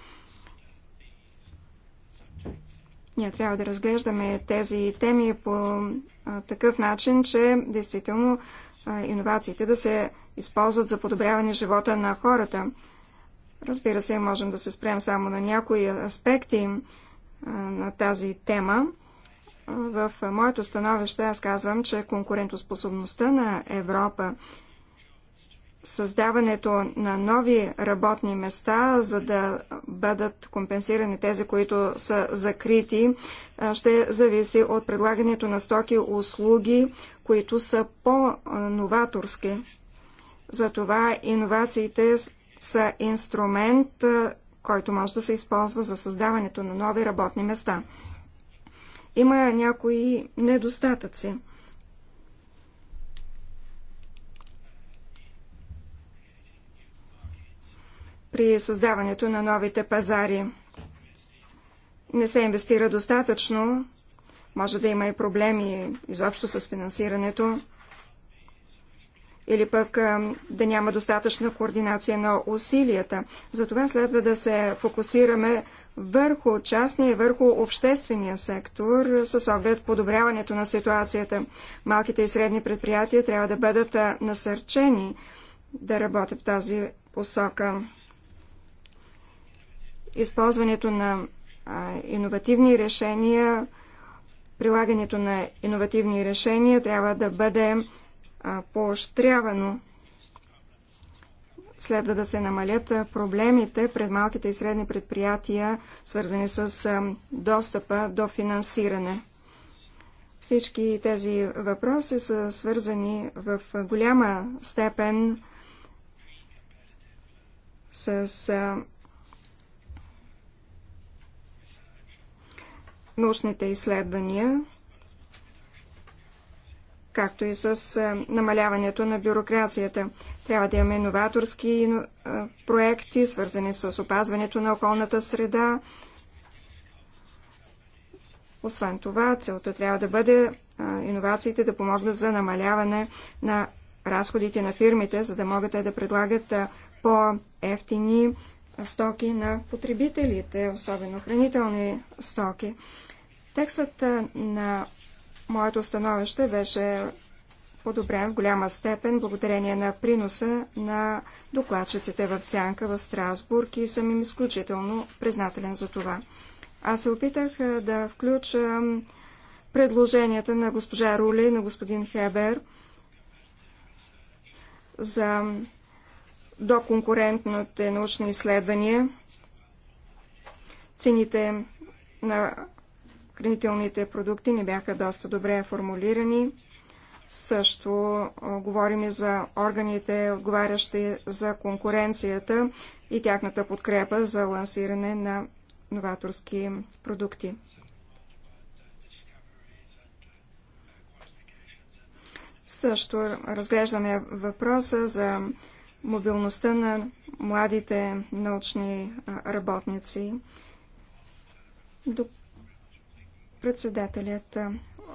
Ние трябва да разглеждаме тези теми по такъв начин, че действително иновациите да се използват за подобряване живота на хората. Разбира се, можем да се спрем само на някои аспекти на тази тема. В моето становище аз казвам, че конкурентоспособността на Европа, създаването на нови работни места, за да бъдат компенсирани тези, които са закрити, ще зависи от предлагането на стоки услуги, които са по-новаторски. Затова иновациите са инструмент, който може да се използва за създаването на нови работни места има някои недостатъци. При създаването на новите пазари не се инвестира достатъчно, може да има и проблеми изобщо с финансирането или пък да няма достатъчна координация на усилията. Затова следва да се фокусираме върху частния и върху обществения сектор с оглед подобряването на ситуацията. Малките и средни предприятия трябва да бъдат насърчени да работят в тази посока. Използването на иновативни решения, прилагането на иновативни решения трябва да бъде поощрявано. Следва да се намалят проблемите пред малките и средни предприятия, свързани с достъпа до финансиране. Всички тези въпроси са свързани в голяма степен с научните изследвания както и с намаляването на бюрокрацията. Трябва да имаме иноваторски проекти, свързани с опазването на околната среда. Освен това, целта трябва да бъде иновациите да помогнат за намаляване на разходите на фирмите, за да могат да предлагат по-ефтини стоки на потребителите, особено хранителни стоки. Текстът на Моето становище беше подобрен в голяма степен благодарение на приноса на докладчиците в Сянка в Страсбург и съм им изключително признателен за това. Аз се опитах да включа предложенията на госпожа Рули и на господин Хебер за доконкурентните научни изследвания, цените на Хранителните продукти не бяха доста добре формулирани. Също говорим и за органите, отговарящи за конкуренцията и тяхната подкрепа за лансиране на новаторски продукти. Също разглеждаме въпроса за мобилността на младите научни работници. Председателят,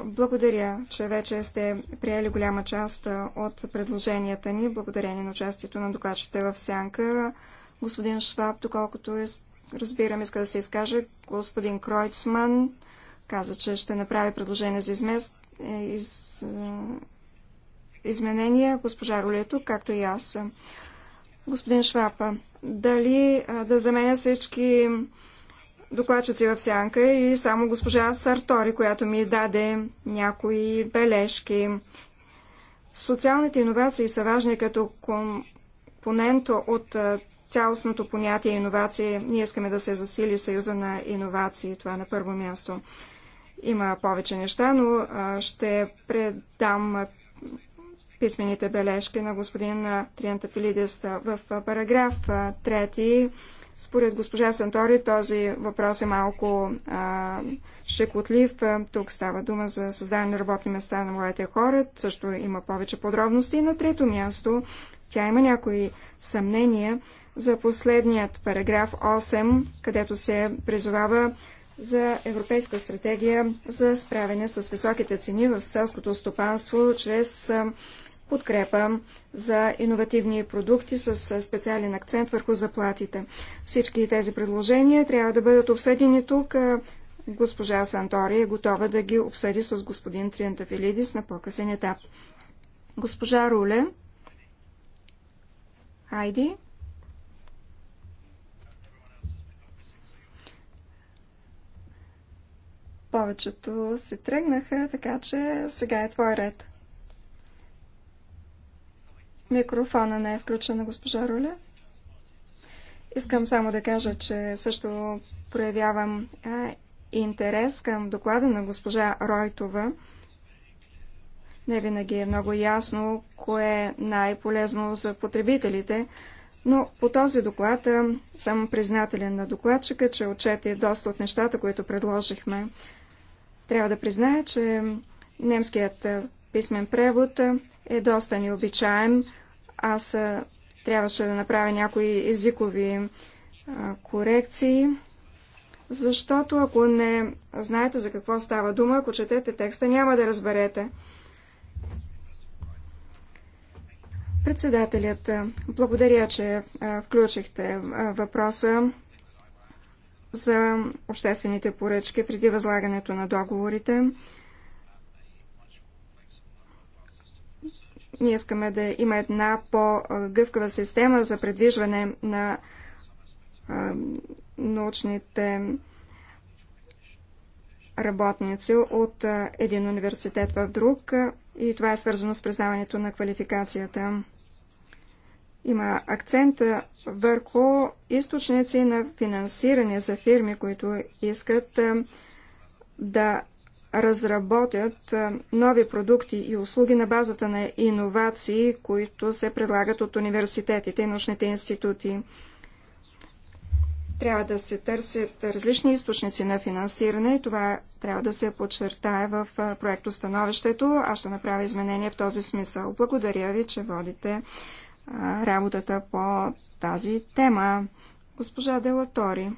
благодаря, че вече сте приели голяма част от предложенията ни, благодарение на участието на докладчите в Сянка. Господин Шваб, доколкото е разбирам, иска да се изкаже, господин Кройцман каза, че ще направи предложение за измест, е, из, е, изменения, госпожа Рулето, както и аз. Господин Шваб, дали да заменя всички докладчици в сянка и само госпожа Сартори, която ми даде някои бележки. Социалните иновации са важни като компонент от цялостното понятие иновации. Ние искаме да се засили съюза на иновации. Това е на първо място. Има повече неща, но ще предам писмените бележки на господин Филидеста в параграф 3 според госпожа Сантори този въпрос е малко а, щекотлив. Тук става дума за създаване на работни места на младите хора. Също има повече подробности. На трето място тя има някои съмнения за последният параграф 8, където се призовава за европейска стратегия за справяне с високите цени в селското стопанство чрез подкрепа за иновативни продукти с специален акцент върху заплатите. Всички тези предложения трябва да бъдат обсъдени тук. Госпожа Сантори е готова да ги обсъди с господин Триантафилидис на по-късен етап. Госпожа Руле. Айди. Повечето се тръгнаха, така че сега е твой ред. Микрофона не е включена, госпожа Руля. Искам само да кажа, че също проявявам а, интерес към доклада на госпожа Ройтова. Не винаги е много ясно кое е най-полезно за потребителите, но по този доклад съм признателен на докладчика, че отчете доста от нещата, които предложихме. Трябва да призная, че немският писмен превод е доста необичаен. Аз трябваше да направя някои езикови корекции, защото ако не знаете за какво става дума, ако четете текста, няма да разберете. Председателят, благодаря, че включихте въпроса за обществените поръчки преди възлагането на договорите. Ние искаме да има една по-гъвкава система за предвижване на научните работници от един университет в друг и това е свързано с признаването на квалификацията. Има акцент върху източници на финансиране за фирми, които искат да разработят нови продукти и услуги на базата на иновации, които се предлагат от университетите и научните институти. Трябва да се търсят различни източници на финансиране и това трябва да се подчертае в проекто становището. Аз ще направя изменения в този смисъл. Благодаря ви, че водите работата по тази тема. Госпожа Делатори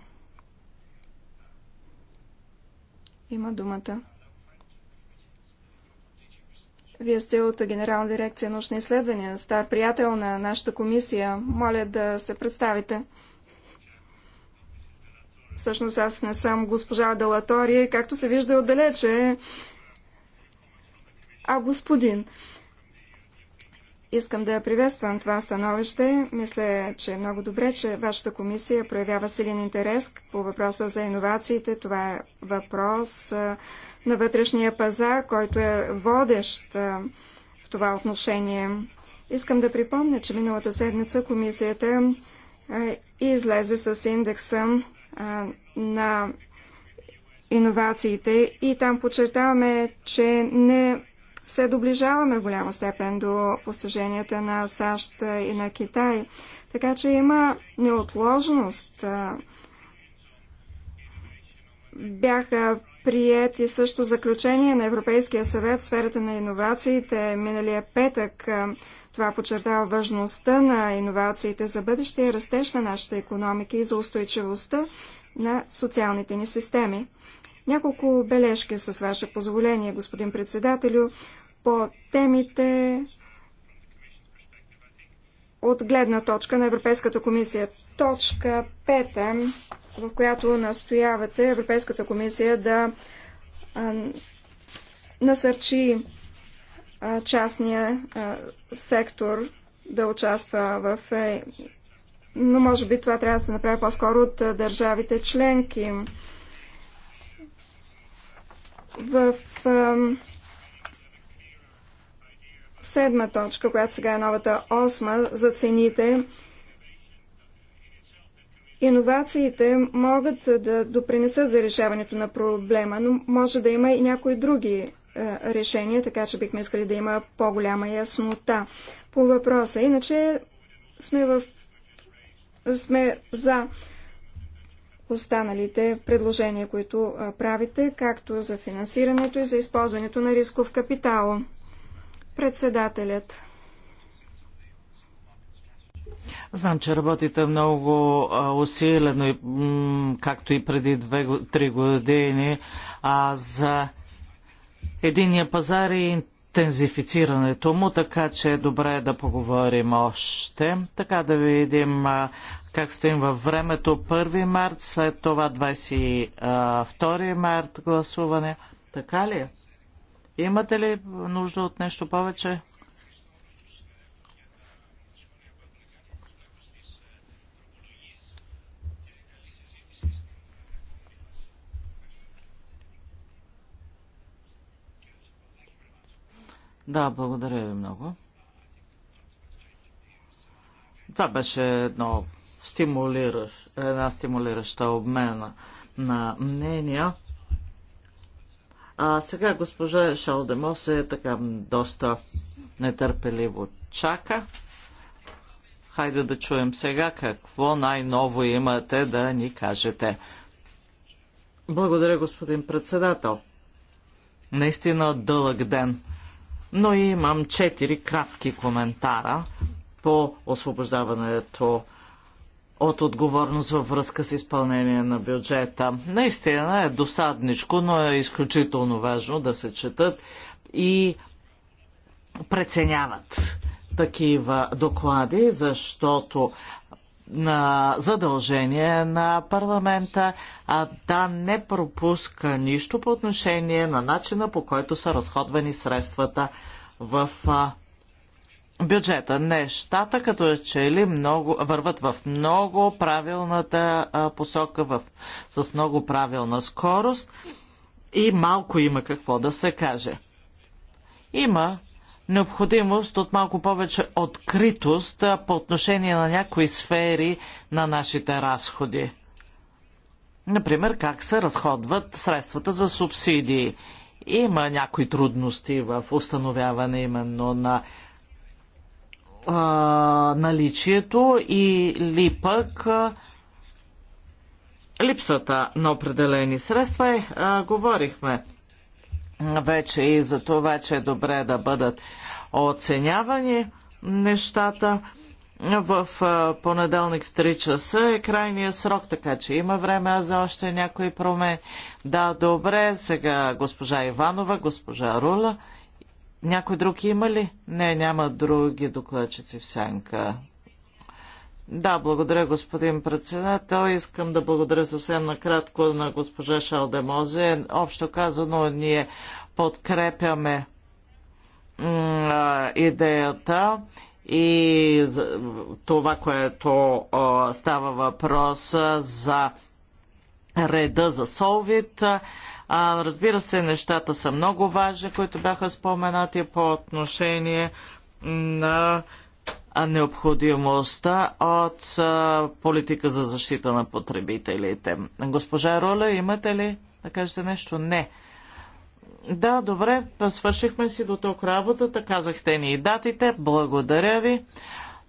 има думата. Вие сте от Генерална дирекция научни изследвания, стар приятел на нашата комисия. Моля да се представите. Всъщност аз не съм госпожа Делатори, както се вижда отдалече, а господин. Искам да приветствам това становище. Мисля, че е много добре, че вашата комисия проявява силен интерес по въпроса за иновациите. Това е въпрос на вътрешния пазар, който е водещ в това отношение. Искам да припомня, че миналата седмица комисията излезе с индекса на иновациите и там подчертаваме, че не се доближаваме в голяма степен до постиженията на САЩ и на Китай. Така че има неотложност. Бяха приети също заключение на Европейския съвет в сферата на иновациите миналия петък. Това подчертава важността на иновациите за бъдещия растеж на нашите економика и за устойчивостта на социалните ни системи. Няколко бележки с ваше позволение, господин председателю, по темите от гледна точка на Европейската комисия. Точка 5, в която настоявате Европейската комисия да а, насърчи а, частния а, сектор да участва в. А, е, но може би това трябва да се направи по-скоро от а, държавите членки в седма точка, която сега е новата осма, за цените. Иновациите могат да допринесат за решаването на проблема, но може да има и някои други е, решения, така че бихме искали да има по-голяма яснота по въпроса. Иначе сме, в... сме за останалите предложения, които правите, както за финансирането и за използването на рисков капитал. Председателят. Знам, че работите много усилено, както и преди 2-3 години, а за единия пазар и интензифицирането му, така че е добре да поговорим още. Така да видим как стоим във времето 1 март, след това 22 март гласуване. Така ли е? Имате ли нужда от нещо повече? Да, благодаря ви много. Това беше едно стимулиращ, една стимулираща обмена на мнения. А сега госпожа Шалдемос е така доста нетърпеливо чака. Хайде да чуем сега какво най-ново имате да ни кажете. Благодаря, господин председател. Наистина дълъг ден, но имам четири кратки коментара по освобождаването от отговорност във връзка с изпълнение на бюджета. Наистина е досадничко, но е изключително важно да се четат и преценяват такива доклади, защото на задължение на парламента а да не пропуска нищо по отношение на начина по който са разходвани средствата в бюджета. Нещата като е че ли много, върват в много правилната а, посока, в, с много правилна скорост и малко има какво да се каже. Има необходимост от малко повече откритост по отношение на някои сфери на нашите разходи. Например, как се разходват средствата за субсидии. Има някои трудности в установяване именно на а, наличието или пък а, липсата на определени средства. Е, а, говорихме вече и за това, че е добре да бъдат оценявани нещата. В понеделник в 3 часа е крайния срок, така че има време за още някои промени. Да, добре, сега госпожа Иванова, госпожа Рула. Някой друг има ли? Не, няма други докладчици в сянка. Да, благодаря, господин председател. Искам да благодаря съвсем накратко на госпожа Шалдемозе. Общо казано, ние подкрепяме идеята и това, което става въпрос за реда за Солвит. А, разбира се, нещата са много важни, които бяха споменати по отношение на необходимостта от политика за защита на потребителите. Госпожа Роля, имате ли да кажете нещо? Не. Да, добре, свършихме си до тук работата, казахте ни и датите, благодаря ви.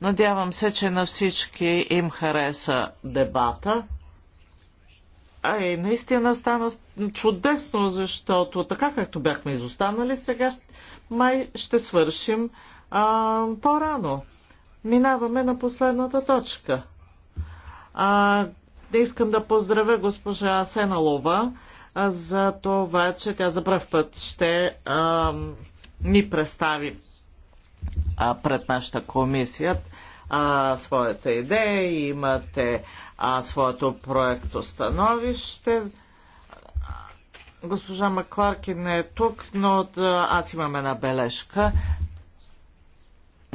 Надявам се, че на всички им хареса дебата. А наистина стана чудесно, защото така както бяхме изостанали, сега май ще свършим а, по-рано. Минаваме на последната точка. А, искам да поздравя госпожа Сеналова а, за това, че тя за пръв път ще а, ни представи а, пред нашата комисия а, своята идея, имате а, своето проекто становище. Госпожа не е тук, но да, аз имам една бележка.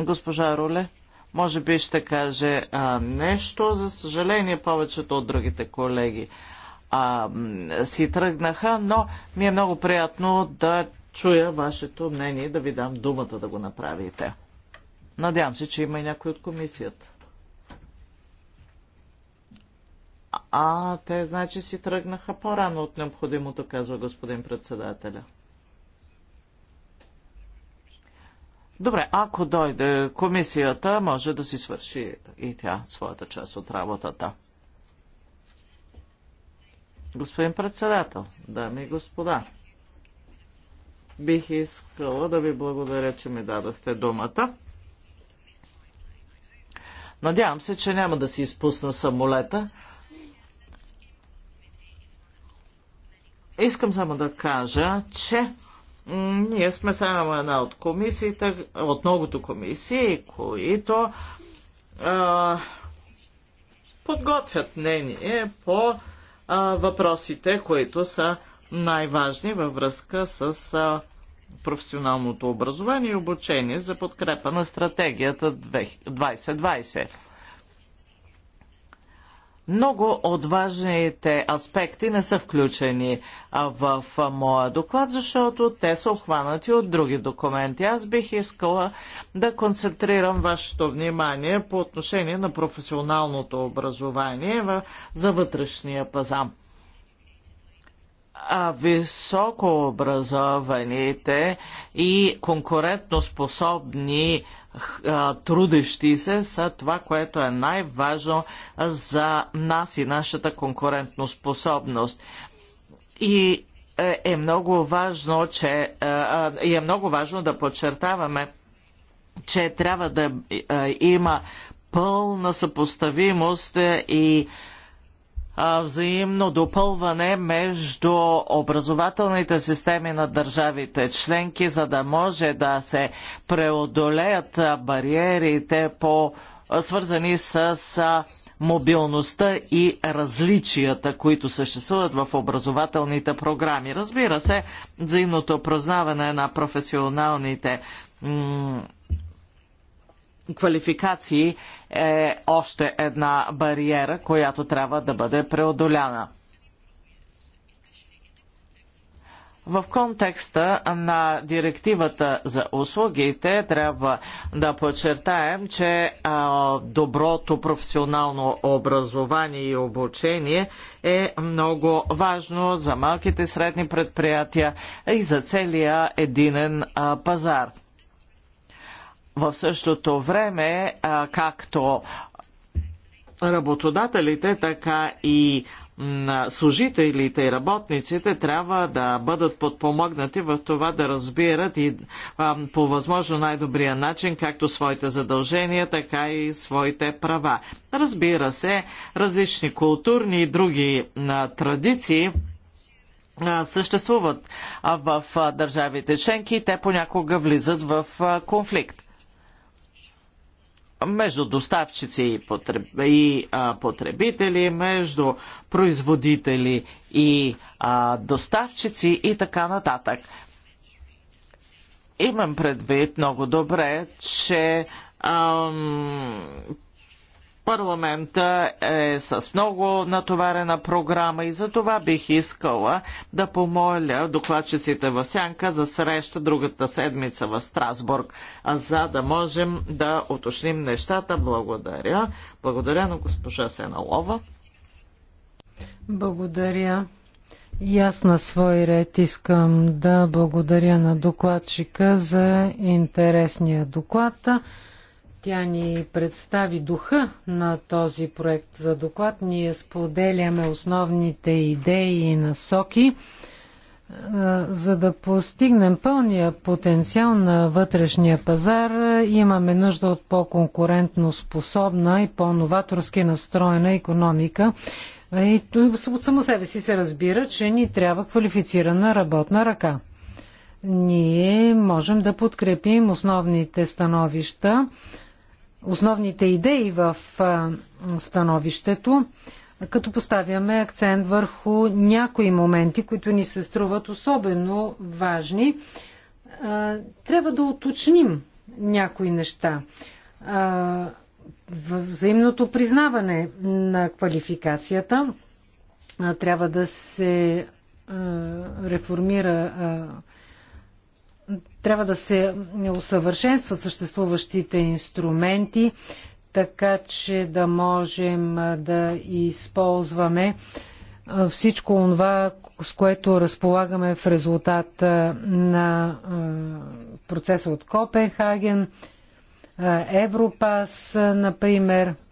Госпожа Руле, може би ще каже а, нещо. За съжаление, повечето от другите колеги а, си тръгнаха, но ми е много приятно да чуя вашето мнение, да ви дам думата да го направите. Надявам се, че има и някой от комисията. А, те значи си тръгнаха по-рано от необходимото, казва господин председателя. Добре, ако дойде комисията, може да си свърши и тя своята част от работата. Господин председател, дами и господа, бих искала да ви благодаря, че ми дадохте думата. Надявам се, че няма да си изпусна самолета. Искам само да кажа, че ние сме само една от комисиите, от многото комисии, които а, подготвят мнение по а, въпросите, които са най-важни във връзка с а, професионалното образование и обучение за подкрепа на стратегията 2020. Много от важните аспекти не са включени в моя доклад, защото те са обхванати от други документи. Аз бих искала да концентрирам вашето внимание по отношение на професионалното образование за вътрешния пазар високо образованите и способни трудещи се са това, което е най-важно за нас и нашата способност. И е, е много важно, че е много важно да подчертаваме, че трябва да има пълна съпоставимост е, и взаимно допълване между образователните системи на държавите членки, за да може да се преодолеят бариерите по, свързани с мобилността и различията, които съществуват в образователните програми. Разбира се, взаимното прознаване на професионалните квалификации е още една бариера, която трябва да бъде преодоляна. В контекста на директивата за услугите трябва да подчертаем, че доброто професионално образование и обучение е много важно за малките и средни предприятия и за целия единен пазар в същото време, както работодателите, така и служителите и работниците трябва да бъдат подпомогнати в това да разбират и а, по възможно най-добрия начин както своите задължения, така и своите права. Разбира се, различни културни и други а, традиции а, съществуват в държавите членки и те понякога влизат в конфликт между доставчици и, потреб... и а, потребители, между производители и а, доставчици и така нататък. Имам предвид много добре, че ам, Парламента е с много натоварена програма и за това бих искала да помоля докладчиците в Сянка за среща другата седмица в Страсбург, за да можем да уточним нещата. Благодаря. Благодаря на госпожа Сеналова. Благодаря. И аз на свой ред искам да благодаря на докладчика за интересния доклад. Тя ни представи духа на този проект за доклад. Ние споделяме основните идеи и насоки, за да постигнем пълния потенциал на вътрешния пазар. Имаме нужда от по-конкурентно способна и по-новаторски настроена економика. И от само себе си се разбира, че ни трябва квалифицирана работна ръка ние можем да подкрепим основните становища основните идеи в становището, като поставяме акцент върху някои моменти, които ни се струват особено важни. Трябва да уточним някои неща. Взаимното признаване на квалификацията трябва да се реформира трябва да се усъвършенства съществуващите инструменти, така че да можем да използваме всичко това, с което разполагаме в резултат на процеса от Копенхаген, Европас, например –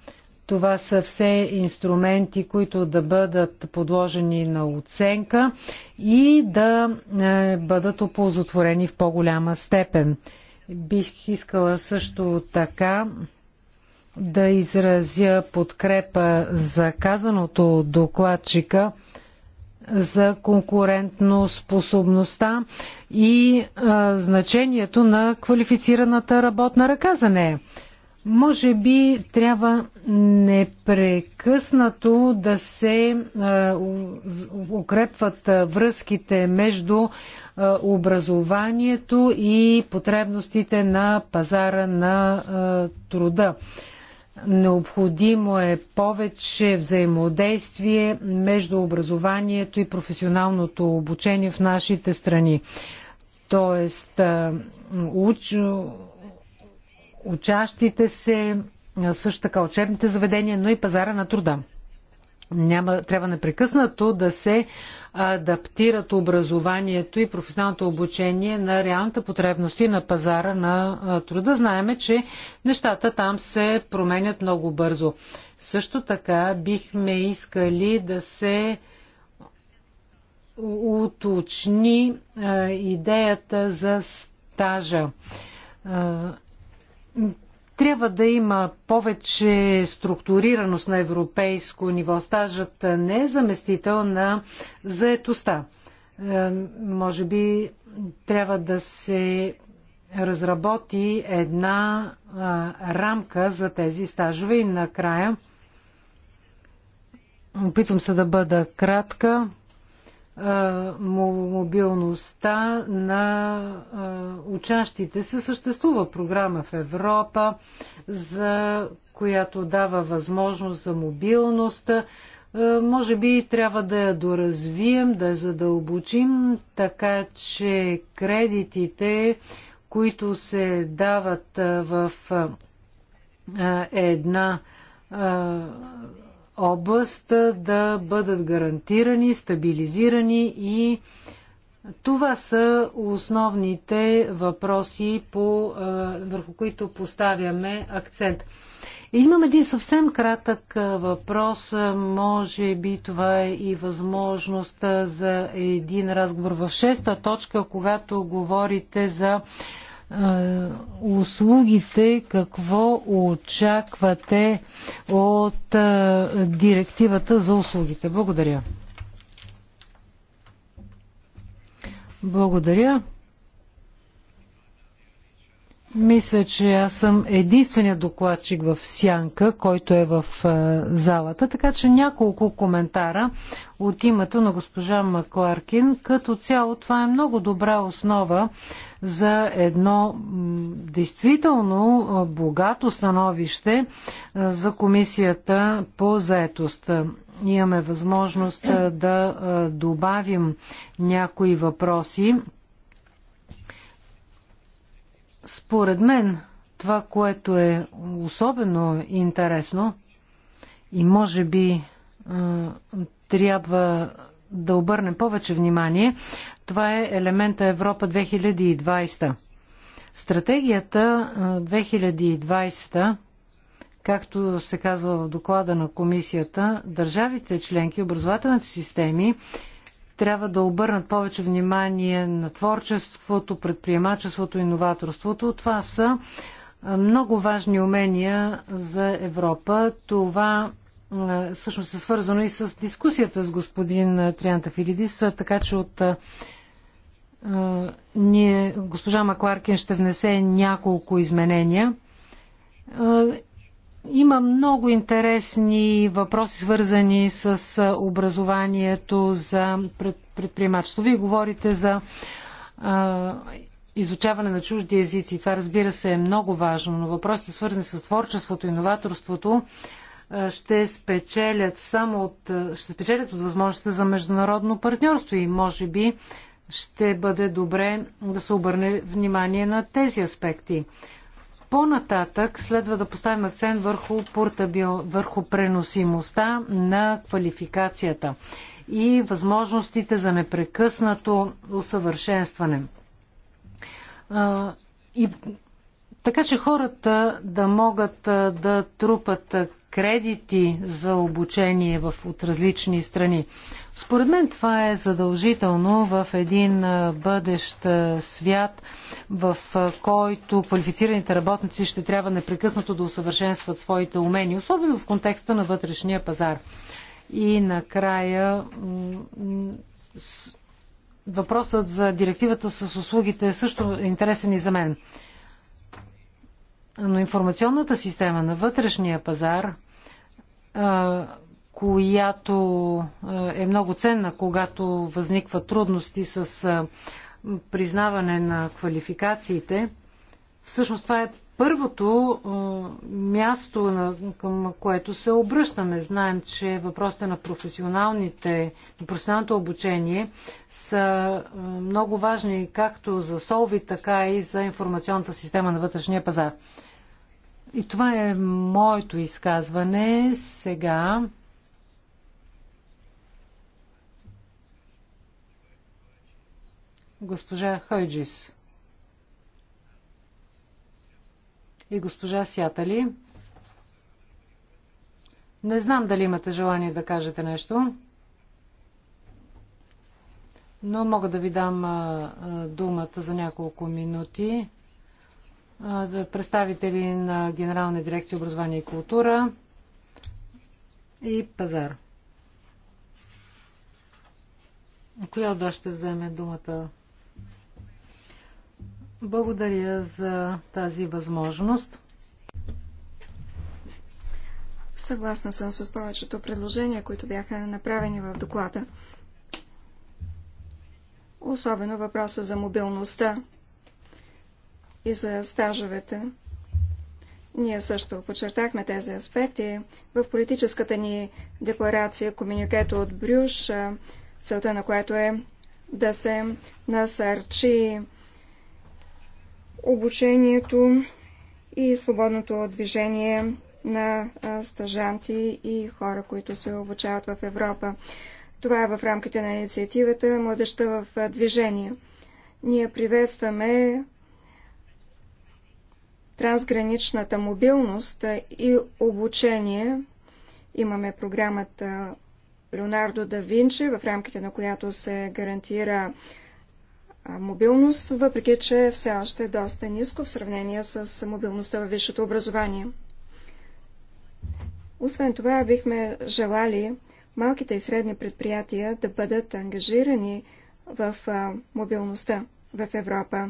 това са все инструменти, които да бъдат подложени на оценка и да е, бъдат оползотворени в по-голяма степен. Бих искала също така да изразя подкрепа за казаното от докладчика за конкурентно способността и а, значението на квалифицираната работна ръка за нея. Може би трябва непрекъснато да се укрепват връзките между образованието и потребностите на пазара на труда. Необходимо е повече взаимодействие между образованието и професионалното обучение в нашите страни. Тоест, уч учащите се, също така учебните заведения, но и пазара на труда. Няма, трябва непрекъснато да се адаптират образованието и професионалното обучение на реалните потребности на пазара на труда. Знаеме, че нещата там се променят много бързо. Също така бихме искали да се уточни идеята за стажа трябва да има повече структурираност на европейско ниво. Стажът не е заместител на заетостта. Е, може би трябва да се разработи една рамка за тези стажове и накрая опитвам се да бъда кратка мобилността на учащите се. Съществува програма в Европа, за която дава възможност за мобилност. Може би трябва да я доразвием, да я задълбочим, така че кредитите, които се дават в една област да бъдат гарантирани, стабилизирани и това са основните въпроси, по, върху които поставяме акцент. Имам един съвсем кратък въпрос. Може би това е и възможност за един разговор в шеста точка, когато говорите за услугите, какво очаквате от директивата за услугите. Благодаря. Благодаря. Мисля, че аз съм единствения докладчик в Сянка, който е в е, залата, така че няколко коментара от името на госпожа Макларкин. Като цяло това е много добра основа за едно действително е, богато становище е, за комисията по заетост. Имаме възможност да добавим някои въпроси според мен, това, което е особено интересно и може би трябва да обърнем повече внимание, това е елемента Европа 2020. Стратегията 2020, както се казва в доклада на комисията, държавите членки, образователните системи трябва да обърнат повече внимание на творчеството, предприемачеството, иноваторството. Това са много важни умения за Европа. Това всъщност е свързано и с дискусията с господин Трианта Филидис, така че от ние, госпожа Макларкин ще внесе няколко изменения. Има много интересни въпроси, свързани с образованието за предприемачество. Вие говорите за а, изучаване на чужди езици. Това, разбира се, е много важно, но въпросите, свързани с творчеството и новаторството, ще спечелят само от, ще спечелят от възможността за международно партньорство и може би ще бъде добре да се обърне внимание на тези аспекти. По-нататък следва да поставим акцент върху, портабил, върху преносимостта на квалификацията и възможностите за непрекъснато усъвършенстване. А, и, така че хората да могат да трупат кредити за обучение в, от различни страни. Според мен това е задължително в един бъдещ свят, в който квалифицираните работници ще трябва непрекъснато да усъвършенстват своите умения, особено в контекста на вътрешния пазар. И накрая въпросът за директивата с услугите е също интересен и за мен. Но информационната система на вътрешния пазар която е много ценна, когато възникват трудности с признаване на квалификациите. Всъщност това е първото място, към което се обръщаме. Знаем, че въпросите на, професионалните, на професионалното обучение са много важни както за СОЛВИ, така и за информационната система на вътрешния пазар. И това е моето изказване сега. госпожа Хайджис и госпожа Сятали. Не знам дали имате желание да кажете нещо, но мога да ви дам думата за няколко минути. Представители на Генерална дирекция образование и култура и пазар. Коя вас ще вземе думата? Благодаря за тази възможност. Съгласна съм с повечето предложения, които бяха направени в доклада. Особено въпроса за мобилността и за стажовете. Ние също подчертахме тези аспекти. В политическата ни декларация, комуникето от Брюш, целта на което е да се насърчи обучението и свободното движение на стажанти и хора, които се обучават в Европа. Това е в рамките на инициативата Младеща в движение. Ние приветстваме трансграничната мобилност и обучение. Имаме програмата Леонардо да Винчи, в рамките на която се гарантира мобилност, въпреки че все още е доста ниско в сравнение с мобилността във висшето образование. Освен това, бихме желали малките и средни предприятия да бъдат ангажирани в мобилността в Европа.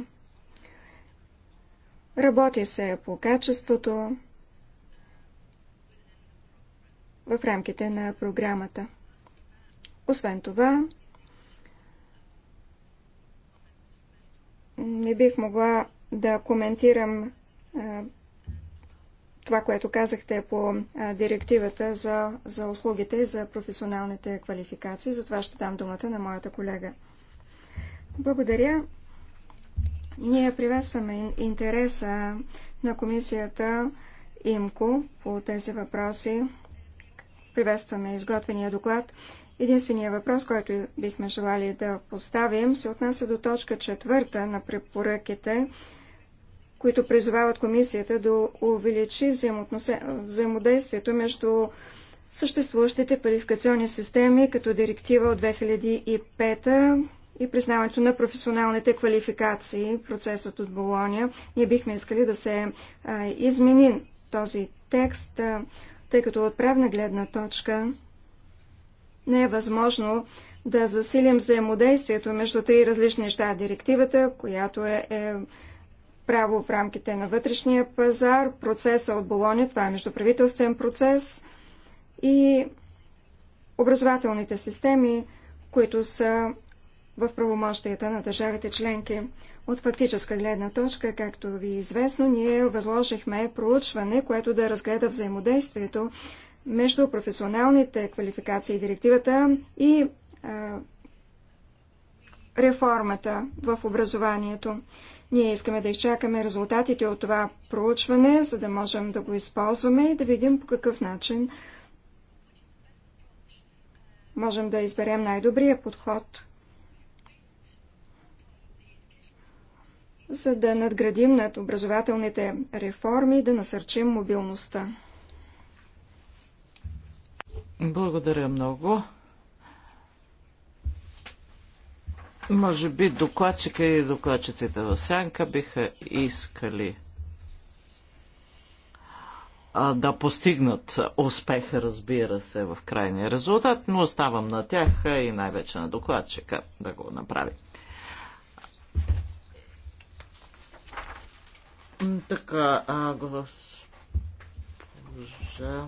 Работи се по качеството в рамките на програмата. Освен това, не бих могла да коментирам това, което казахте по директивата за, за услугите и за професионалните квалификации. Затова ще дам думата на моята колега. Благодаря. Ние приветстваме интереса на комисията ИМКО по тези въпроси. Приветстваме изготвения доклад. Единственият въпрос, който бихме желали да поставим, се отнася до точка четвърта на препоръките, които призовават комисията да увеличи взаимодействието между съществуващите квалификационни системи, като директива от 2005 и признаването на професионалните квалификации, процесът от Болония. Ние бихме искали да се измени този текст, тъй като от правна гледна точка не е възможно да засилим взаимодействието между три различни неща. Директивата, която е, е право в рамките на вътрешния пазар, процеса от Болония, това е междуправителствен процес и образователните системи, които са в правомощията на държавите членки. От фактическа гледна точка, както ви е известно, ние възложихме проучване, което да разгледа взаимодействието между професионалните квалификации и директивата и а, реформата в образованието. Ние искаме да изчакаме резултатите от това проучване, за да можем да го използваме и да видим по какъв начин можем да изберем най-добрия подход, за да надградим над образователните реформи и да насърчим мобилността. Благодаря много. Може би докладчика или докладчиците в сянка биха искали а, да постигнат успеха, разбира се, в крайния резултат, но оставам на тях и най-вече на докладчика да го направи. Така, а, госпожа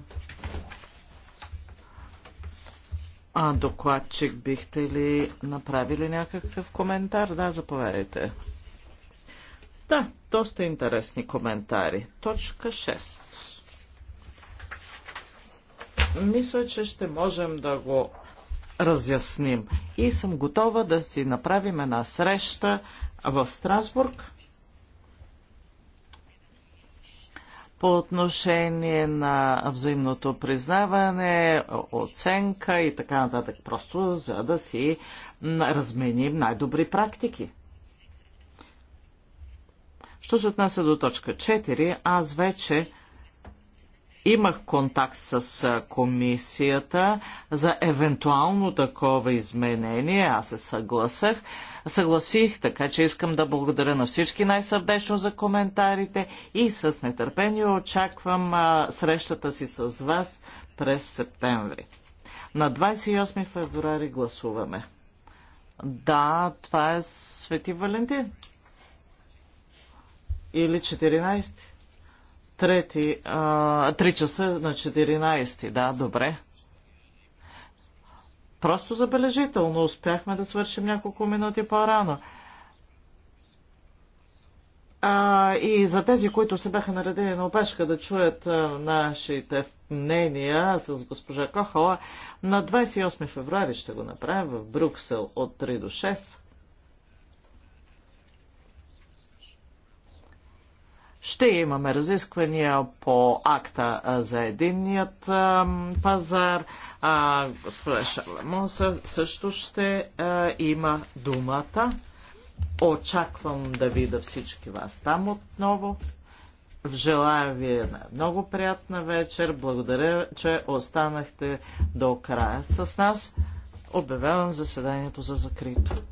а докладчик бихте ли направили някакъв коментар? Да, заповядайте. Да, доста интересни коментари. Точка 6. Мисля, че ще можем да го разясним. И съм готова да си направим една среща в Страсбург по отношение на взаимното признаване, оценка и така нататък, просто за да си разменим най-добри практики. Що се отнася до точка 4, аз вече Имах контакт с комисията за евентуално такова изменение. Аз се съгласах. Съгласих, така че искам да благодаря на всички най-сърдечно за коментарите и с нетърпение очаквам а, срещата си с вас през септември. На 28 февруари гласуваме. Да, това е Свети Валентин. Или 14 трети, а, 3 часа на 14, да, добре. Просто забележително успяхме да свършим няколко минути по-рано. А, и за тези, които се бяха наредени, на опешка да чуят а, нашите мнения с госпожа Кохала, на 28 феврари ще го направим в Брюксел от 3 до 6. Ще имаме разисквания по акта за единният пазар. Господин Шаламоса също ще има думата. Очаквам да видя всички вас там отново. Желая ви една много приятна вечер. Благодаря, че останахте до края с нас. Обявявам заседанието за закрито.